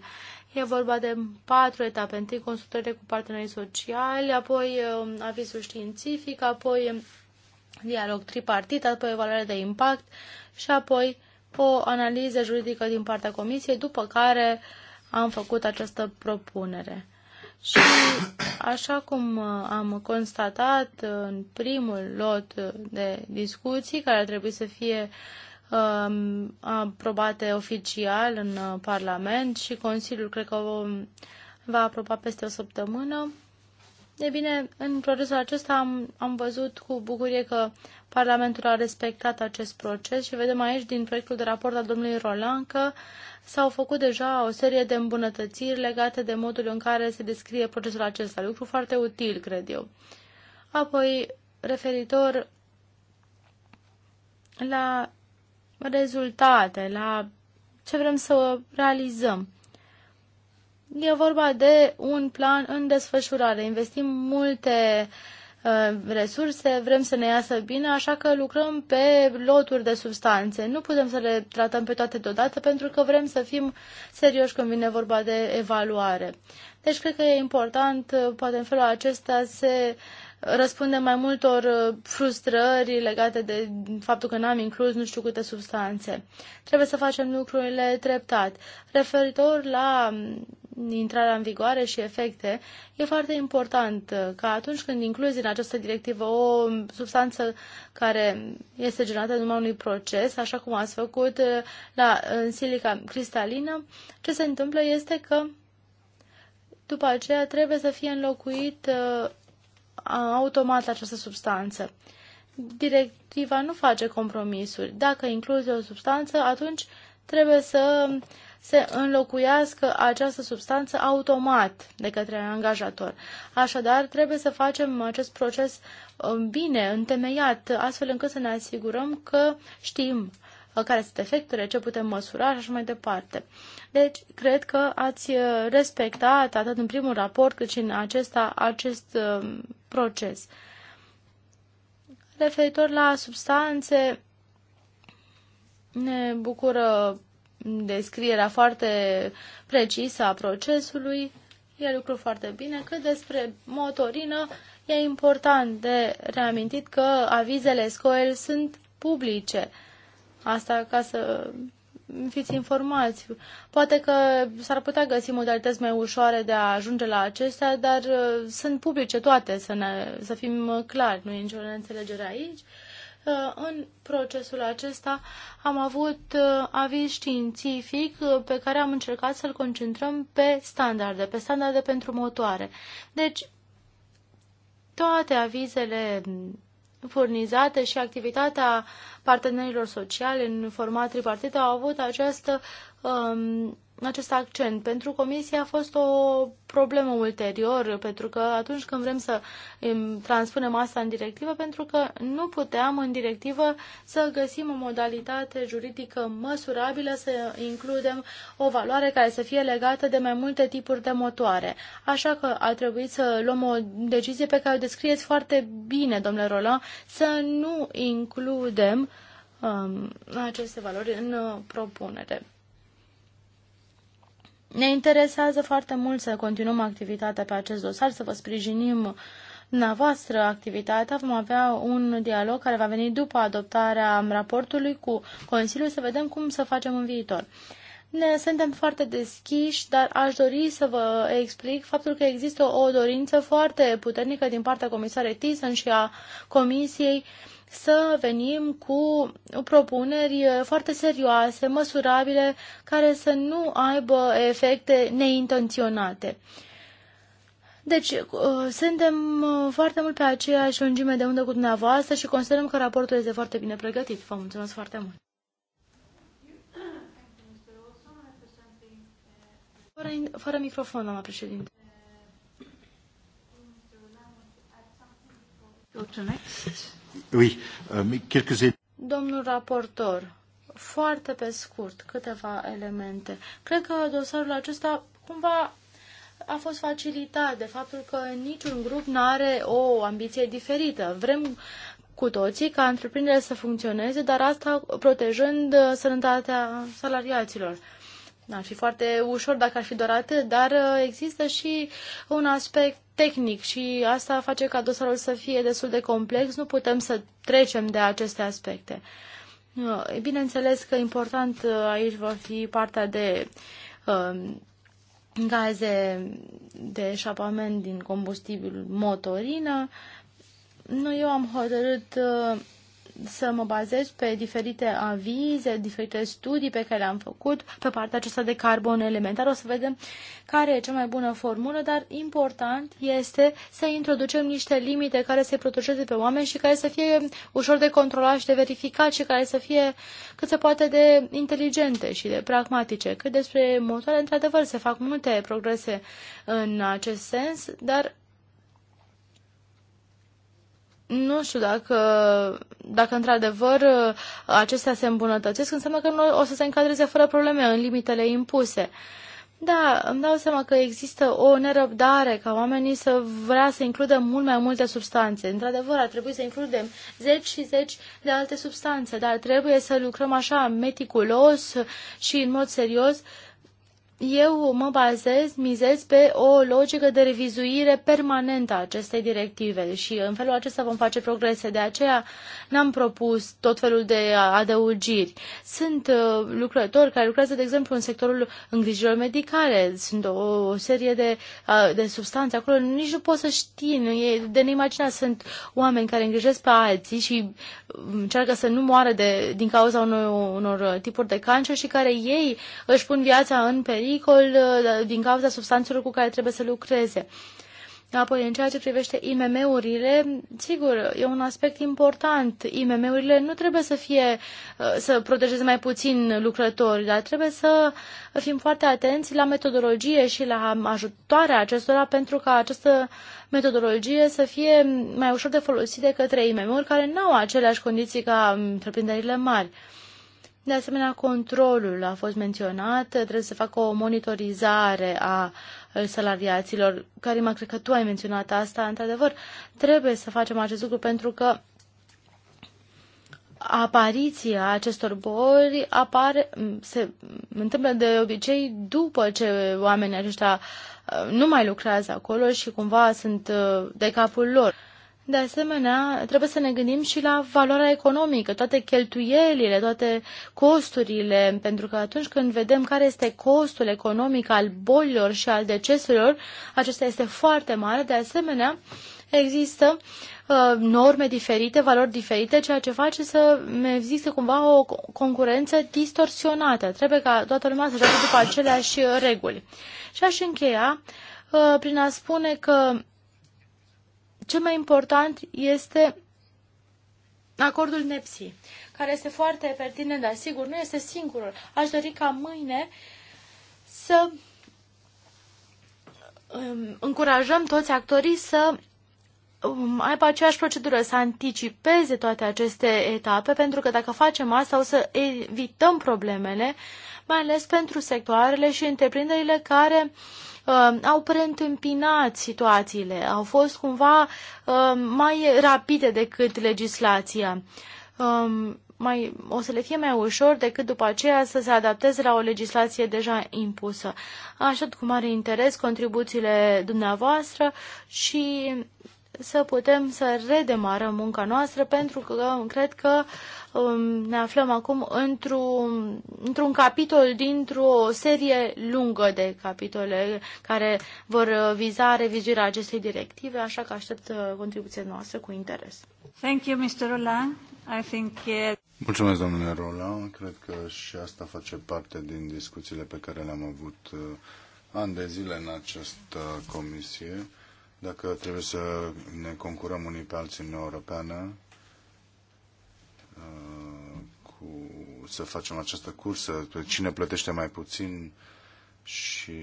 [SPEAKER 2] E vorba de patru etape. Întâi consultările cu partenerii sociali, apoi um, avizul științific, apoi um, dialog tripartit, apoi evaluare de impact și apoi o analiză juridică din partea comisiei, după care am făcut această propunere. Și așa cum uh, am constatat în primul lot de discuții, care ar trebui să fie um, aprobate oficial în uh, Parlament și Consiliul cred că o um, va aproba peste o săptămână, E bine, în procesul acesta am, am văzut cu bucurie că Parlamentul a respectat acest proces și vedem aici din proiectul de raport al domnului Roland că s-au făcut deja o serie de îmbunătățiri legate de modul în care se descrie procesul acesta. Lucru foarte util, cred eu. Apoi, referitor la rezultate, la ce vrem să realizăm. E vorba de un plan în desfășurare. Investim multe uh, resurse, vrem să ne iasă bine, așa că lucrăm pe loturi de substanțe. Nu putem să le tratăm pe toate deodată pentru că vrem să fim serioși când vine vorba de evaluare. Deci cred că e important, uh, poate în felul acesta să răspundem mai multor uh, frustrări legate de faptul că n-am inclus nu știu câte substanțe. Trebuie să facem lucrurile treptat. Referitor la intrarea în vigoare și efecte, e foarte important că atunci când incluzi în această directivă o substanță care este generată urma unui proces, așa cum ați făcut uh, la, în silica cristalină, ce se întâmplă este că după aceea trebuie să fie înlocuit uh, automat această substanță. Directiva nu face compromisuri. Dacă incluzi o substanță, atunci trebuie să uh, se înlocuiască această substanță automat de către angajator. Așadar, trebuie să facem acest proces um, bine, întemeiat, astfel încât să ne asigurăm că știm uh, care sunt efectele, ce putem măsura și așa mai departe. Deci, cred că ați uh, respectat atât în primul raport cât și în acesta acest um, proces. Referitor la substanțe, ne bucură descrierea foarte precisă a procesului, e lucru foarte bine. Cât despre motorină, e important de reamintit că avizele SCOEL sunt publice. Asta ca să fiți informați. Poate că s-ar putea găsi modalități mai ușoare de a ajunge la acestea, dar uh, sunt publice toate, să, ne, să fim clari, nu e nicio neînțelegere aici. Uh, în procesul acesta am avut uh, aviz științific uh, pe care am încercat să-l concentrăm pe standarde, pe standarde pentru motoare. Deci, toate avizele furnizate și activitatea partenerilor sociale în format tripartit au avut această um, acest accent. Pentru comisie a fost o problemă ulterior, pentru că atunci când vrem să transpunem asta în directivă, pentru că nu puteam în directivă să găsim o modalitate juridică măsurabilă, să includem o valoare care să fie legată de mai multe tipuri de motoare. Așa că a trebuit să luăm o decizie pe care o descrieți foarte bine, domnule Roland, să nu includem um, aceste valori în uh, propunere. Ne interesează foarte mult să continuăm activitatea pe acest dosar, să vă sprijinim dumneavoastră activitatea. Vom avea un dialog care va veni după adoptarea raportului cu Consiliul să vedem cum să facem în viitor. Ne suntem foarte deschiși, dar aș dori să vă explic faptul că există o dorință foarte puternică din partea comisarei Thyssen și a comisiei să venim cu propuneri foarte serioase, măsurabile, care să nu aibă efecte neintenționate. Deci, uh, suntem uh, foarte mult pe aceeași lungime de undă cu dumneavoastră și considerăm că raportul este foarte bine pregătit. Vă mulțumesc foarte mult! Fără, fără microfon, doamna președinte.
[SPEAKER 3] Oui, euh,
[SPEAKER 2] Domnul raportor, foarte pe scurt, câteva elemente. Cred că dosarul acesta cumva a fost facilitat de faptul că niciun grup nu are o ambiție diferită. Vrem cu toții ca întreprinderea să funcționeze, dar asta protejând uh, sănătatea salariaților. Ar fi foarte ușor dacă ar fi doar atât, dar uh, există și un aspect tehnic și asta face ca dosarul să fie destul de complex. Nu putem să trecem de aceste aspecte. Uh, bineînțeles că important uh, aici va fi partea de um, gaze de eșapament din combustibil motorină. Nu eu am hotărât uh, să mă bazez pe diferite avize, diferite studii pe care le-am făcut pe partea aceasta de carbon elementar. O să vedem care e cea mai bună formulă, dar important este să introducem niște limite care să protejeze pe oameni și care să fie ușor de controlat și de verificat și care să fie cât se poate de inteligente și de pragmatice. Cât despre motoare, într-adevăr, se fac multe progrese în acest sens, dar nu știu dacă, dacă într-adevăr uh, acestea se îmbunătățesc, înseamnă că nu o să se încadreze fără probleme în limitele impuse. Da, îmi dau seama că există o nerăbdare ca oamenii să vrea să includă mult mai multe substanțe. Într-adevăr, ar trebui să includem zeci și zeci de alte substanțe, dar trebuie să lucrăm așa meticulos și în mod serios uh, eu mă bazez, mizez pe o logică de revizuire permanentă a acestei directive și în felul acesta vom face progrese. De aceea n-am propus tot felul de adăugiri. Sunt uh, lucrători care lucrează, de exemplu, în sectorul îngrijirilor medicale. Sunt o, serie de, uh, de substanțe acolo. Nici nu poți să știi, nu e de neimaginat. Sunt oameni care îngrijesc pe alții și um, încearcă să nu moară de, din cauza unor, unor tipuri de cancer și care ei își pun viața în pericol pericol uh, din cauza substanțelor cu care trebuie să lucreze. Apoi, în ceea ce privește IMM-urile, sigur, e un aspect important. IMM-urile nu trebuie să fie, uh, să protejeze mai puțin lucrători, dar trebuie să fim foarte atenți la metodologie și la ajutoarea acestora pentru ca această metodologie să fie mai ușor de folosit de către IMM-uri care nu au aceleași condiții ca întreprinderile mari. De asemenea, controlul a fost menționat, trebuie să facă o monitorizare a salariaților. Karima, cred că tu ai menționat asta, într-adevăr, trebuie să facem acest lucru pentru că apariția acestor boli apare, se întâmplă de obicei după ce oamenii aceștia uh, nu mai lucrează acolo și cumva sunt uh, de capul lor. De asemenea, trebuie să ne gândim și la valoarea economică, toate cheltuielile, toate costurile, pentru că atunci când vedem care este costul economic al bolilor și al deceselor, acesta este foarte mare. De asemenea, există uh, norme diferite, valori diferite, ceea ce face să există cumva o concurență distorsionată. Trebuie ca toată lumea să joace după aceleași reguli. Și aș încheia uh, prin a spune că cel mai important este acordul NEPSI, care este foarte pertinent, dar sigur nu este singurul. Aș dori ca mâine să um, încurajăm toți actorii să um, aibă aceeași procedură, să anticipeze toate aceste etape, pentru că dacă facem asta o să evităm problemele, mai ales pentru sectoarele și întreprinderile care uh, uh, au preîntâmpinat situațiile, au fost cumva uh, mai rapide decât legislația. Uh, mai, o să le fie mai ușor decât după aceea să se adapteze la o legislație deja impusă. Așa cum are interes contribuțiile dumneavoastră și să putem să redemarăm munca noastră pentru că cred că um, ne aflăm acum într-un, într-un capitol dintr-o serie lungă de capitole care vor viza revizuirea acestei directive, așa că aștept uh, contribuția noastră cu interes. Thank you, Mr. Roland. I think it...
[SPEAKER 3] Mulțumesc, domnule Roland. Cred că și asta face parte din discuțiile pe care le-am avut uh, ani de zile în această comisie dacă trebuie să ne concurăm unii pe alții în Europeană, uh, cu, să facem această cursă, cine plătește mai puțin și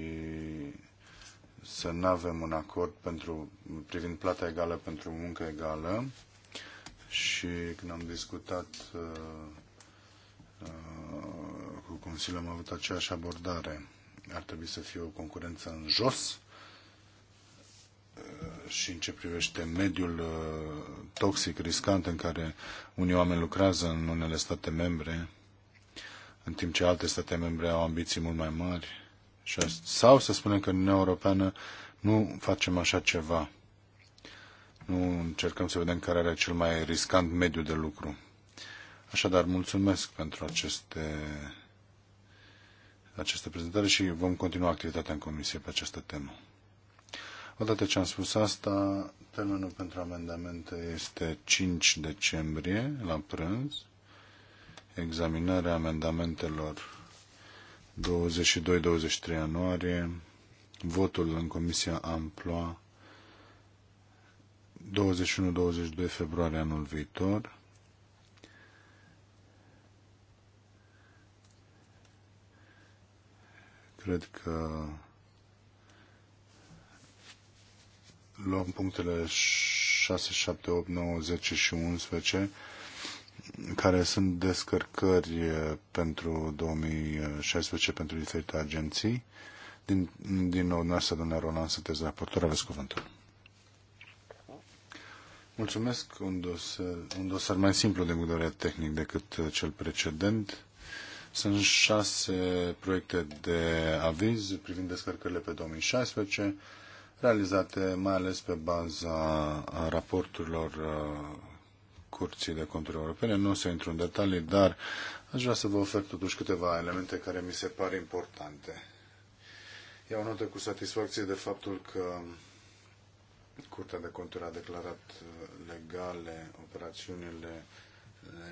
[SPEAKER 3] să nu avem un acord pentru, privind plata egală pentru muncă egală. Și când am discutat uh, uh, cu Consiliul, am avut aceeași abordare. Ar trebui să fie o concurență în jos și în ce privește mediul uh, toxic, riscant în care unii oameni lucrează în unele state membre, în timp ce alte state membre au ambiții mult mai mari. Sau să spunem că în Uniunea Europeană nu facem așa ceva. Nu încercăm să vedem care are cel mai riscant mediu de lucru. Așadar, mulțumesc pentru aceste, aceste prezentări și vom continua activitatea în comisie pe această temă. Odată ce am spus asta, termenul pentru amendamente este 5 decembrie la prânz. Examinarea amendamentelor 22-23 ianuarie, votul în Comisia Amploa 21-22 februarie anul viitor. Cred că luăm punctele 6, 7, 8, 9, 10 și 11, care sunt descărcări pentru 2016 pentru diferite agenții. Din, din nou, noastră, domnule Roland, sunteți raportor, aveți cuvântul. Mulțumesc. Un dosar, un dosar mai simplu de gândire tehnic decât cel precedent. Sunt șase proiecte de aviz privind descărcările pe 2016 realizate mai ales pe baza raporturilor uh, Curții de Conturi Europene. Nu o să intru în detalii, dar aș vrea să vă ofer totuși câteva elemente care mi se par importante. Iau notă cu satisfacție de faptul că Curtea de Conturi a declarat uh, legale operațiunile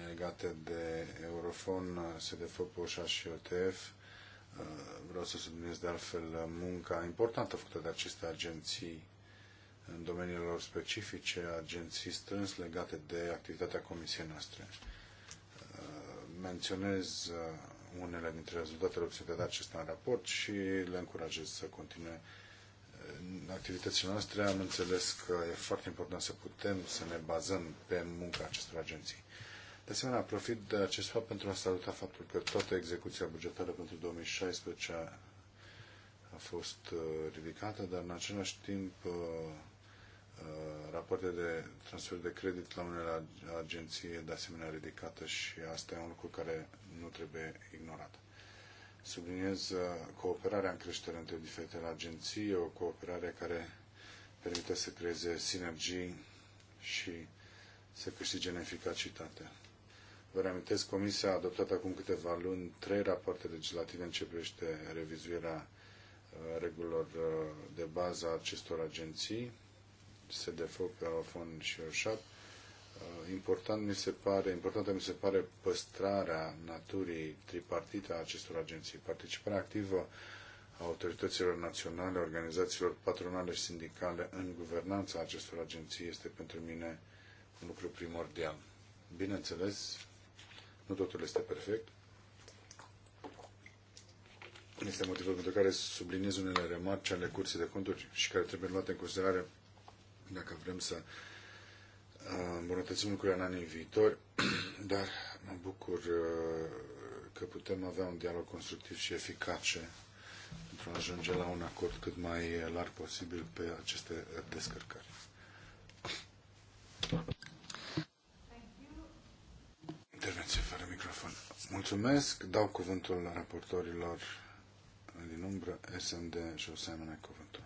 [SPEAKER 3] legate de Eurofon, uh, SDF, și OTF Uh, vreau să subliniez de altfel munca importantă făcută de aceste agenții în domeniile lor specifice, agenții strâns legate de activitatea comisiei noastre. Uh, menționez uh, unele dintre rezultatele obținute de acesta în raport și le încurajez să continue activitățile noastre. Am înțeles că e foarte important să putem să ne bazăm pe munca acestor agenții. De asemenea, profit de acest fapt pentru a saluta faptul că toată execuția bugetară pentru 2016 a fost uh, ridicată, dar în același timp uh, uh, rapoarte de transfer de credit la unele agenții de asemenea ridicată și asta e un lucru care nu trebuie ignorat. Subliniez cooperarea în creștere între diferitele agenții, o cooperare care permite să creeze sinergii și să câștige în eficacitate. Vă reamintesc, Comisia a adoptat acum câteva luni trei rapoarte legislative în ce privește revizuirea uh, regulilor uh, de bază a acestor agenții, SDFOP, AOFON și OSHAP. Uh, important mi se pare, importantă mi se pare păstrarea naturii tripartite a acestor agenții, participarea activă a autorităților naționale, organizațiilor patronale și sindicale în guvernanța acestor agenții este pentru mine un lucru primordial. Bineînțeles, nu totul este perfect. Este motivul pentru care subliniez unele remarci ale curții de conturi și care trebuie luate în considerare dacă vrem să uh, îmbunătățim lucrurile în anii viitori, dar mă bucur uh, că putem avea un dialog constructiv și eficace pentru a ajunge la un acord cât mai larg posibil pe aceste descărcări. Intervenție fără microfon. Mulțumesc. Dau cuvântul raportorilor din umbră, SND și o să amâne cuvântul.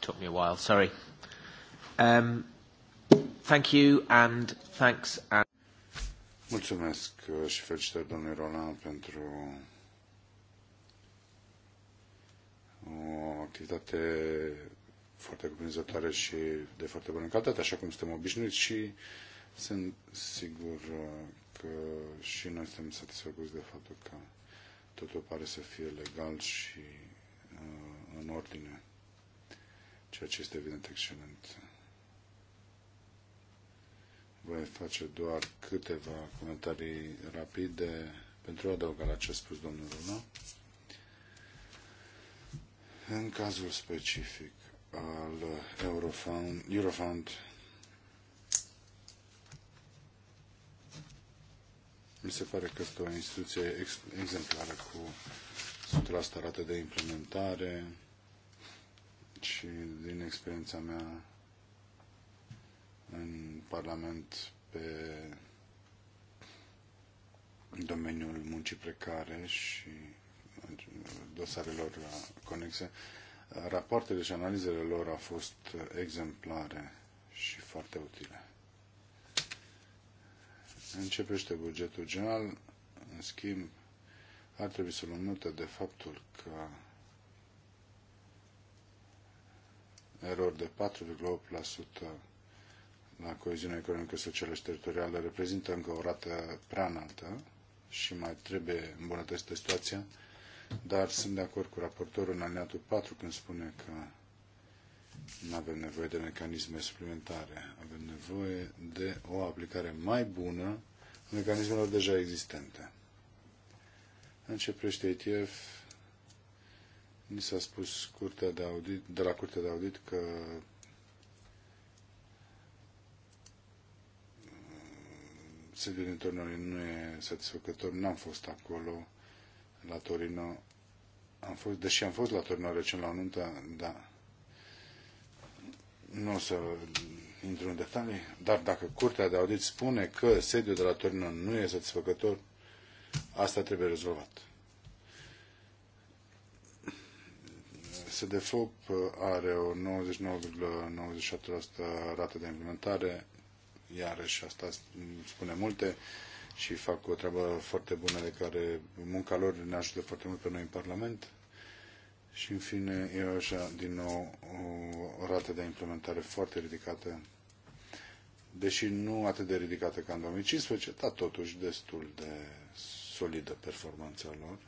[SPEAKER 1] Took me a while, sorry. Um, thank you and thanks and
[SPEAKER 3] Mulțumesc și felicitări domnului Roland pentru o activitate foarte cuprinzătoare și de foarte bună calitate, așa cum suntem obișnuiți și sunt sigur că și noi suntem satisfăcuți de faptul că totul pare să fie legal și uh, în ordine, ceea ce este evident excelent. Voi face doar câteva comentarii rapide pentru a adăuga la ce a spus domnul Luna. În cazul specific al Eurofound, Eurofound mi se pare că este o instituție ex, exemplară cu 100% rată de implementare și din experiența mea în Parlament pe domeniul muncii precare și dosarelor conexe. Rapoartele și analizele lor au fost exemplare și foarte utile. Începește bugetul general, în schimb, ar trebui să luăm notă de faptul că erori de 4,8% la coeziunea economică, socială și teritorială reprezintă încă o rată prea înaltă și mai trebuie îmbunătățită situația, dar sunt de acord cu raportorul în alineatul 4 când spune că nu avem nevoie de mecanisme suplimentare, avem nevoie de o aplicare mai bună a mecanismelor deja existente. În ce privește ETF, ni s-a spus curtea de, audit, de la Curtea de Audit că de Torino nu e satisfăcător. N-am fost acolo, la Torino. Am fost, deși am fost la Torino recent la o nuntă, dar nu o să intru în detalii, dar dacă Curtea de Audit spune că sediul de la Torino nu e satisfăcător, asta trebuie rezolvat. SDFOP are o 99,97% rată de implementare, iarăși asta spune multe și fac o treabă foarte bună de care munca lor ne ajută foarte mult pe noi în Parlament. Și în fine, e așa din nou o rată de implementare foarte ridicată, deși nu atât de ridicată ca în 2015, dar totuși destul de solidă performanța lor.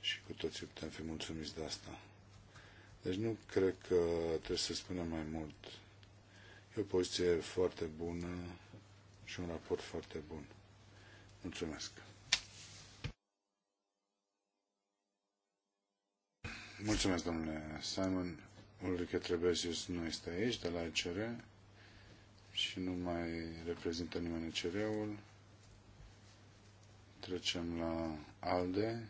[SPEAKER 3] Și cu toții putem fi mulțumiți de asta. Deci nu cred că trebuie să spunem mai mult pe o poziție foarte bună și un raport foarte bun. Mulțumesc! Mulțumesc, domnule Simon. Ulrike Trebesius nu este aici, de la ECR și nu mai reprezintă nimeni ECR-ul. Trecem la ALDE.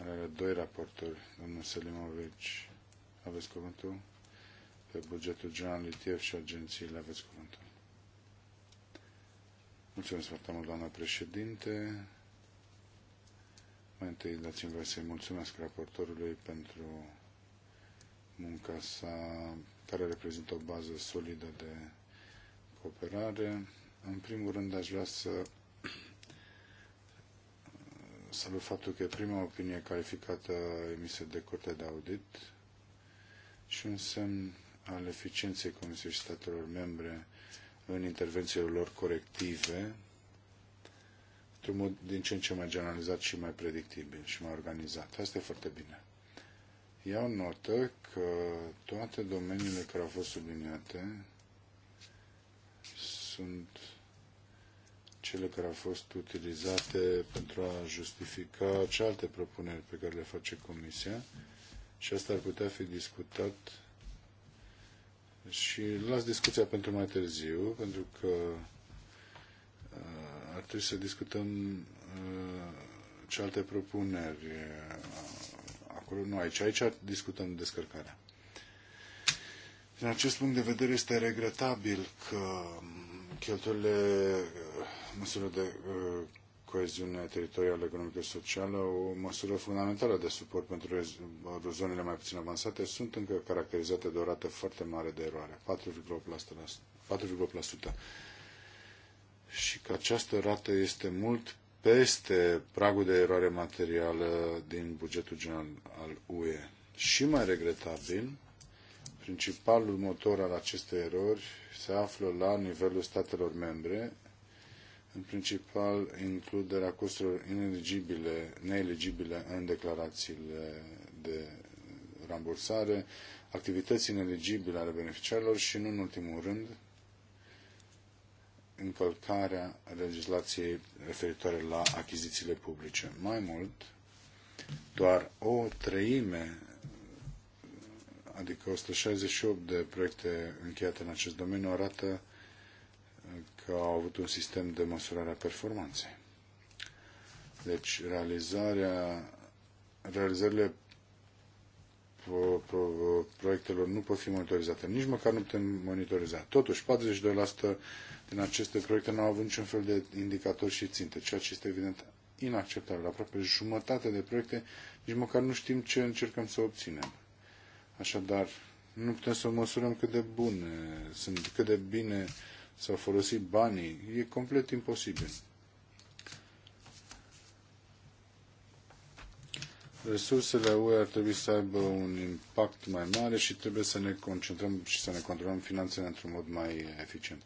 [SPEAKER 3] Are doi raportori. Domnul Selimovici, aveți cuvântul? pe bugetul general ETF și agențiile. Aveți cuvântul. Mulțumesc foarte mult, doamna președinte. Mai întâi dați-mi voie să-i mulțumesc raportorului pentru munca sa, care reprezintă o bază solidă de cooperare. În primul rând, aș vrea să salut faptul că e prima opinie calificată emisă de Curtea de Audit și un semn al eficienței Comisiei și statelor membre în intervențiile lor corective, într-un mod din ce în ce mai generalizat și mai predictibil și mai organizat. Asta e foarte bine. Iau notă că toate domeniile care au fost subliniate sunt cele care au fost utilizate pentru a justifica ce alte propuneri pe care le face Comisia și asta ar putea fi discutat și las discuția pentru mai târziu, pentru că uh, ar trebui să discutăm uh, ce alte propuneri uh, acolo, nu aici, aici discutăm descărcarea. Din acest punct de vedere este regretabil că um, cheltuielile măsură de coeziune teritorială, economică și socială, o măsură fundamentală de suport pentru zonele mai puțin avansate, sunt încă caracterizate de o rată foarte mare de eroare, 4,8%. Și că această rată este mult peste pragul de eroare materială din bugetul general al UE. Și mai regretabil, principalul motor al acestei erori se află la nivelul statelor membre, în principal includerea costurilor ineligibile, neeligibile în declarațiile de rambursare, activități ineligibile ale beneficiarilor și, nu în ultimul rând, încălcarea legislației referitoare la achizițiile publice. Mai mult, doar o treime, adică 168 de proiecte încheiate în acest domeniu, arată că au avut un sistem de măsurare a performanței. Deci realizarea, realizările proiectelor nu pot fi monitorizate, nici măcar nu putem monitoriza. Totuși, 42% din aceste proiecte nu au avut niciun fel de indicator și ținte, ceea ce este evident inacceptabil. Aproape jumătate de proiecte nici măcar nu știm ce încercăm să obținem. Așadar, nu putem să măsurăm cât de bune sunt, cât de bine uh, sau folosi banii. E complet imposibil. Resursele UE ar trebui să aibă un impact mai mare și trebuie să ne concentrăm și să ne controlăm finanțele într-un mod mai eficient.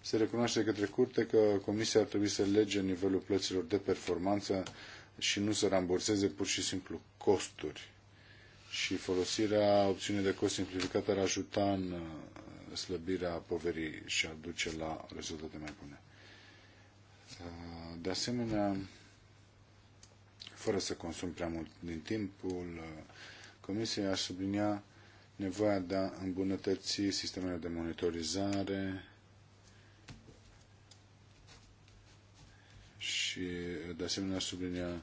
[SPEAKER 3] Se recunoaște către curte că Comisia ar trebui să lege nivelul plăților de performanță și nu să ramburseze pur și simplu costuri. Și folosirea opțiunii de cost simplificat ar ajuta în slăbirea poverii și ar duce la rezultate mai bune. De asemenea, fără să consum prea mult din timpul Comisiei, aș sublinia nevoia de a îmbunătăți sistemele de monitorizare și, de asemenea, aș sublinia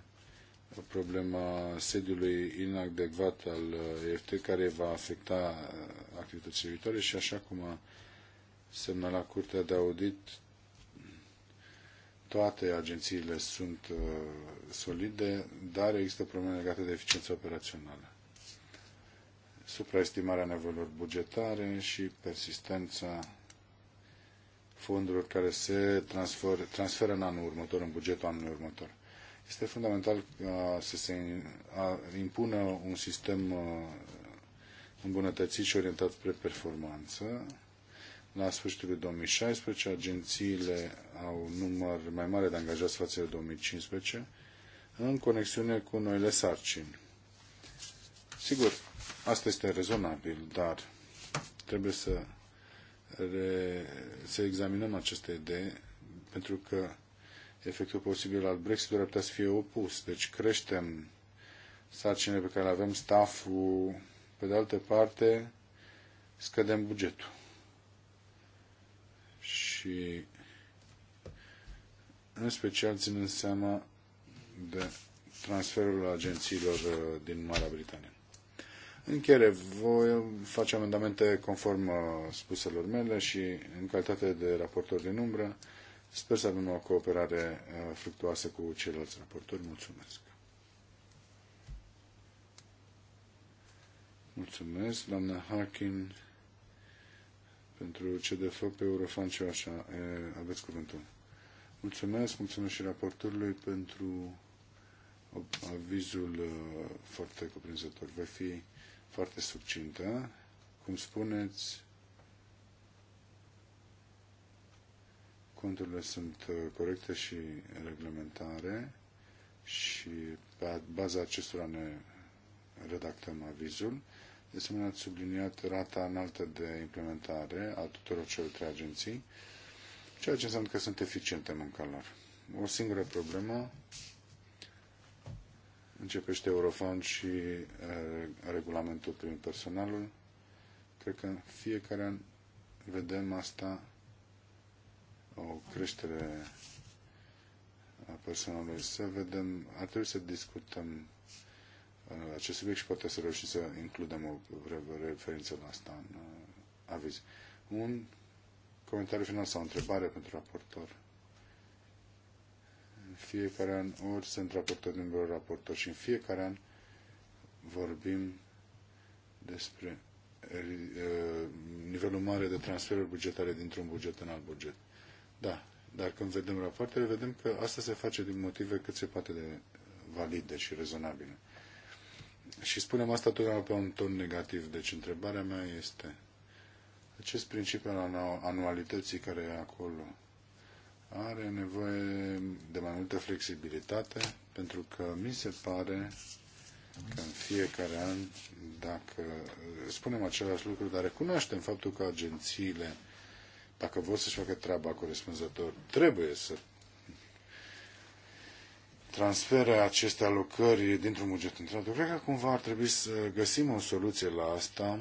[SPEAKER 3] problema sediului inadecvat al uh, EFT care va afecta uh, activitățile viitoare și așa cum a semnalat Curtea de Audit, toate agențiile sunt uh, solide, dar există probleme legate de eficiența operațională. Supraestimarea nevoilor bugetare și persistența fondurilor care se transfer, transferă în anul următor, în bugetul anului următor. Este fundamental uh, să se impună un sistem uh, îmbunătățit și orientat spre performanță. La sfârșitul 2016, agențiile au un număr mai mare de angajați față de 2015, în conexiune cu noile sarcini. Sigur, asta este rezonabil, dar trebuie să, re, să examinăm aceste idei, pentru că efectul posibil al Brexit-ului ar putea să fie opus. Deci creștem sarcinile pe care le avem, stafful, pe de altă parte scădem bugetul. Și în special ținând seama de transferul agențiilor uh, din Marea Britanie. Încheiere, voi face amendamente conform uh, spuselor mele și în calitate de raportor din umbră Sper să avem o cooperare uh, fructuoasă cu ceilalți raportori. Mulțumesc! Mulțumesc, doamna Hakin, pentru de fapt pe Eurofan și așa. E, aveți cuvântul. Mulțumesc, mulțumesc și raportorului pentru avizul uh, foarte cuprinzător. Va fi foarte succintă. Cum spuneți, conturile sunt uh, corecte și reglementare și pe baza acestora ne redactăm avizul. De asemenea, ați subliniat rata înaltă de implementare a tuturor celor trei agenții, ceea ce înseamnă că sunt eficiente în lor. O singură problemă începește Eurofan și uh, regulamentul prin personalul. Cred că în fiecare an vedem asta o creștere a personalului. Să vedem, ar trebui să discutăm uh, acest subiect și poate să reușim să includem o referință la asta în uh, aviz. Un comentariu final sau o întrebare pentru raportor. În fiecare an, ori sunt raportor din raportor și în fiecare an vorbim despre uh, nivelul mare de transferuri bugetare dintr-un buget în alt buget. Da, dar când vedem rapoartele, vedem că asta se face din motive cât se poate de valide și rezonabile. Și spunem asta totdeauna pe un ton negativ. Deci întrebarea mea este acest principiu al anualității care e acolo are nevoie de mai multă flexibilitate pentru că mi se pare că în fiecare an, dacă spunem același lucru, dar recunoaștem faptul că agențiile dacă vor să-și facă treaba corespunzător, trebuie să transfere aceste alocări dintr-un buget într-altul. Cred că cumva ar trebui să găsim o soluție la asta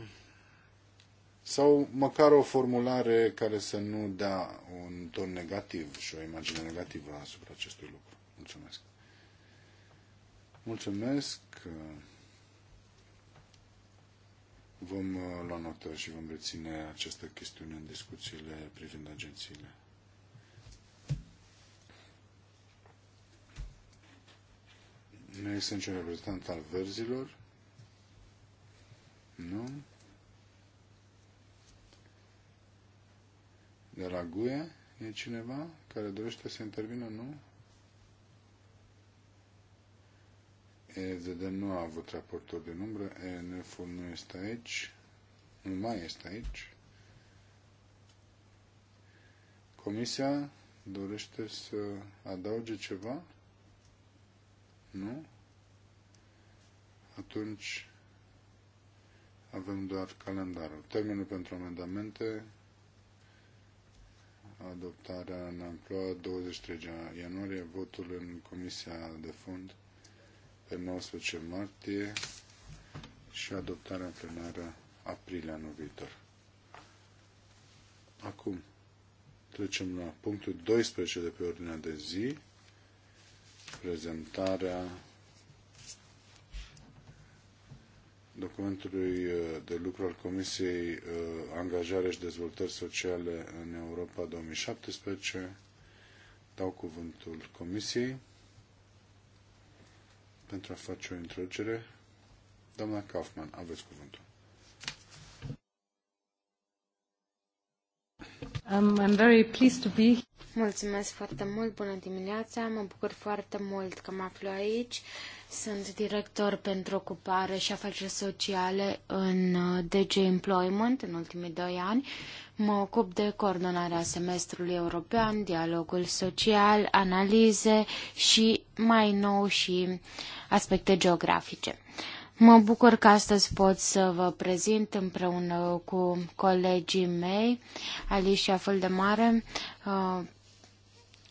[SPEAKER 3] sau măcar o formulare care să nu dea un ton negativ și o imagine negativă asupra acestui lucru. Mulțumesc. Mulțumesc. Vom uh, lua notă și vom reține această chestiune în discuțiile privind agențiile. Nu este niciun reprezentant al verzilor? Nu? De la GUE e cineva care dorește să intervină? Nu? EFDD nu a avut raportor de număr, ENF-ul nu este aici, nu mai este aici. Comisia dorește să adauge ceva? Nu? Atunci avem doar calendarul. Termenul pentru amendamente, adoptarea în amploa 23 ianuarie, votul în Comisia de Fond pe 19 martie și adoptarea în plenară aprilie anul viitor. Acum trecem la punctul 12 de pe ordinea de zi, prezentarea documentului uh, de lucru al Comisiei uh, Angajare și Dezvoltări Sociale în Europa 2017. Dau cuvântul Comisiei pentru a face o introducere. Doamna Kaufman, aveți cuvântul.
[SPEAKER 1] Um, I'm very pleased to be Mulțumesc foarte mult, bună dimineața, mă bucur foarte mult că mă aflu aici. Sunt director pentru ocupare și afaceri sociale în uh, DG Employment în ultimii doi ani Mă ocup de coordonarea semestrului european, dialogul social, analize și mai nou și aspecte geografice. Mă bucur că astăzi pot să vă prezint împreună cu colegii mei, Alicia Făldemare, uh,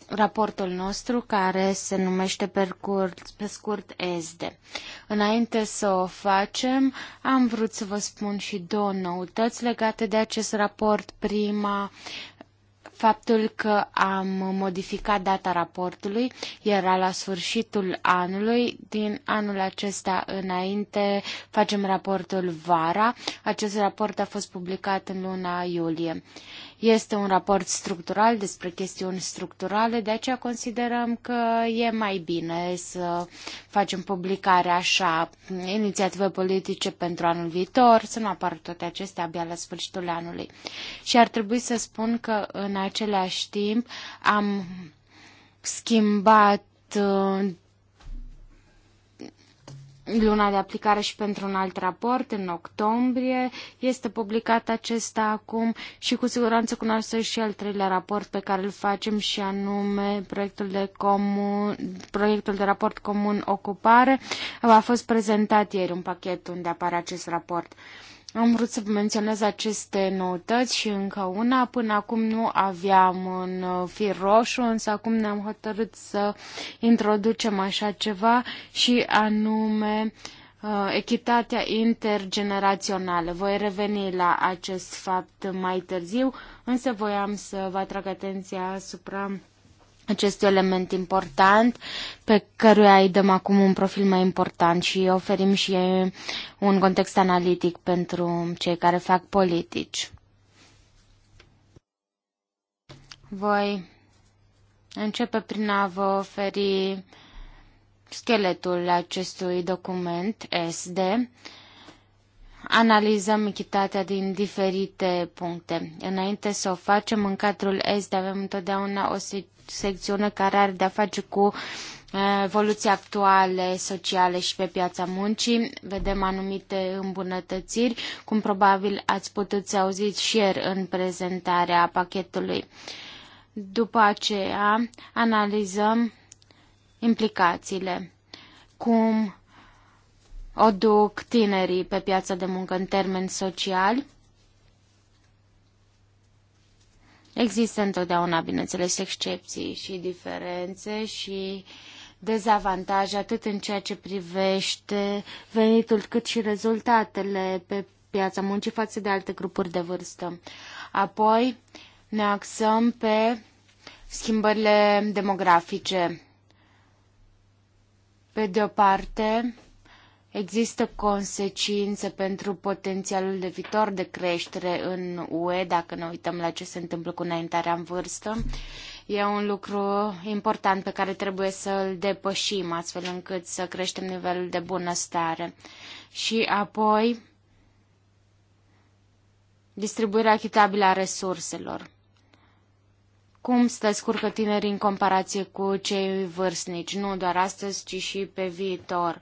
[SPEAKER 1] raportul nostru care se numește Percurs, pe scurt ESDE. Înainte să o facem, am vrut să vă spun și două noutăți legate de acest raport. Prima, faptul că am modificat data raportului era la sfârșitul anului. Din anul acesta înainte facem raportul vara. Acest raport a fost publicat în luna iulie. Este un raport structural despre chestiuni structurale, de aceea considerăm că e mai bine să facem publicare așa, inițiative politice pentru anul viitor, să nu apară toate acestea abia la sfârșitul anului. Și ar trebui să spun că în același timp am schimbat uh, luna de aplicare și pentru un alt raport în octombrie. Este publicat acesta acum și cu siguranță cunoaște și al treilea raport pe care îl facem și anume proiectul de, comun, proiectul de raport comun ocupare. A fost prezentat ieri un pachet unde apare acest raport. Am vrut să menționez aceste noutăți și încă una. Până acum nu aveam un uh, fir roșu, însă acum ne-am hotărât să introducem așa ceva și anume uh, echitatea intergenerațională. Voi reveni la acest fapt mai târziu, însă voiam să vă atrag atenția asupra acest element important pe căruia îi dăm acum un profil mai important și oferim și un context analitic pentru cei care fac politici. Voi începe prin a vă oferi scheletul acestui document SD. Analizăm echitatea din diferite puncte. Înainte să o facem, în cadrul SD avem întotdeauna o secțiune care are de-a face cu uh, evoluții actuale, sociale și pe piața muncii. Vedem anumite îmbunătățiri, cum probabil ați putut să auziți și ieri în prezentarea pachetului. După aceea analizăm implicațiile, cum o duc tinerii pe piața de muncă în termeni sociali, Există întotdeauna, bineînțeles, excepții și diferențe și dezavantaje atât în ceea ce privește venitul cât și rezultatele pe piața muncii față de alte grupuri de vârstă. Apoi ne axăm pe schimbările demografice. Pe de o parte, Există consecințe pentru potențialul de viitor de creștere în UE, dacă ne uităm la ce se întâmplă cu înaintarea în vârstă. E un lucru important pe care trebuie să îl depășim, astfel încât să creștem nivelul de bunăstare. Și apoi, distribuirea echitabilă a resurselor. Cum se descurcă tinerii în comparație cu cei vârstnici, nu doar astăzi, ci și pe viitor?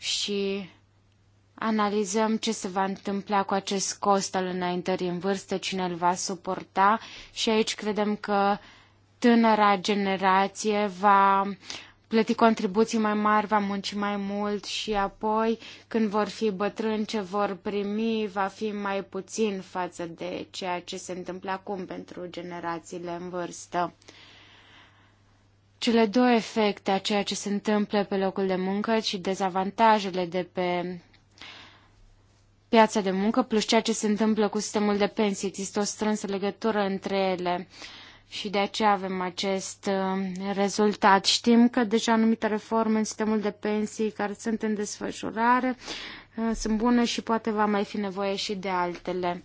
[SPEAKER 1] și analizăm ce se va întâmpla cu acest cost al înaintării în vârstă, cine îl va suporta și aici credem că tânăra generație va plăti contribuții mai mari, va munci mai mult și apoi când vor fi bătrâni ce vor primi va fi mai puțin față de ceea ce se întâmplă acum pentru generațiile în vârstă. Cele două efecte a ceea ce se întâmplă pe locul de muncă și dezavantajele de pe piața de muncă, plus ceea ce se întâmplă cu sistemul de pensii. Există o strânsă legătură între ele și de aceea avem acest uh, rezultat. Știm că deja anumite reforme în sistemul de pensii care sunt în desfășurare uh, sunt bune și poate va mai fi nevoie și de altele.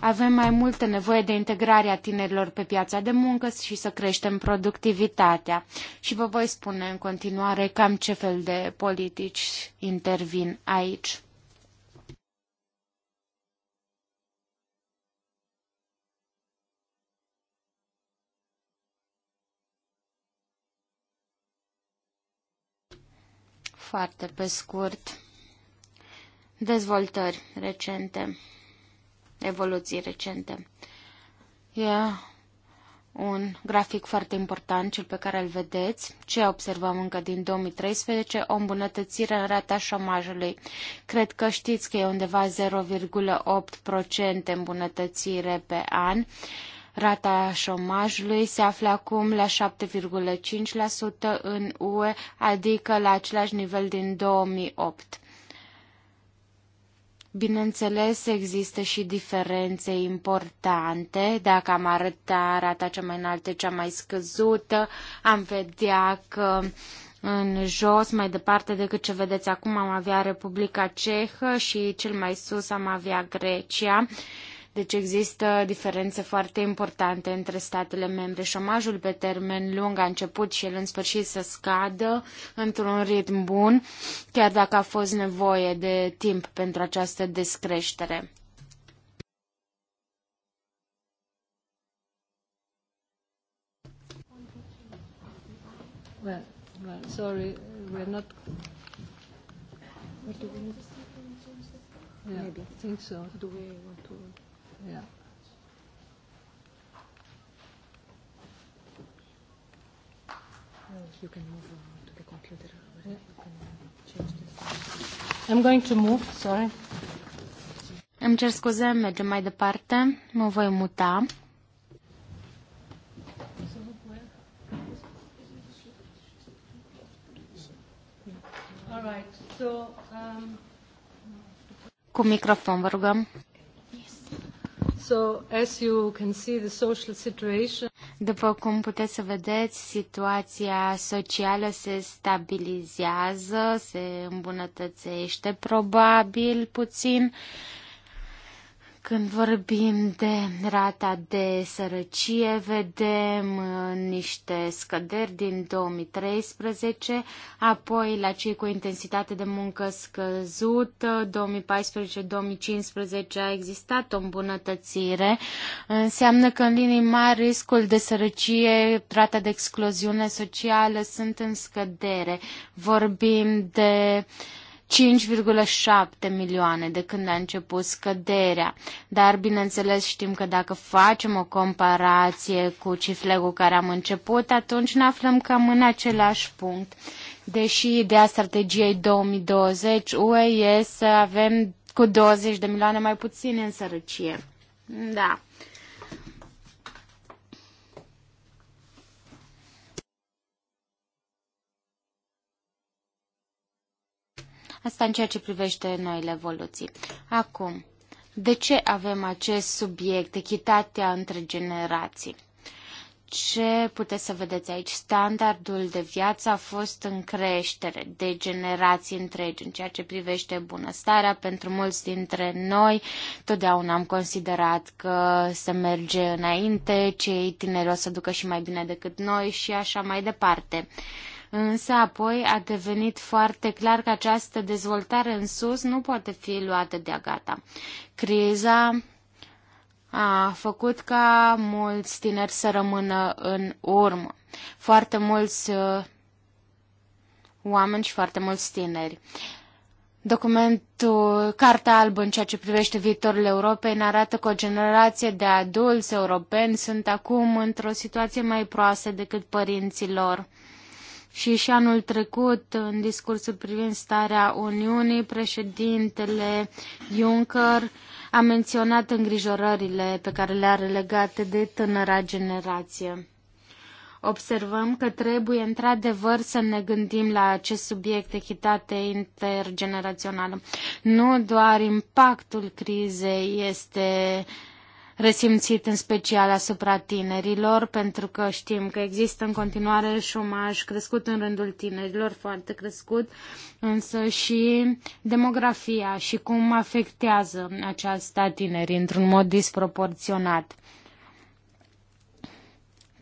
[SPEAKER 1] Avem mai multă nevoie de integrarea tinerilor pe piața de muncă și să creștem productivitatea. Și vă voi spune în continuare cam ce fel de politici intervin aici. Foarte pe scurt. Dezvoltări recente evoluții recente. E un grafic foarte important, cel pe care îl vedeți. Ce observăm încă din 2013? O îmbunătățire în rata șomajului. Cred că știți că e undeva 0,8% îmbunătățire pe an. Rata șomajului se află acum la 7,5% în UE, adică la același nivel din 2008. Bineînțeles, există și diferențe importante. Dacă am arăta rata cea mai înaltă, cea mai scăzută, am vedea că în jos, mai departe decât ce vedeți acum, am avea Republica Cehă și cel mai sus am avea Grecia. Deci există diferențe foarte importante între statele membre. Șomajul pe termen lung a început și el în sfârșit să scadă într-un ritm bun, chiar dacă a fost nevoie de timp pentru această descreștere. Well, well, sorry, we're not.
[SPEAKER 2] Yeah, I think so. Do we want to?
[SPEAKER 1] Yeah. You can move on to the computer. Yeah. I'm going to move, sorry. Îmi cer scuze, mergem mai departe. Mă voi muta.
[SPEAKER 2] Um,
[SPEAKER 1] Cu microfon, vă rugăm. So, as you can see, the social situation... După cum puteți să vedeți, situația socială se stabilizează, se îmbunătățește probabil puțin. Uh, când vorbim de rata de sărăcie, vedem uh, niște scăderi din 2013, apoi la cei cu intensitate de muncă scăzută, 2014-2015 a existat o îmbunătățire. Înseamnă că în linii mari riscul de sărăcie, rata de excluziune socială sunt în scădere. Vorbim de uh, 5,7 milioane de când a început scăderea. Dar, bineînțeles, știm că dacă facem o comparație cu cifrele cu care am început, atunci ne aflăm cam în același punct. Deși ideea strategiei 2020 UE e să avem cu 20 de milioane mai puțin în sărăcie. Da. Asta în ceea ce privește noile evoluții. Acum, de ce avem acest subiect, echitatea între generații? ce puteți să vedeți aici? Standardul de viață a fost în creștere de generații întregi în ceea ce privește bunăstarea. Pentru mulți dintre noi, totdeauna am considerat că se merge înainte, cei tineri o să ducă și mai bine decât noi și așa mai departe. Uh, însă apoi a devenit foarte clar că această dezvoltare în sus nu poate fi luată de-a gata. Criza a făcut ca mulți tineri să rămână în urmă. Foarte mulți uh, oameni și foarte mulți tineri. Documentul Carta Albă în ceea ce privește viitorul Europei ne arată că o generație de adulți europeni sunt acum într-o situație mai proastă decât părinții lor. Și și anul trecut, în discursul privind starea Uniunii, președintele Juncker a menționat îngrijorările pe care le are legate de tânăra generație. Observăm că trebuie într-adevăr să ne gândim la acest subiect echitate intergenerațională. Nu doar impactul crizei este uh, resimțit în special asupra tinerilor, pentru că știm că există în continuare șomaj crescut în rândul tinerilor, foarte crescut, însă și demografia și cum afectează aceasta tinerii într-un mod disproporționat.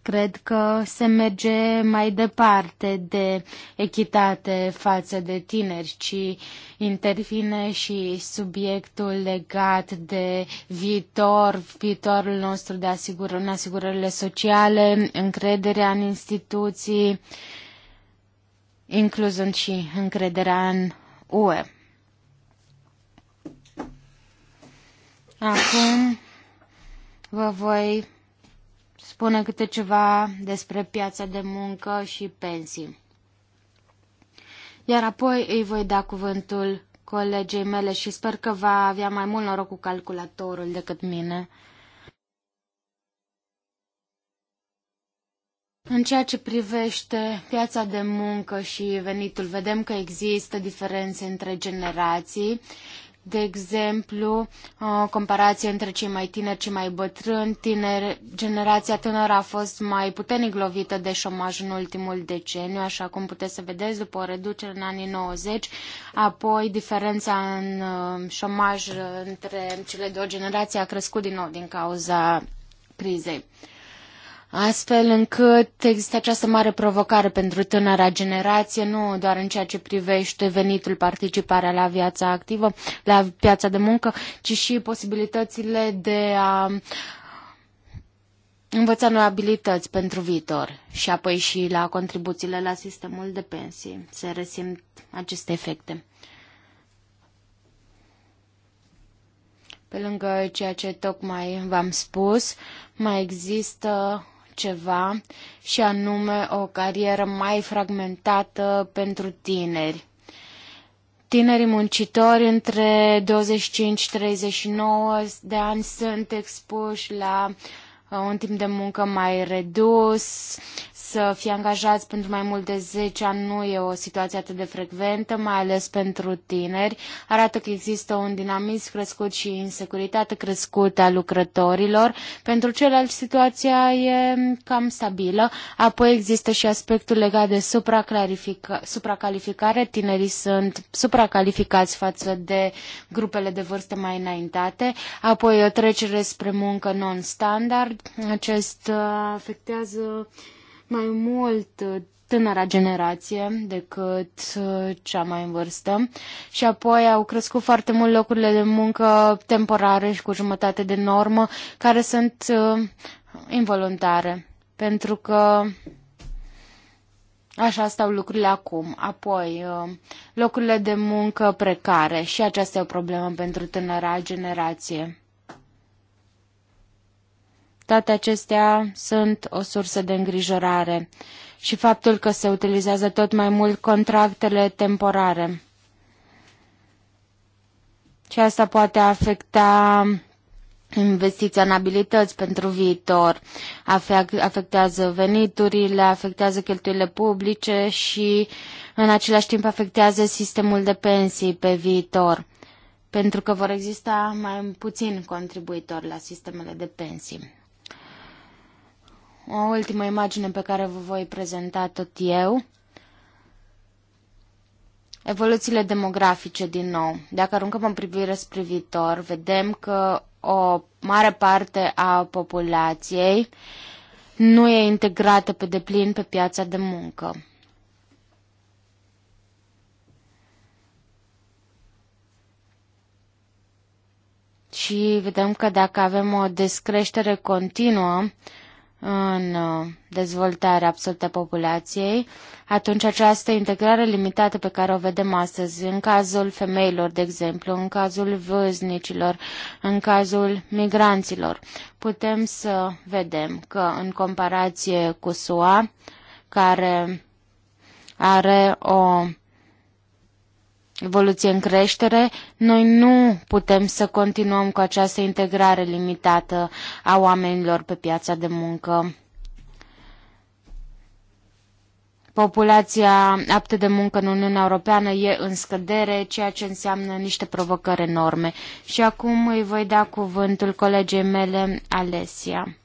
[SPEAKER 1] Cred că se merge mai departe de echitate față de tineri, ci intervine și subiectul legat de viitor, viitorul nostru de asigură, în asigurările sociale, încrederea în instituții, incluzând și încrederea în UE. Acum vă voi spune câte ceva despre piața de muncă și pensii. Iar apoi îi voi da cuvântul colegei mele și sper că va avea mai mult noroc cu calculatorul decât mine. În ceea ce privește piața de muncă și venitul, vedem că există diferențe între generații, de exemplu, o comparație între cei mai tineri și mai bătrâni. Tineri, generația tânără a fost mai puternic lovită de șomaj în ultimul deceniu, așa cum puteți să vedeți, după o reducere în anii 90, apoi diferența în uh, șomaj între cele două generații a crescut din nou din cauza crizei astfel încât există această mare provocare pentru tânăra generație, nu doar în ceea ce privește venitul, participarea la viața activă, la piața de muncă, ci și posibilitățile de a învăța noi abilități pentru viitor și apoi și la contribuțiile la sistemul de pensii. Se resimt aceste efecte. Pe lângă ceea ce tocmai v-am spus, mai există ceva și anume o carieră mai fragmentată pentru tineri. Tinerii muncitori între 25-39 de ani sunt expuși la uh, un timp de muncă mai redus, să fie angajați pentru mai mult de 10 ani nu e o situație atât de frecventă, mai ales pentru tineri. Arată că există un dinamism crescut și insecuritate crescută a lucrătorilor. Pentru ceilalți situația e cam stabilă. Apoi există și aspectul legat de supracalificare. Tinerii sunt supracalificați față de grupele de vârstă mai înaintate. Apoi o trecere spre muncă non-standard. Acest uh, afectează mai mult uh, tânăra generație decât uh, cea mai în vârstă și apoi au crescut foarte mult locurile de muncă temporare și cu jumătate de normă care sunt uh, involuntare pentru că Așa stau lucrurile acum. Apoi, locurile de muncă precare și aceasta e o problemă pentru tânăra generație. Toate acestea sunt o sursă de îngrijorare și faptul că se utilizează tot mai mult contractele temporare. Și asta poate afecta investiția în abilități pentru viitor, afectează veniturile, afectează cheltuielile publice și în același timp afectează sistemul de pensii pe viitor, pentru că vor exista mai puțin contribuitori la sistemele de pensii o ultimă imagine pe care vă voi prezenta tot eu. Evoluțiile demografice din nou. Dacă aruncăm în privire spre viitor, vedem că o mare parte a populației nu e integrată pe deplin pe piața de muncă. Și vedem că dacă avem o descreștere continuă, în uh, dezvoltarea absolută a populației, atunci această integrare limitată pe care o vedem astăzi, în cazul femeilor, de exemplu, în cazul văznicilor, în cazul migranților, putem să vedem că în comparație cu SUA, care are o evoluție în creștere, noi nu putem să continuăm cu această integrare limitată a oamenilor pe piața de muncă. Populația aptă de muncă în Uniunea Europeană e în scădere, ceea ce înseamnă niște provocări enorme. Și acum îi voi da cuvântul colegei mele, Alesia.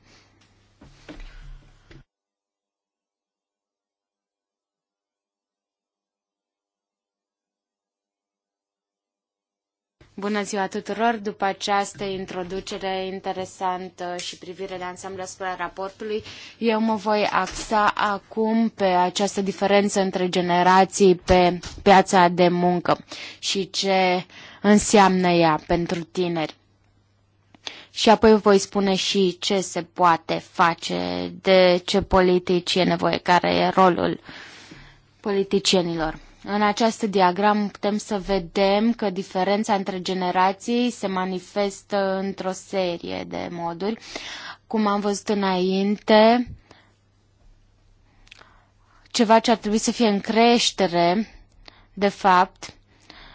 [SPEAKER 1] Bună ziua tuturor! După această introducere interesantă și privire de ansamblu asupra raportului, eu mă voi axa acum pe această diferență între generații pe piața de muncă și ce înseamnă ea pentru tineri. Și apoi voi spune și ce se poate face, de ce politici e nevoie, care e rolul politicienilor. În această diagramă putem să vedem că diferența între generații se manifestă într-o serie de moduri. Cum am văzut înainte, ceva ce ar trebui să fie în creștere, de fapt,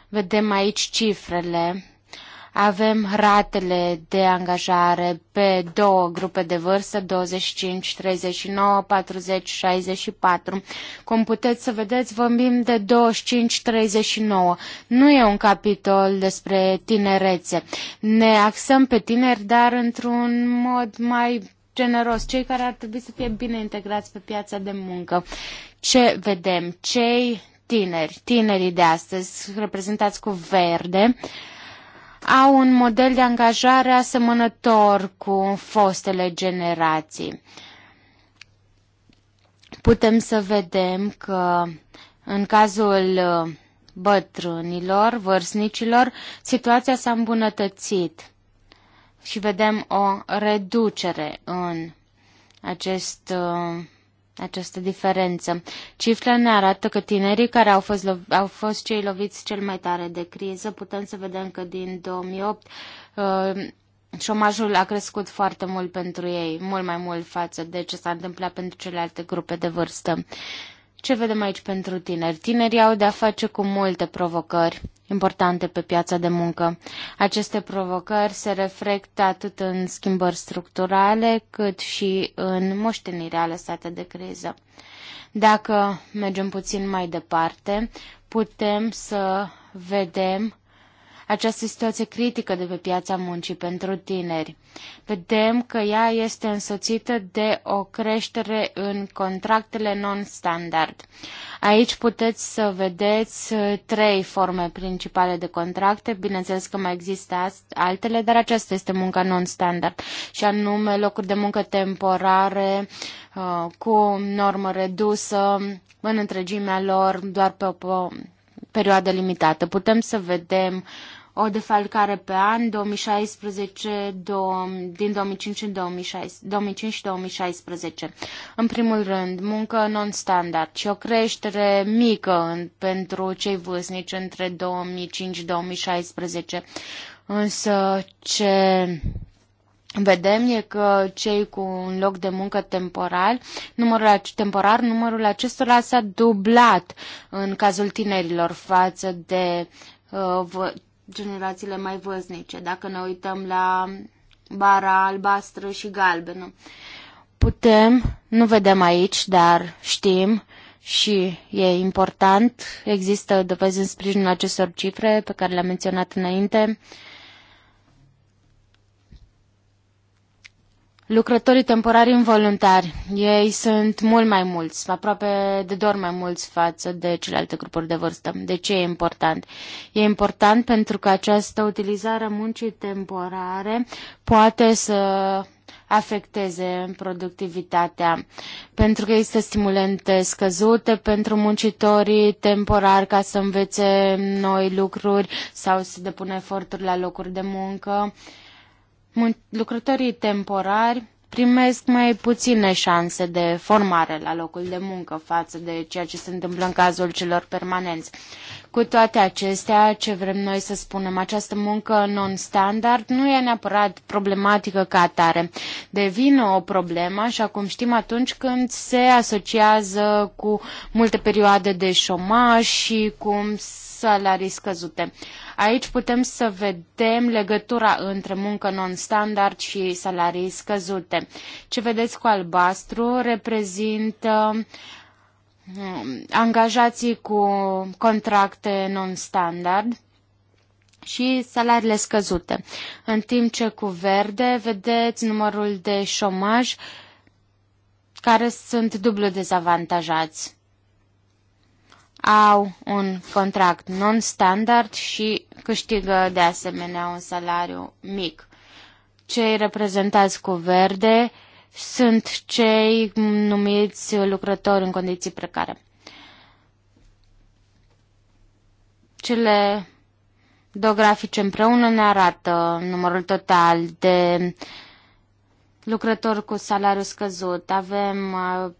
[SPEAKER 1] vedem aici cifrele avem ratele de angajare pe două grupe de vârstă, 25, 39, 40, 64. Cum puteți să vedeți, vorbim de 25, 39. Nu e un capitol despre tinerețe. Ne axăm pe tineri, dar într-un mod mai generos, cei care ar trebui să fie bine integrați pe piața de muncă. Ce vedem? Cei tineri, tinerii de astăzi, reprezentați cu verde, uh, au un model de angajare asemănător cu fostele generații. Putem să vedem că în cazul uh, bătrânilor, vârstnicilor, situația s-a îmbunătățit și vedem o reducere în acest uh, această diferență. Cifrele ne arată că tinerii care au fost, au fost cei loviți cel mai tare de criză, putem să vedem că din 2008 uh, șomajul a crescut foarte mult pentru ei, mult mai mult față de ce s-a întâmplat pentru celelalte grupe de vârstă. Uh, ce vedem aici pentru tineri? Tinerii au de-a face cu multe provocări importante pe piața de muncă. Aceste provocări se reflectă atât în schimbări structurale, cât și în moștenirea lăsată de criză. Dacă mergem puțin mai departe, putem să vedem această situație critică de pe piața muncii pentru tineri. Vedem că ea este însoțită de o creștere în contractele non-standard. Aici puteți să vedeți uh, trei forme principale de contracte. Bineînțeles că mai există altele, dar aceasta este munca non-standard și anume locuri de muncă temporare uh, cu normă redusă în întregimea lor doar pe o perioadă limitată. Putem să vedem uh, o defalcare pe an 2016, do, din 2005 în 2016, 2005 și 2016. În primul rând, muncă non-standard și o creștere mică în, pentru cei vârstnici între 2005-2016. Însă ce vedem e că cei cu un loc de muncă temporal, numărul, temporar, numărul acestora s-a dublat în cazul tinerilor față de uh, generațiile mai văznice, dacă ne uităm la bara albastră și galbenă. Putem, nu vedem aici, dar știm și e important, există dovezi în sprijinul acestor cifre pe care le-am menționat înainte, uh, lucrătorii temporari involuntari. Ei sunt mult mai mulți, aproape de doar mai mulți față de celelalte grupuri de vârstă. De ce e important? E important pentru că această utilizare a muncii temporare poate să afecteze productivitatea, pentru că există stimulente scăzute pentru muncitorii temporari ca să învețe noi lucruri sau să depună eforturi la locuri de muncă. Uh, lucrătorii temporari primesc mai puține șanse de formare la locul de muncă față de ceea ce se întâmplă în cazul celor permanenți. Cu toate acestea, ce vrem noi să spunem, această muncă non-standard nu e neapărat problematică ca atare. Devine o problemă, așa cum știm, atunci când se asociază cu multe perioade de șomaj și cum salarii scăzute. Aici putem să vedem legătura între muncă non-standard și salarii scăzute. Ce vedeți cu albastru reprezintă um, angajații cu contracte non-standard și salariile scăzute. În timp ce cu verde vedeți numărul de șomaj care sunt dublu dezavantajați au un contract non-standard și câștigă de asemenea un salariu mic. Cei reprezentați cu verde sunt cei numiți lucrători în condiții precare. Cele două grafice împreună ne arată numărul total de lucrători cu salariu scăzut. Avem uh,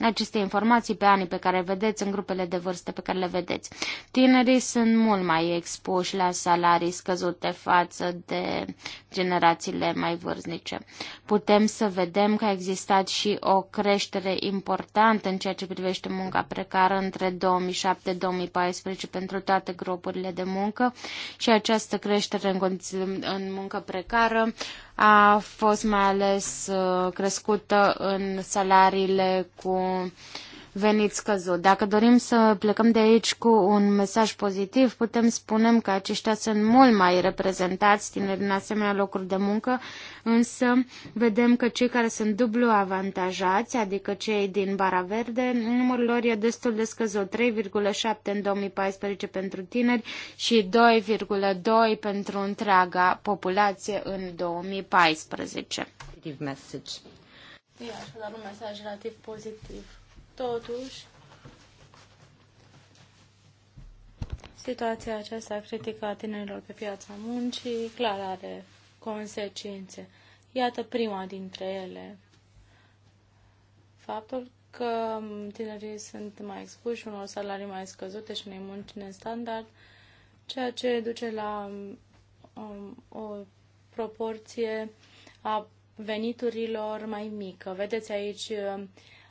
[SPEAKER 1] aceste informații pe anii pe care vedeți în grupele de vârstă pe care le vedeți. Tinerii sunt mult mai expuși la salarii scăzute față de generațiile mai vârstnice. Putem să vedem că a existat și o creștere importantă în ceea ce privește munca precară între 2007-2014 pentru toate grupurile de muncă și această creștere în, în muncă precară a fost mai ales uh, crescută în salariile cu uh, venit scăzut. Dacă dorim să plecăm de aici cu un mesaj pozitiv, putem spune că aceștia sunt mult mai reprezentați tineri în asemenea locuri de muncă, însă vedem că cei care sunt dublu avantajați, adică cei din Bara Verde, numărul lor e destul de scăzut, 3,7 în 2014 pentru tineri și 2,2 pentru întreaga populație în 2014. Ia,
[SPEAKER 2] dar un mesaj relativ pozitiv. Totuși, situația aceasta critică a tinerilor pe piața muncii clar are consecințe. Iată prima dintre ele. Faptul că tinerii sunt mai expuși unor salarii mai scăzute și unei munci nestandard, ceea ce duce la um, o proporție a veniturilor mai mică. Vedeți aici um,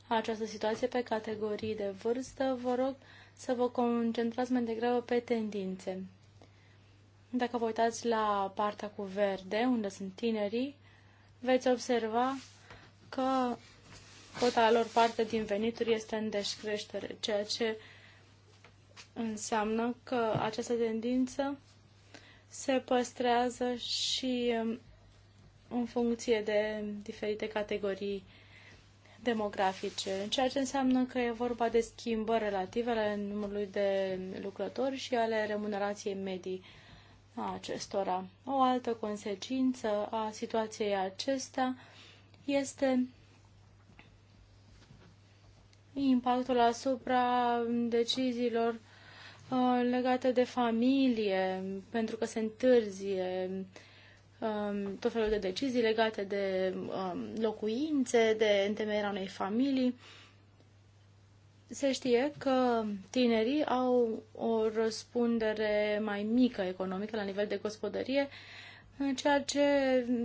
[SPEAKER 2] această situație pe categorii de vârstă, vă rog să vă concentrați mai degrabă pe tendințe. Dacă vă uitați la partea cu verde, unde sunt tinerii, veți observa că cota lor parte din venituri este în descreștere, ceea ce înseamnă că această tendință se păstrează și um, în funcție de diferite categorii demografice, ceea ce înseamnă că e vorba de schimbări relative ale numărului de lucrători și ale remunerației medii a acestora. O altă consecință a situației acestea este impactul asupra deciziilor uh, legate de familie, pentru că se întârzie um, tot felul de decizii legate de um, locuințe, de întemeierea unei familii. Se știe că tinerii au o răspundere mai mică economică la nivel de gospodărie, ceea ce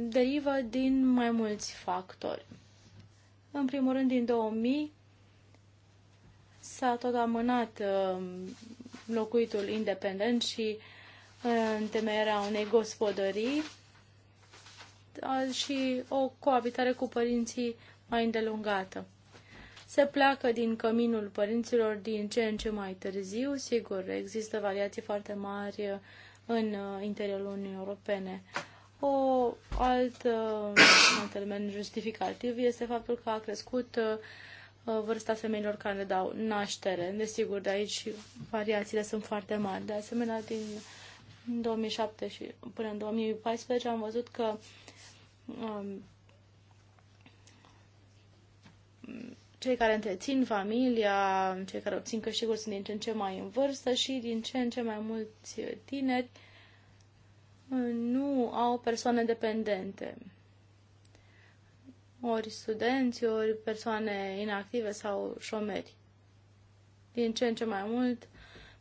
[SPEAKER 2] derivă din mai mulți factori. În primul rând, din 2000 s-a tot amânat um, locuitul independent și uh, întemeierea unei gospodării și o coabitare cu părinții mai îndelungată. Se pleacă din căminul părinților din ce în ce mai târziu, sigur, există variații foarte mari uh, în uh, interiorul Uniunii Europene. O alt, alt uh, element justificativ este faptul că a crescut vârsta femeilor care le dau naștere. Desigur, de aici variațiile sunt foarte mari. De asemenea, din 2007 și până în 2014 am văzut că Um, cei care întrețin familia, cei care obțin câștiguri sunt din ce în ce mai în vârstă și din ce în ce mai mulți tineri uh, nu au persoane dependente. Ori studenți, ori persoane inactive sau șomeri. Din ce în ce mai mult,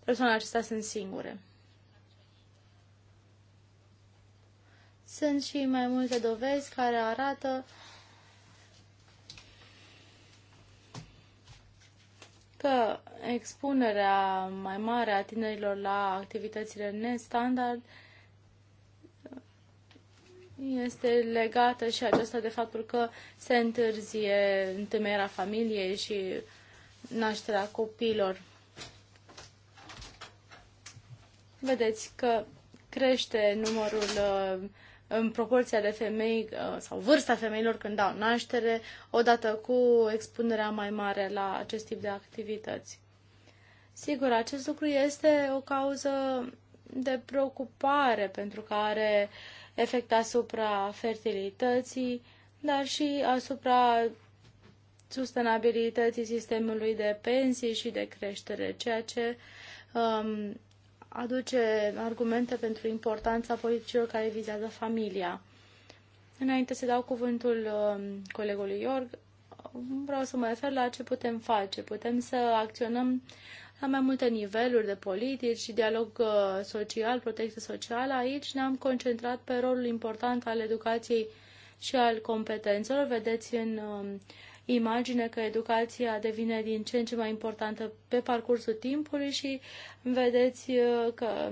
[SPEAKER 2] persoanele acestea sunt singure. Sunt și mai multe dovezi care arată că expunerea mai mare a tinerilor la activitățile nestandard este legată și aceasta de faptul că se întârzie întemeierea familiei și nașterea copiilor. Vedeți că crește numărul uh, în proporția de femei uh, sau vârsta femeilor când dau naștere, odată cu expunerea mai mare la acest tip de activități. Sigur, acest lucru este o cauză de preocupare pentru că are efect asupra fertilității, dar și asupra sustenabilității sistemului de pensii și de creștere, ceea ce um, aduce argumente pentru importanța politicilor care vizează familia. Înainte să dau cuvântul um, colegului Iorg, vreau să mă refer la ce putem face. Putem să acționăm la mai multe niveluri de politici, dialog uh, social, protecție socială. Aici ne-am concentrat pe rolul important al educației și al competențelor. Vedeți în um, imagine că educația devine din ce în ce mai importantă pe parcursul timpului și vedeți uh, că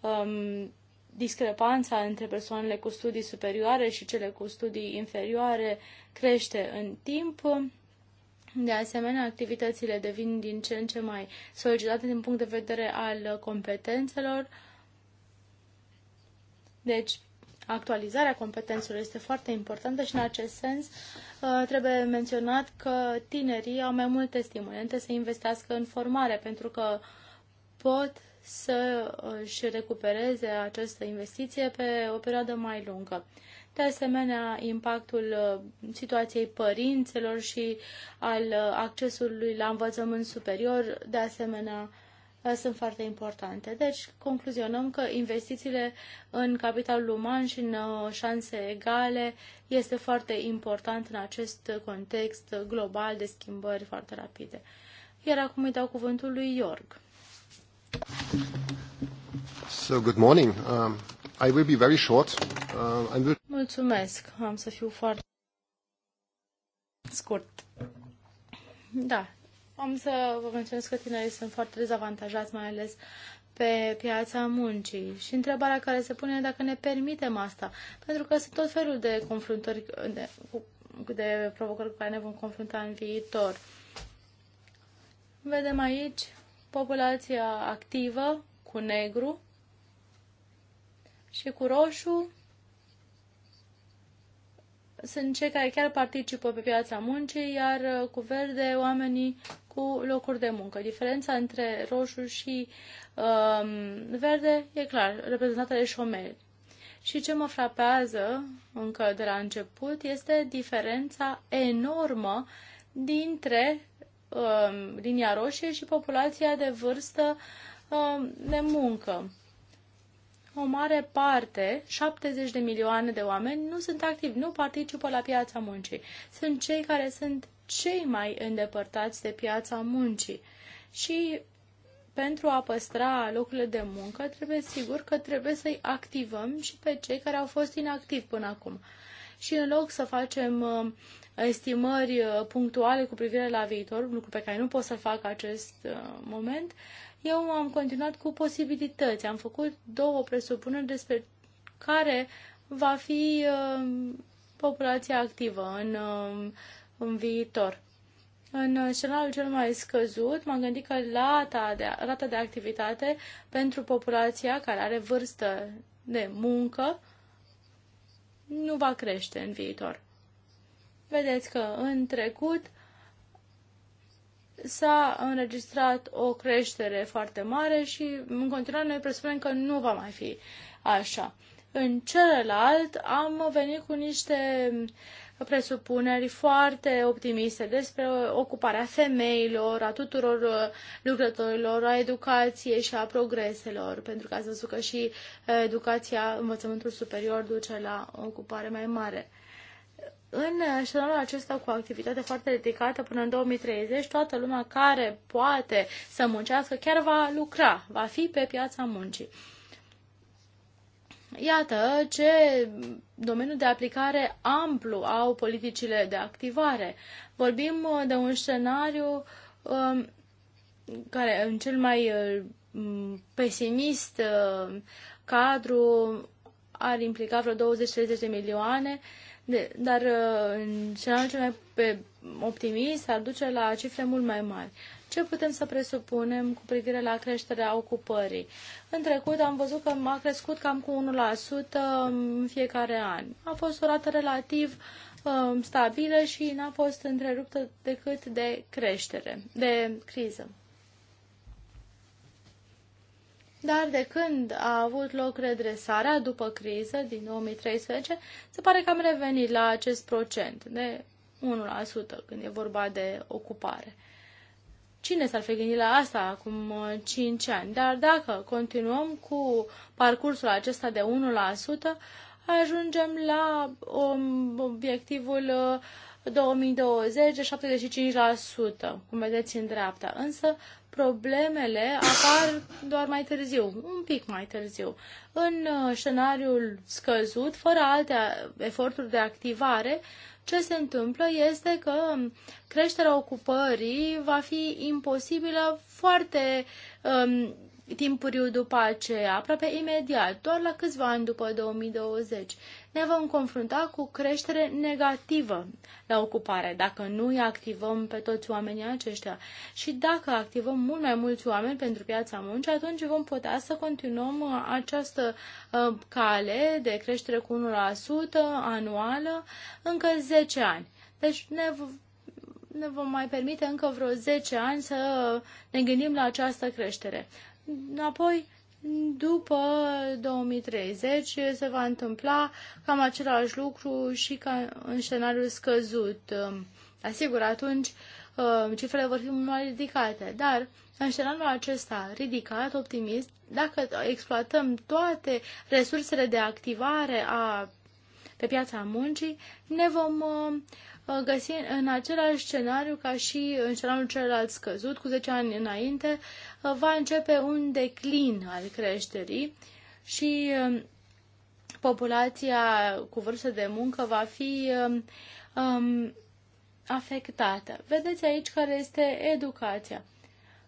[SPEAKER 2] um, discrepanța între persoanele cu studii superioare și cele cu studii inferioare crește în timp. De asemenea, activitățile devin din ce în ce mai solicitate din punct de vedere al competențelor. Deci, actualizarea competențelor este foarte importantă și în acest sens uh, trebuie menționat că tinerii au mai multe stimulente să investească în formare pentru că pot să își uh, recupereze această investiție pe o perioadă mai lungă. De asemenea, impactul uh, situației părinților și al accesului la învățământ superior, de asemenea, Eh, sunt foarte importante. Deci, concluzionăm că investițiile în capitalul uman și în eh, șanse egale este foarte important în acest context global de schimbări foarte rapide. Iar acum îi dau cuvântul lui Iorg.
[SPEAKER 3] So, good morning. Um, I will be very short. Uh, will...
[SPEAKER 2] Mulțumesc. Am să fiu foarte scurt. Da, am să vă menționez că tinerii sunt foarte dezavantajați, mai ales pe piața muncii. Și întrebarea care se pune dacă ne permitem asta, pentru că sunt tot felul de confruntări, de, de provocări cu care ne vom confrunta în viitor. Vedem aici populația activă cu negru și cu roșu sunt cei care chiar participă pe piața muncii, iar uh, cu verde oamenii cu locuri de muncă. Diferența între roșu și um, verde e clar, reprezentată de șomeri. Și ce mă frapează încă de la început este diferența enormă dintre um, linia roșie și populația de vârstă um, de muncă. O mare parte, 70 de milioane de oameni, nu sunt activi, nu participă la piața muncii. Sunt cei care sunt cei mai îndepărtați de piața muncii. Și pentru a păstra locurile de muncă, trebuie sigur că trebuie să-i activăm și pe cei care au fost inactivi până acum. Și în loc să facem uh, estimări uh, punctuale cu privire la viitor, lucru pe care nu pot să fac acest uh, moment, eu am continuat cu posibilități. Am făcut două presupuneri despre care va fi populația activă în în viitor. În scenariul cel mai scăzut, m-am gândit că rata de, rata de activitate pentru populația care are vârstă de muncă nu va crește în viitor. Vedeți că în trecut s-a înregistrat o creștere foarte mare și în continuare noi presupunem că nu va mai fi așa. În celălalt am venit cu niște uh, presupuneri foarte optimiste despre ocuparea femeilor, a tuturor uh, lucrătorilor, a educației și a progreselor, pentru că ați văzut că și uh, educația, învățământul superior duce la o ocupare mai mare. În șalonul acesta cu o activitate foarte dedicată până în 2030, toată lumea care poate să muncească chiar va lucra, va fi pe piața muncii. Iată ce domeniu de aplicare amplu au politicile de activare. Vorbim uh, de un scenariu um, care în cel mai um, pesimist um, cadru ar implica vreo 20-30 de milioane, de, dar în scenariul cel mai pe optimist ar duce la cifre mult mai mari. Ce putem să presupunem cu privire la creșterea ocupării? În trecut am văzut că a crescut cam cu 1% în fiecare an. A fost o rată relativ um, stabilă și n-a fost întreruptă decât de creștere, de criză. Dar de când a avut loc redresarea după criză din 2013, se pare că am revenit la acest procent de 1% când e vorba de ocupare. Cine s-ar fi gândit la asta acum 5 uh, ani? Dar dacă continuăm cu parcursul acesta de 1%, ajungem la um, obiectivul 2020 uh, 75%, cum vedeți în dreapta. Însă problemele apar doar mai târziu, un pic mai târziu. În uh, scenariul scăzut, fără alte eforturi de activare, ce se întâmplă este că creșterea ocupării va fi imposibilă foarte um, timpuriu după aceea, aproape imediat, doar la câțiva ani după 2020, ne vom confrunta cu creștere negativă la ocupare, dacă nu îi activăm pe toți oamenii aceștia. Și dacă activăm mult mai mulți oameni pentru piața muncii, atunci vom putea să continuăm această ă, cale de creștere cu 1% anuală încă 10 ani. Deci ne ne vom mai permite încă vreo 10 ani să ne gândim la această creștere. Apoi, după 2030 se va întâmpla cam același lucru și ca în scenariul scăzut. Asigur, atunci uh, cifrele vor fi mult mai ridicate, dar în scenariul acesta ridicat, optimist, dacă exploatăm toate resursele de activare a, pe piața muncii, ne vom uh, găsim în același scenariu ca și în scenariul celălalt scăzut, cu 10 ani înainte, va începe un declin al creșterii și um, populația cu vârstă de muncă va fi um, um, afectată. Vedeți aici care este educația,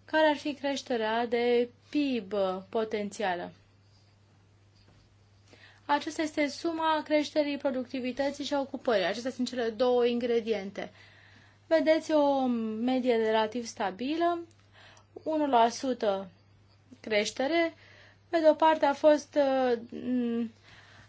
[SPEAKER 2] care ar fi creșterea de PIB potențială. Aceasta este suma creșterii productivității și a ocupării. Acestea sunt cele două ingrediente. Vedeți o medie relativ stabilă, 1% creștere. Pe de o parte a fost uh,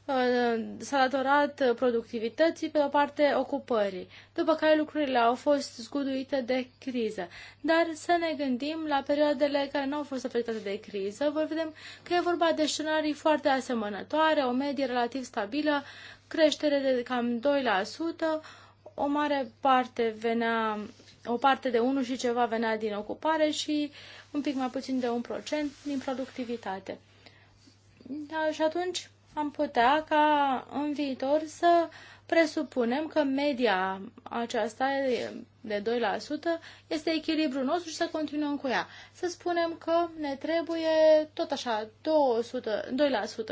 [SPEAKER 2] Uh, s-a datorat productivității, pe o parte ocupării, după care lucrurile au fost zguduite de criză. Dar să ne gândim la perioadele care nu au fost afectate de criză, vă vedem că e vorba de scenarii foarte asemănătoare, o medie relativ stabilă, creștere de cam 2%, o mare parte venea o parte de 1 și ceva venea din ocupare și un pic mai puțin de 1% din productivitate. Da, și atunci am putea ca în viitor să presupunem că media aceasta de 2% este echilibrul nostru și să continuăm cu ea. Să spunem că ne trebuie tot așa 200,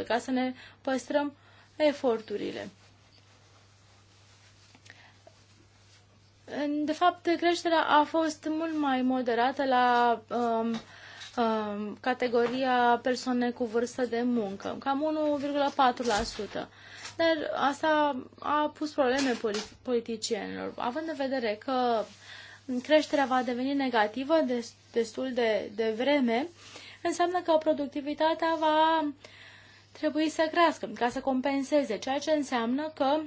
[SPEAKER 2] 2% ca să ne păstrăm eforturile. De fapt, creșterea a fost mult mai moderată la uh, Um, categoria persoane cu vârstă de muncă, cam 1,4%. Dar asta a pus probleme politicienilor, având în vedere că creșterea va deveni negativă destul de, de vreme, înseamnă că productivitatea va trebui să crească ca să compenseze, ceea ce înseamnă că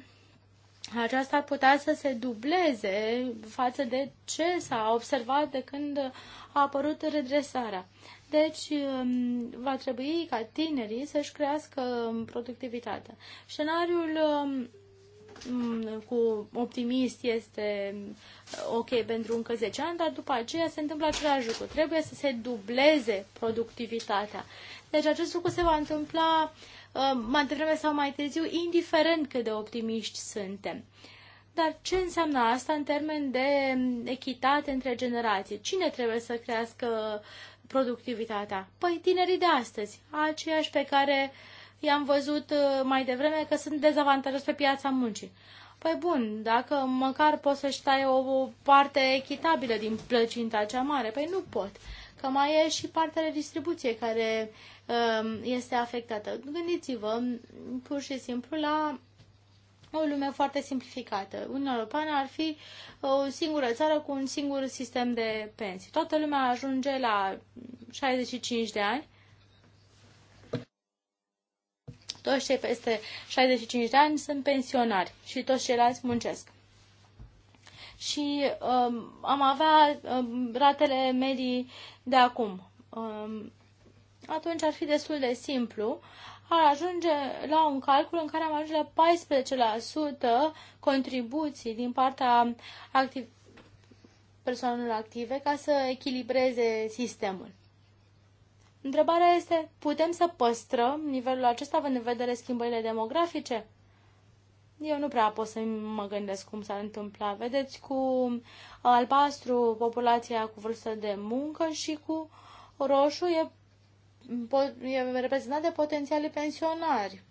[SPEAKER 2] aceasta ar putea să se dubleze față de ce s-a observat de când a apărut redresarea. Deci, um, va trebui ca tinerii să-și crească um, productivitatea. Scenariul um, mm, cu optimist este ok pentru încă 10 ani, dar după aceea se întâmplă același lucru. Trebuie să se dubleze productivitatea. Deci acest lucru se va întâmpla uh, Uh, mai devreme sau mai târziu, indiferent cât de optimiști suntem. Dar ce înseamnă asta în termen de um, echitate între generații? Cine trebuie să crească productivitatea? Păi tinerii de astăzi, aceiași pe care i-am văzut uh, mai devreme că sunt dezavantajați pe piața muncii. Păi bun, dacă măcar pot să-și taie o parte echitabilă din plăcinta cea mare, păi nu pot. Că mai e și partea de distribuție care Um, este afectată. Gândiți-vă pur și simplu la o lume foarte simplificată. Uniunea Europeană ar fi o singură țară cu un singur sistem de pensii. Toată lumea ajunge la 65 de ani. Toți cei peste 65 de ani sunt pensionari și toți ceilalți muncesc. Și um, am avea um, ratele medii de acum. Um, atunci ar fi destul de simplu. Ar ajunge la un calcul în care am ajuns la 14% contribuții din partea activ- persoanelor active ca să echilibreze sistemul. Întrebarea este, putem să păstrăm nivelul acesta având în vedere schimbările demografice? Eu nu prea pot să mă gândesc cum s-ar întâmpla. Vedeți, cu albastru populația cu vârstă de muncă și cu roșu e e reprezentat de potențialii pensionari.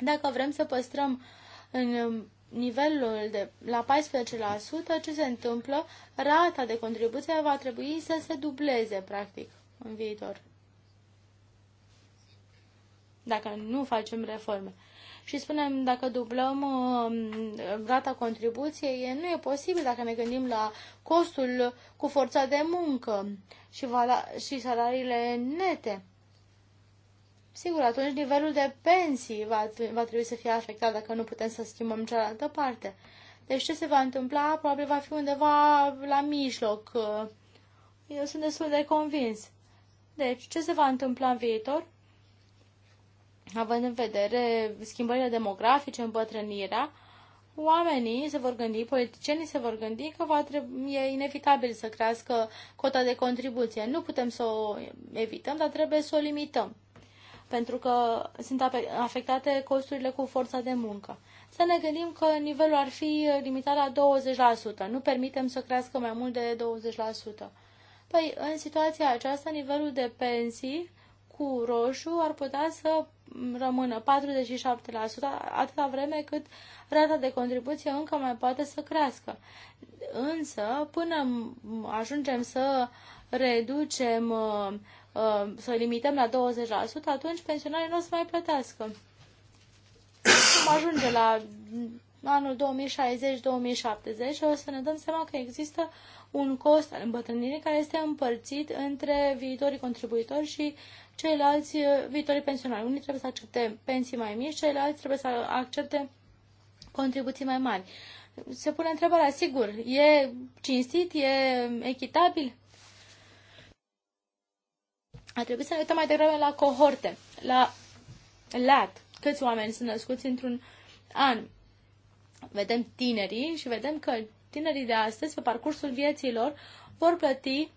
[SPEAKER 2] Dacă vrem să păstrăm în um, nivelul de la 14%, ce se întâmplă? Rata de contribuție va trebui să se dubleze, practic, în viitor. Dacă nu facem reforme și spunem dacă dublăm uh, rata contribuției, nu e posibil dacă ne gândim la costul cu forța de muncă și, și salariile nete. Sigur, atunci nivelul de pensii va, va trebui să fie afectat dacă nu putem să schimbăm cealaltă parte. Deci ce se va întâmpla? Probabil va fi undeva la mijloc. Eu sunt destul de convins. Deci, ce se va întâmpla în viitor? având în vedere schimbările demografice, îmbătrânirea, oamenii se vor gândi, politicienii se vor gândi că va trebui, e inevitabil să crească cota de contribuție. Nu putem să o evităm, dar trebuie să o limităm. Pentru că sunt afectate costurile cu forța de muncă. Să ne gândim că nivelul ar fi limitat la 20%. Nu permitem să crească mai mult de 20%. Păi, în situația aceasta, nivelul de pensii cu roșu ar putea să rămână 47%, atâta vreme cât rata de contribuție încă mai poate să crească. Însă, până ajungem să reducem, uh, uh, să limităm la 20%, atunci pensionarii nu o să mai plătească. Cum ajunge la anul 2060-2070, o să ne dăm seama că există un cost al îmbătrânirii care este împărțit între viitorii contribuitori și ceilalți eh, viitorii pensionari. Unii trebuie să accepte pensii mai mici, ceilalți trebuie să accepte contribuții mai mari. Se pune întrebarea, sigur, e cinstit, e echitabil? A trebuit să ne uităm mai degrabă la cohorte, la lat, câți oameni sunt născuți într-un an. Vedem tinerii și vedem că tinerii de astăzi, pe parcursul vieții lor, vor plăti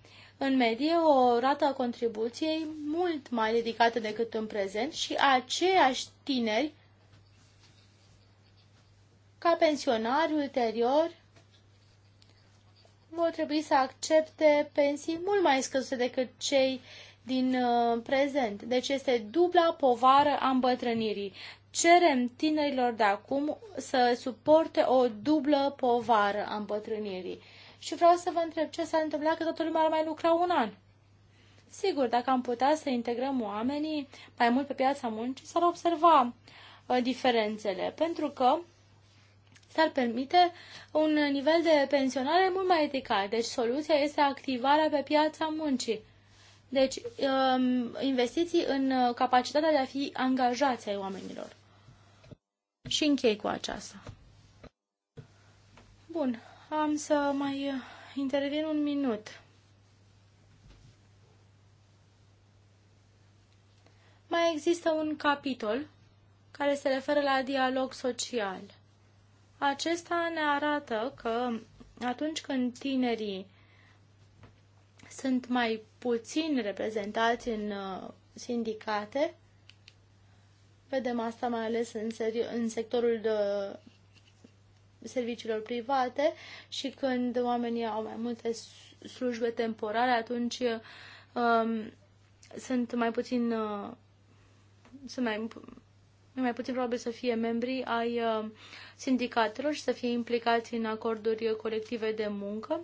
[SPEAKER 2] în medie o rată a contribuției mult mai ridicată decât în prezent și aceiași tineri ca pensionari ulterior vor trebui să accepte pensii mult mai scăzute decât cei din uh, prezent. Deci este dubla povară a îmbătrânirii. Cerem tinerilor de acum să suporte o dublă povară a îmbătrânirii și vreau să vă întreb ce s a întâmplat că toată lumea ar mai lucra un an. Sigur, dacă am putea să integrăm oamenii mai mult pe piața muncii, s-ar observa uh, diferențele, pentru că s-ar permite un nivel de pensionare mult mai ridicat. Deci soluția este activarea pe piața muncii. Deci um, investiții în uh, capacitatea de a fi angajați ai oamenilor. Și închei cu aceasta. Bun. Am să mai uh, intervin un minut. Mai există un capitol care se referă la dialog social. Acesta ne arată că atunci când tinerii sunt mai puțin reprezentați în uh, sindicate, vedem asta mai ales în, în sectorul de serviciilor private și când oamenii au mai multe slujbe temporare, atunci um, sunt mai puțin uh, sunt mai, mai puțin probabil să fie membri ai uh, sindicatelor și să fie implicați în acorduri colective de muncă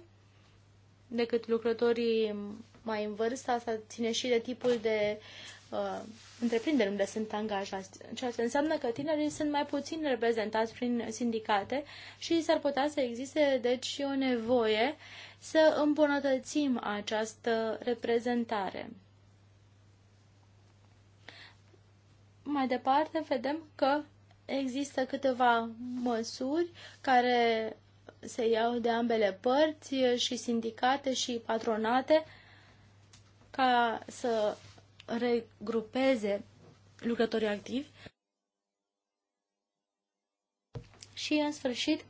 [SPEAKER 2] decât lucrătorii mai în vârstă. Asta ține și de tipul de uh, uh, întreprinderi unde sunt angajați, ceea ce înseamnă că tinerii sunt mai puțin reprezentați prin sindicate și s-ar putea să existe, deci, și o nevoie să îmbunătățim această reprezentare. Mai departe, vedem că există câteva măsuri care se iau de ambele părți, și sindicate și patronate, ca să regrupeze lucrătorii activi și, în sfârșit,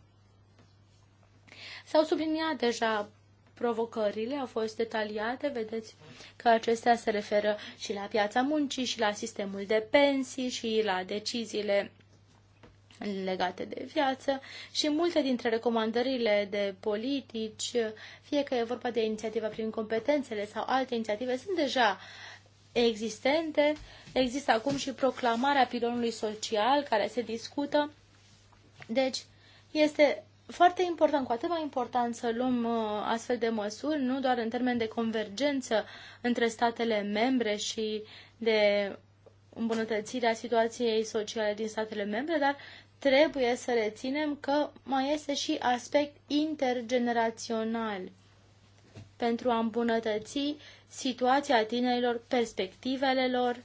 [SPEAKER 2] s-au subliniat deja provocările, au fost detaliate, vedeți că acestea se referă și la piața muncii, și la sistemul de pensii, și la deciziile legate de viață și multe dintre recomandările de politici, fie că e vorba de inițiativa prin competențele sau alte inițiative, sunt deja existente. Există acum și proclamarea pilonului social care se discută. Deci, este foarte important, cu atât mai important să luăm uh, astfel de măsuri, nu doar în termen de convergență între statele membre și de îmbunătățirea situației sociale din statele membre, dar trebuie să reținem că mai este și aspect intergenerațional pentru a îmbunătăți situația tinerilor, perspectivele lor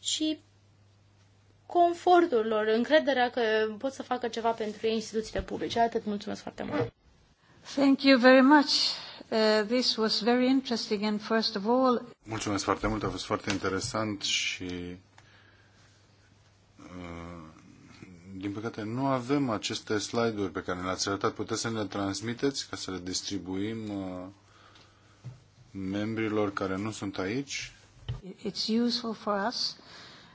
[SPEAKER 2] și confortul lor, încrederea că pot să facă ceva pentru ei instituțiile publice. Atât
[SPEAKER 1] mulțumesc foarte mult. Thank you very much. Uh, this was very interesting and first of all...
[SPEAKER 3] Mulțumesc foarte mult, a fost foarte interesant și uh, din păcate, nu avem aceste slide-uri pe care le-ați arătat. Puteți să ne le transmiteți ca să le distribuim uh, membrilor care nu sunt aici?
[SPEAKER 1] It's useful for us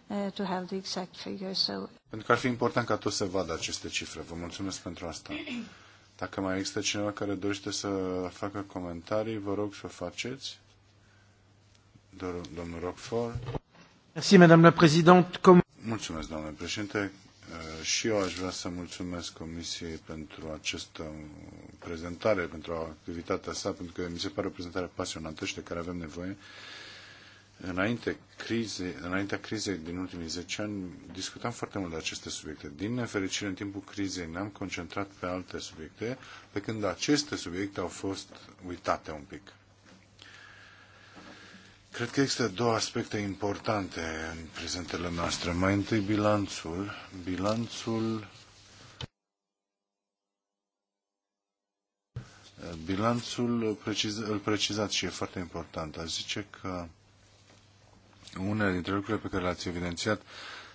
[SPEAKER 1] uh, to have the exact figure, So...
[SPEAKER 3] Pentru că ar fi important ca toți să vadă aceste cifre. Vă mulțumesc pentru asta. Dacă mai există cineva care dorește să facă comentarii, vă rog să o faceți. Domnul Rockford. Mulțumesc, domnule președinte. Uh, și eu aș vrea să mulțumesc Comisiei pentru această prezentare, pentru activitatea sa, pentru că mi se pare o prezentare pasionantă și de care avem nevoie. Înainte crize, înaintea crizei din ultimii 10 ani, discutam foarte mult de aceste subiecte. Din nefericire, în timpul crizei ne-am concentrat pe alte subiecte, pe când aceste subiecte au fost uitate un pic. Cred că există două aspecte importante în prezentele noastre. Mai întâi bilanțul. Bilanțul Bilanțul preciz, îl precizat și e foarte important. A zice că unele dintre lucrurile pe care le-ați evidențiat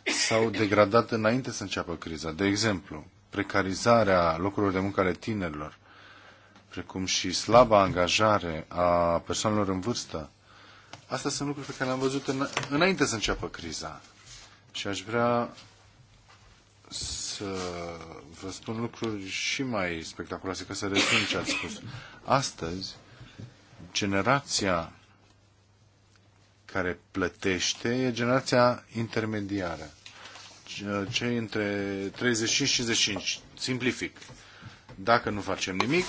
[SPEAKER 3] s-au degradat înainte să înceapă criza. De exemplu, precarizarea locurilor de muncă ale tinerilor, precum și slaba angajare a persoanelor în vârstă, Astea sunt lucruri pe care le-am văzut în, înainte să înceapă criza. Și aș vrea să vă spun lucruri și mai spectaculoase, ca să rezum ce ați spus. Astăzi, generația care plătește e generația intermediară. Cei între 35 și 55. Simplific. Dacă nu facem nimic,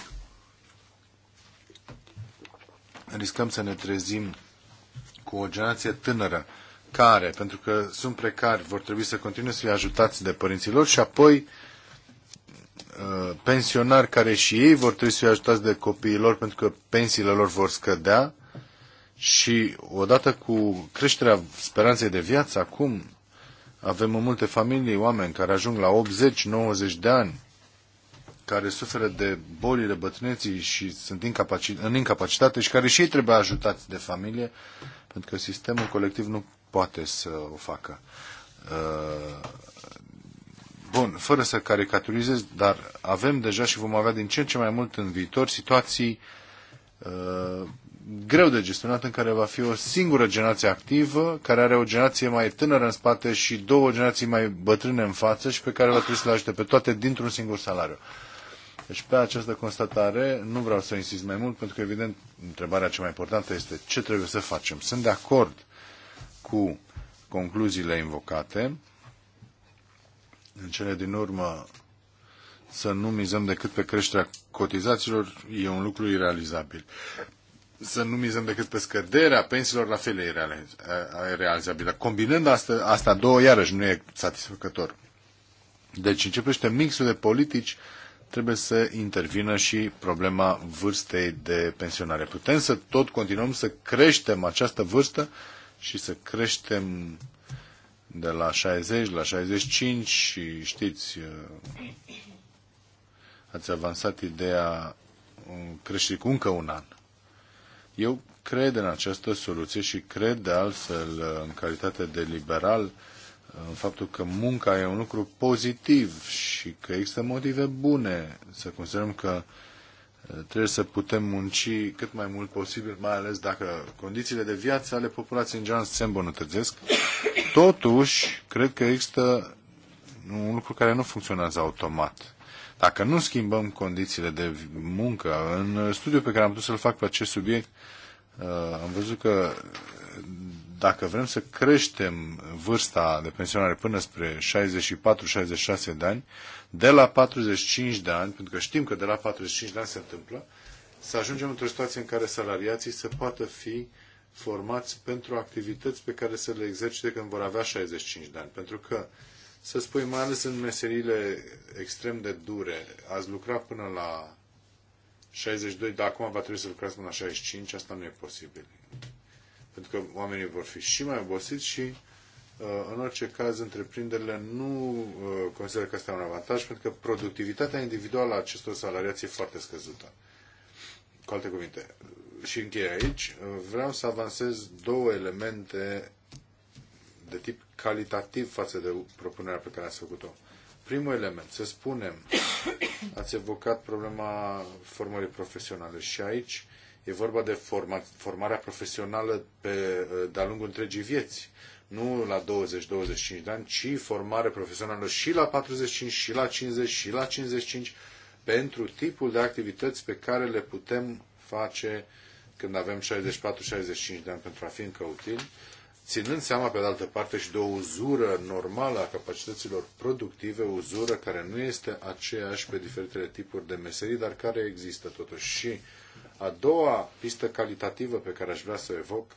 [SPEAKER 3] riscăm să ne trezim cu o generație tânără care, pentru că sunt precari, vor trebui să continue să fie ajutați de părinții lor și apoi uh, pensionari care și ei vor trebui să fie ajutați de copiii lor pentru că pensiile lor vor scădea și odată cu creșterea speranței de viață acum avem în multe familii oameni care ajung la 80-90 de ani care suferă de bolile bătrâneții și sunt în incapacitate și care și ei trebuie ajutați de familie pentru că sistemul colectiv nu poate să o facă. Uh, bun, fără să caricaturizez, dar avem deja și vom avea din ce în ce mai mult în viitor situații uh, greu de gestionat în care va fi o singură generație activă, care are o generație mai tânără în spate și două generații mai bătrâne în față și pe care va trebui să le ajute pe toate dintr-un singur salariu. Deci pe această constatare nu vreau să insist mai mult, pentru că evident întrebarea cea mai importantă este ce trebuie să facem. Sunt de acord cu concluziile invocate. În cele din urmă să nu mizăm decât pe creșterea cotizațiilor e un lucru irealizabil. Să nu mizăm decât pe scăderea pensiilor, la fel e realizabilă. Combinând asta, asta două, iarăși nu e satisfăcător. Deci începește mixul de politici uh, trebuie să intervină și problema vârstei de pensionare. Putem să tot continuăm să creștem această vârstă și să creștem de la 60 la 65 și știți, uh, ați avansat ideea creșterii cu încă un an. Eu cred în această soluție și cred de altfel, în calitate de liberal, faptul că munca e un lucru pozitiv și că există motive bune să considerăm că uh, trebuie să putem munci cât mai mult posibil, mai ales dacă condițiile de viață ale populației în general se îmbunătățesc. Totuși, cred că există un lucru care nu funcționează automat. Dacă nu schimbăm condițiile de muncă, în studiul pe care am putut să-l fac pe acest subiect, uh, am văzut că dacă vrem să creștem vârsta de pensionare până spre 64-66 de ani, de la 45 de ani, pentru că știm că de la 45 de ani se întâmplă, să ajungem într-o situație în care salariații să poată fi formați pentru activități pe care să le exercite când vor avea 65 de ani. Pentru că, să spui, mai ales în meserile extrem de dure, ați lucra până la 62, dar acum va trebui să lucrați până la 65, asta nu e posibil pentru că oamenii vor fi și mai obosiți și uh, în orice caz, întreprinderile nu uh, consideră că este un avantaj, pentru că productivitatea individuală a acestor salariați e foarte scăzută. Cu alte cuvinte, și încheie aici, uh, vreau să avansez două elemente de tip calitativ față de propunerea pe care ați făcut-o. Primul element, să spunem, ați evocat problema formării profesionale și aici E vorba de forma, formarea profesională pe, de-a lungul întregii vieți. Nu la 20-25 de ani, ci formare profesională și la 45, și la 50, și la 55, pentru tipul de activități pe care le putem face când avem 64-65 de ani pentru a fi încă util, ținând seama, pe de altă parte, și de o uzură normală a capacităților productive, o uzură care nu este aceeași pe diferitele tipuri de meserii, dar care există totuși și a doua pistă calitativă pe care aș vrea să o evoc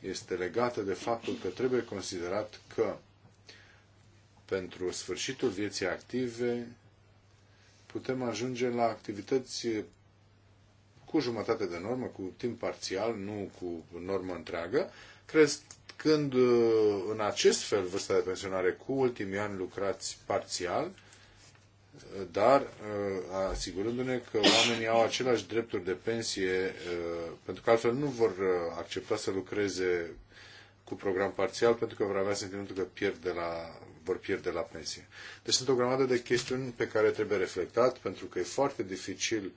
[SPEAKER 3] este legată de faptul că trebuie considerat că pentru sfârșitul vieții active putem ajunge la activități cu jumătate de normă, cu timp parțial, nu cu normă întreagă, când uh, în acest fel vârsta de pensionare cu ultimii ani lucrați parțial dar uh, asigurându-ne că oamenii au aceleași drepturi de pensie, uh, pentru că altfel nu vor uh, accepta să lucreze cu program parțial, pentru că vor avea sentimentul că pierd de la, vor pierde la pensie. Deci sunt o grămadă de chestiuni pe care trebuie reflectat, pentru că e foarte dificil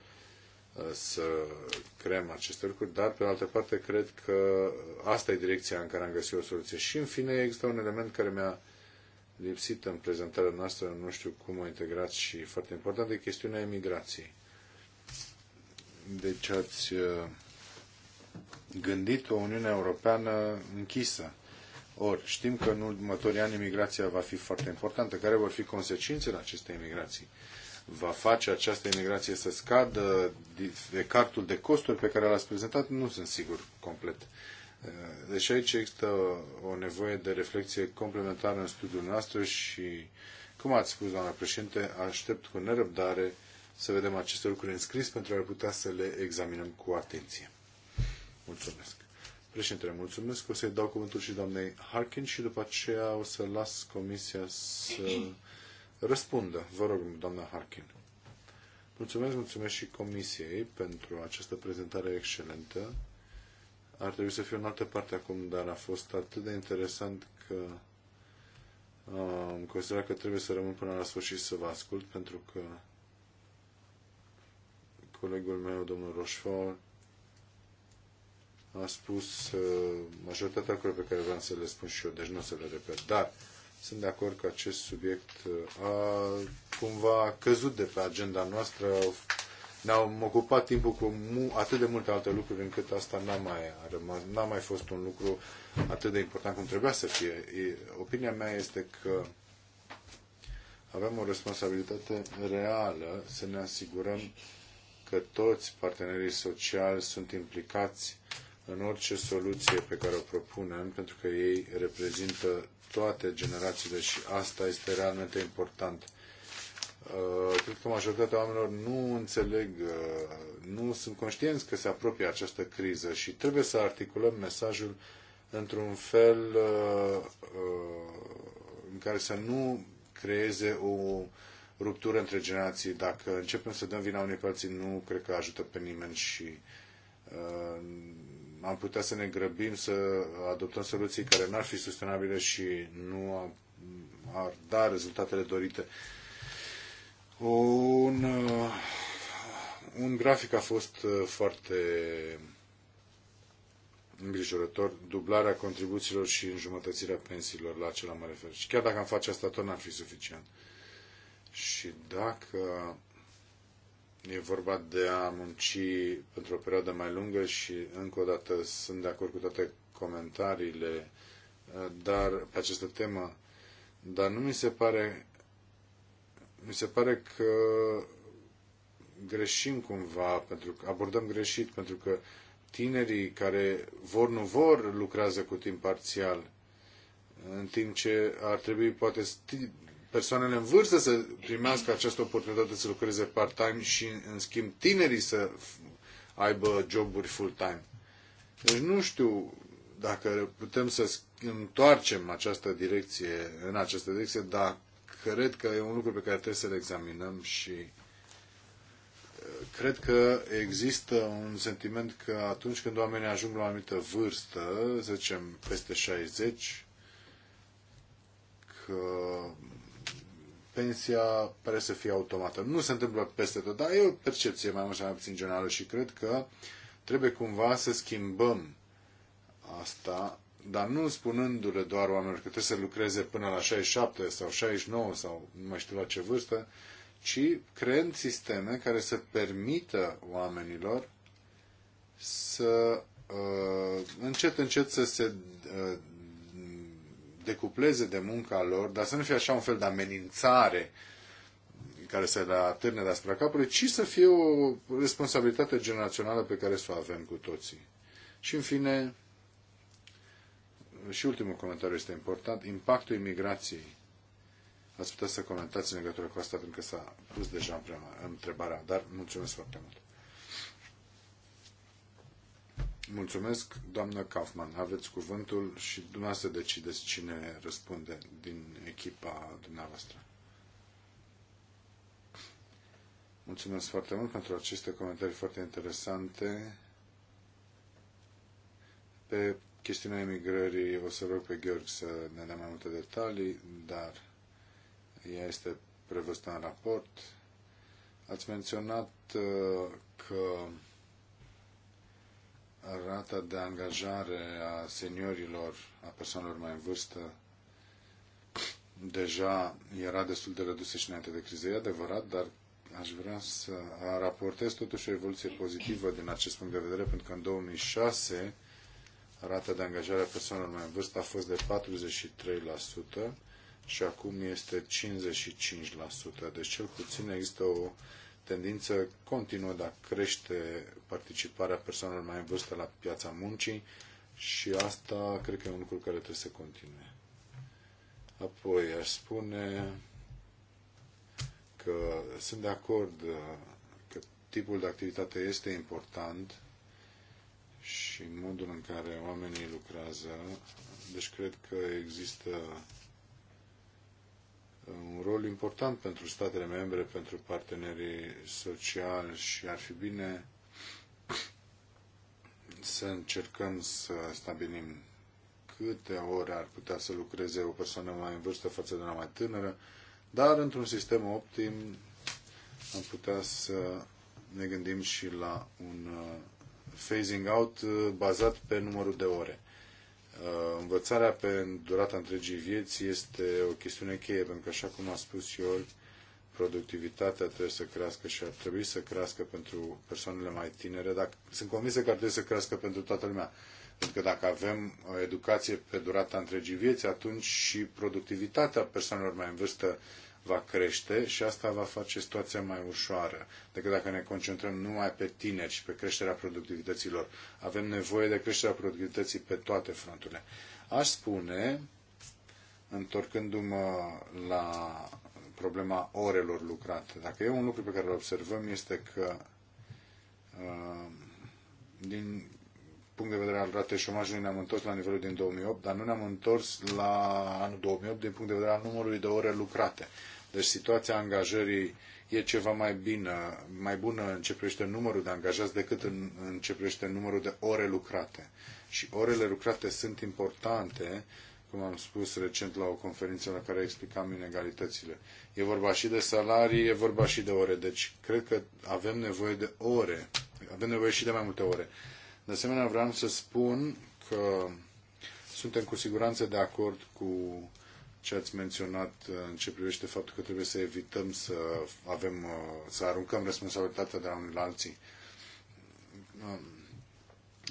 [SPEAKER 3] să creăm aceste lucruri, dar, pe de altă parte, cred că asta e direcția în care am găsit o soluție. Și, în fine, există un element care mi-a lipsită în prezentarea noastră, nu știu cum o integrați și foarte importantă, e chestiunea emigrației. Deci ați uh, gândit o Uniune Europeană închisă. Ori știm că în următorii ani imigrația va fi foarte importantă. Care vor fi consecințele acestei imigrații? Va face această imigrație să scadă de cartul de costuri pe care l-ați prezentat? Nu sunt sigur complet. Uh, deci aici există o nevoie de reflexie complementară în studiul nostru și, cum ați spus, doamna președinte, aștept cu nerăbdare să vedem aceste lucruri înscris pentru a putea să le examinăm cu atenție. Mulțumesc. Președintele, mulțumesc. O să-i dau cuvântul și doamnei Harkin și după aceea o să las comisia să răspundă. Vă rog, doamna Harkin. Mulțumesc, mulțumesc și comisiei pentru această prezentare excelentă ar trebui să fie în altă parte acum, dar a fost atât de interesant că uh, am considerat că trebuie să rămân până la sfârșit să vă ascult, pentru că colegul meu, domnul Rochefort, a spus uh, majoritatea lucrurilor pe care vreau să le spun și eu, deci nu o să le repet. Dar sunt de acord că acest subiect uh, a cumva căzut de pe agenda noastră, ne am ocupat timpul cu atât de multe alte lucruri încât asta n-a mai rămas, n-a mai fost un lucru atât de important cum trebuia să fie. E, opinia mea este că avem o responsabilitate reală să ne asigurăm că toți partenerii sociali sunt implicați în orice soluție pe care o propunem, pentru că ei reprezintă toate generațiile și asta este realmente important. Uh, cred că majoritatea oamenilor nu înțeleg, uh, nu sunt conștienți că se apropie această criză și trebuie să articulăm mesajul într-un fel uh, în care să nu creeze o ruptură între generații. Dacă începem să dăm vina unei pe alții, nu cred că ajută pe nimeni și am putea să ne grăbim să adoptăm soluții care n-ar fi sustenabile și nu ar da rezultatele dorite. Un, uh, un grafic a fost uh, foarte îngrijorător, dublarea contribuțiilor și înjumătățirea pensiilor, la acela mă refer. Și chiar dacă am face asta, tot n-ar fi suficient. Și dacă e vorba de a munci pentru o perioadă mai lungă și încă o dată sunt de acord cu toate comentariile uh, dar, pe această temă, dar nu mi se pare mi se pare că greșim cumva, pentru că abordăm greșit, pentru că tinerii care vor nu vor lucrează cu timp parțial, în timp ce ar trebui poate persoanele în vârstă să primească această oportunitate să lucreze part-time și în schimb tinerii să aibă joburi full-time. Deci nu știu dacă putem să întoarcem această direcție, în această direcție, dar cred că e un lucru pe care trebuie să-l examinăm și uh, cred că există un sentiment că atunci când oamenii ajung la o anumită vârstă, să zicem peste 60, că pensia pare să fie automată. Nu se întâmplă peste tot, dar e o percepție mai mult sau mai puțin generală și cred că trebuie cumva să schimbăm asta dar nu spunându-le doar oamenilor că trebuie să lucreze până la 67 sau 69 sau nu mai știu la ce vârstă, ci creând sisteme care să permită oamenilor să uh, încet, încet să se uh, decupleze de munca lor, dar să nu fie așa un fel de amenințare care să le atârne deasupra capului, ci să fie o responsabilitate generațională pe care să o avem cu toții. Și în fine, și ultimul comentariu este important, impactul imigrației. Ați putea să comentați în legătură cu asta, pentru că s-a pus deja întrebarea, dar mulțumesc foarte mult. Mulțumesc, doamnă Kaufman. Aveți cuvântul și dumneavoastră decideți cine răspunde din echipa dumneavoastră. Mulțumesc foarte mult pentru aceste comentarii foarte interesante. Pe chestiunea emigrării, o să rog pe Gheorghe să ne dea mai multe detalii, dar ea este prevăzută în raport. Ați menționat uh, că rata de angajare a seniorilor, a persoanelor mai în vârstă, deja era destul de redusă și înainte de criză. E adevărat, dar aș vrea să raportez totuși o evoluție pozitivă din acest punct de vedere, pentru că în 2006 rata de angajare a persoanelor mai în vârstă a fost de 43% și acum este 55%. Deci cel puțin există o tendință continuă de a crește participarea persoanelor mai în vârstă la piața muncii și asta cred că e un lucru care trebuie să continue. Apoi aș spune că sunt de acord că tipul de activitate este important și modul în care oamenii lucrează. Deci cred că există uh, un rol important pentru statele membre, pentru partenerii sociali și ar fi bine să încercăm să stabilim câte ore ar putea să lucreze o persoană mai în vârstă față de una mai tânără, dar într-un sistem optim am putea să ne gândim și la un uh, phasing out uh, bazat pe numărul de ore. Uh, învățarea pe durata întregii vieți este o chestiune cheie, pentru că, așa cum a spus și eu, productivitatea trebuie să crească și ar trebui să crească pentru persoanele mai tinere. dar sunt convinsă că ar trebui să crească pentru toată lumea. Pentru că dacă avem uh, educație pe durata întregii vieți, atunci și productivitatea persoanelor mai în vârstă va crește și asta va face situația mai ușoară decât dacă ne concentrăm numai pe tineri și pe creșterea productivităților, Avem nevoie de creșterea productivității pe toate fronturile. Aș spune, întorcându-mă la problema orelor lucrate, dacă e un lucru pe care îl observăm este că uh, din punct de vedere al ratei șomajului ne-am întors la nivelul din 2008, dar nu ne-am întors la anul 2008 din punct de vedere al numărului de ore lucrate. Deci situația angajării e ceva mai, bine, mai bună în ce privește numărul de angajați decât în, în ce privește numărul de ore lucrate. Și orele lucrate sunt importante, cum am spus recent la o conferință la care explicam inegalitățile. E vorba și de salarii, e vorba și de ore. Deci cred că avem nevoie de ore. Avem nevoie și de mai multe ore. De asemenea, vreau să spun că suntem cu siguranță de acord cu ce ați menționat uh, în ce privește faptul că trebuie să evităm să avem, uh, să aruncăm responsabilitatea de la unii la alții. Um,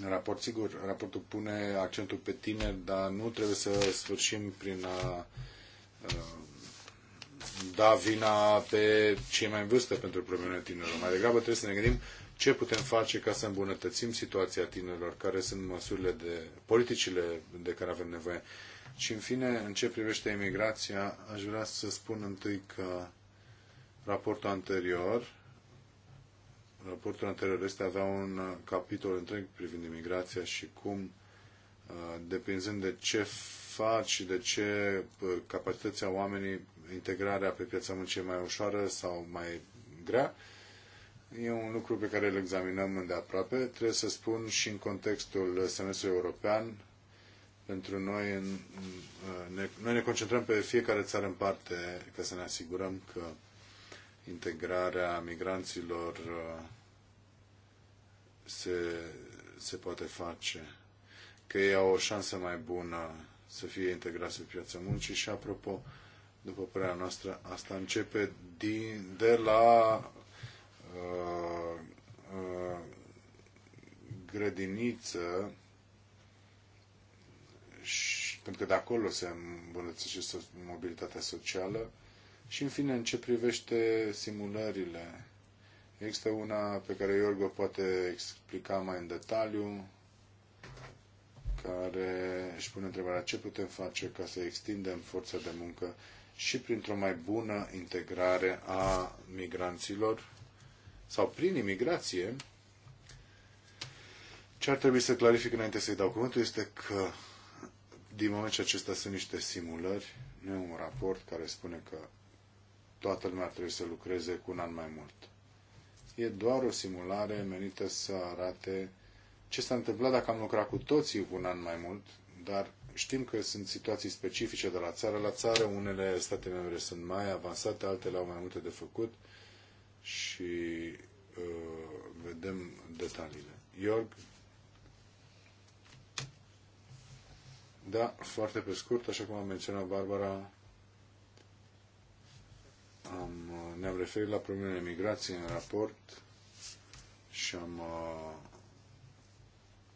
[SPEAKER 3] raport, sigur, raportul pune accentul pe tineri, dar nu trebuie să sfârșim prin a uh, da vina pe cei mai în vârstă pentru problemele tinerilor. Mai degrabă trebuie să ne gândim ce putem face ca să îmbunătățim situația tinerilor, care sunt măsurile de, politicile de care avem nevoie. Și în fine, în ce privește emigrația, aș vrea să spun întâi că raportul anterior, raportul anterior este avea un uh, capitol întreg privind imigrația și cum, uh, depinzând de ce faci și de ce uh, capacitatea oamenii, integrarea pe piața muncii e mai ușoară sau mai grea, E un lucru pe care îl examinăm îndeaproape. Trebuie să spun și în contextul semestrului european, pentru noi, în, ne, noi ne concentrăm pe fiecare țară în parte ca să ne asigurăm că integrarea migranților uh, se, se poate face, că ei au o șansă mai bună să fie integrați în piața muncii și, apropo, după părerea noastră, asta începe din, de la uh, uh, grădiniță și, pentru că de acolo se îmbunătățește mobilitatea socială. Și în fine, în ce privește simulările, există una pe care Iorgo poate explica mai în detaliu, care își pune întrebarea ce putem face ca să extindem forța de muncă și printr-o mai bună integrare a migranților sau prin imigrație. Ce ar trebui să clarific înainte să-i dau cuvântul este că din moment ce acestea sunt niște simulări, nu e un raport care spune că toată lumea trebuie să lucreze cu un an mai mult. E doar o simulare menită să arate ce s-a întâmplat dacă am lucrat cu toții cu un an mai mult, dar știm că sunt situații specifice de la țară la țară, unele state membre sunt mai avansate, altele au mai multe de făcut și uh, vedem detaliile. Iorg, Da, foarte pe scurt, așa cum a menționat Barbara, am, ne-am referit la problemele migrației în raport și am,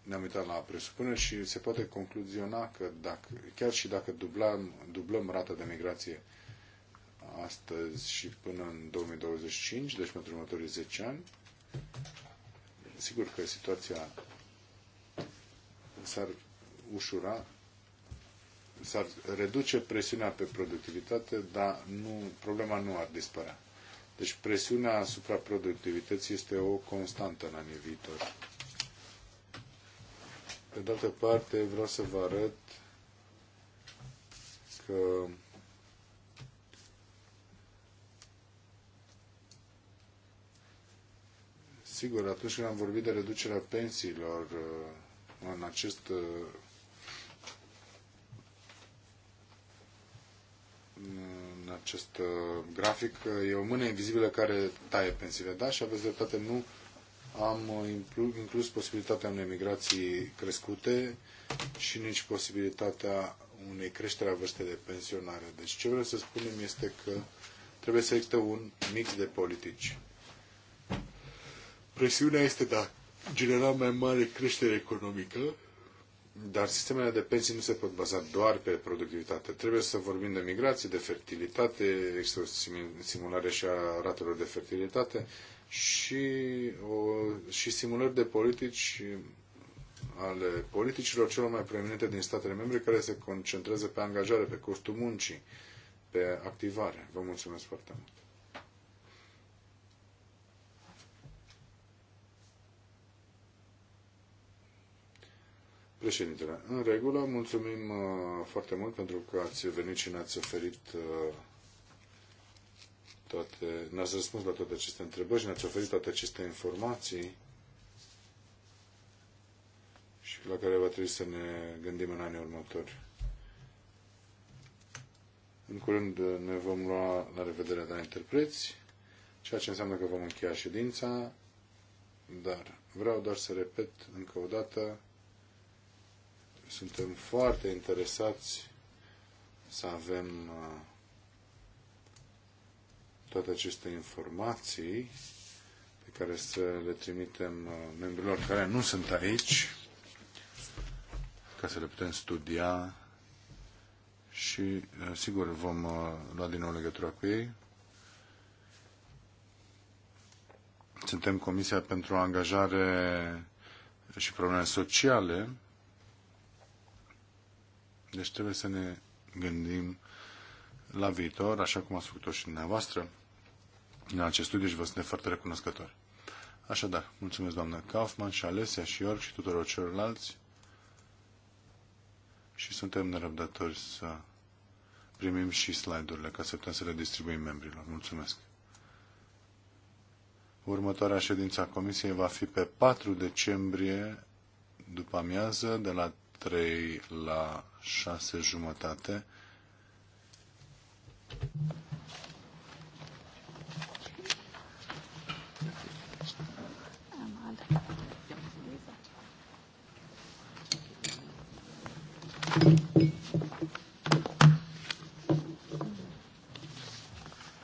[SPEAKER 3] ne-am uitat la presupuneri și se poate concluziona că dacă, chiar și dacă dublăm, dublăm rata de migrație astăzi și până în 2025, deci pentru următorii 10 ani, sigur că situația s-ar ușura s-ar reduce presiunea pe productivitate, dar nu, problema nu ar dispărea. Deci presiunea asupra productivității este o constantă în anii viitori. Pe de altă parte, vreau să vă arăt că sigur, atunci când am vorbit de reducerea pensiilor uh, în acest uh, în acest uh, grafic. E o mână invizibilă care taie pensiile, da? Și aveți dreptate, nu am uh, inclus posibilitatea unei migrații crescute și nici posibilitatea unei creșteri a vârstei de pensionare. Deci ce vreau să spunem este că trebuie să existe un mix de politici. Presiunea este de a genera mai mare creștere economică, dar sistemele de pensii nu se pot baza doar pe productivitate. Trebuie să vorbim de migrație, de fertilitate, există o simulare și a ratelor de fertilitate și, o, și simulări de politici ale politicilor celor mai preeminente din statele membre care se concentrează pe angajare, pe costul muncii, pe activare. Vă mulțumesc foarte mult. Președintele, în regulă, mulțumim uh, foarte mult pentru că ați venit și ne-ați oferit uh, toate, ne-ați răspuns la toate aceste întrebări și ne-ați oferit toate aceste informații și la care va trebui să ne gândim în anii următori. În curând uh, ne vom lua la revedere de la interpreți, ceea ce înseamnă că vom încheia ședința, dar vreau doar să repet încă o dată suntem foarte interesați să avem uh, toate aceste informații pe care să le trimitem uh, membrilor care nu sunt aici ca să le putem studia și uh, sigur vom lua din nou legătura cu ei. Suntem Comisia pentru Angajare și Probleme Sociale deci trebuie să ne gândim la viitor, așa cum ați făcut-o și dumneavoastră în acest studiu și vă sunt foarte recunoscători. Așadar, mulțumesc doamnă Kaufman și Alesia și Iorg și tuturor celorlalți și suntem nerăbdători să primim și slide-urile ca să putem să le distribuim membrilor. Mulțumesc! Următoarea ședință a Comisiei va fi pe 4 decembrie după amiază de la 3 la șase jumătate. Thank you.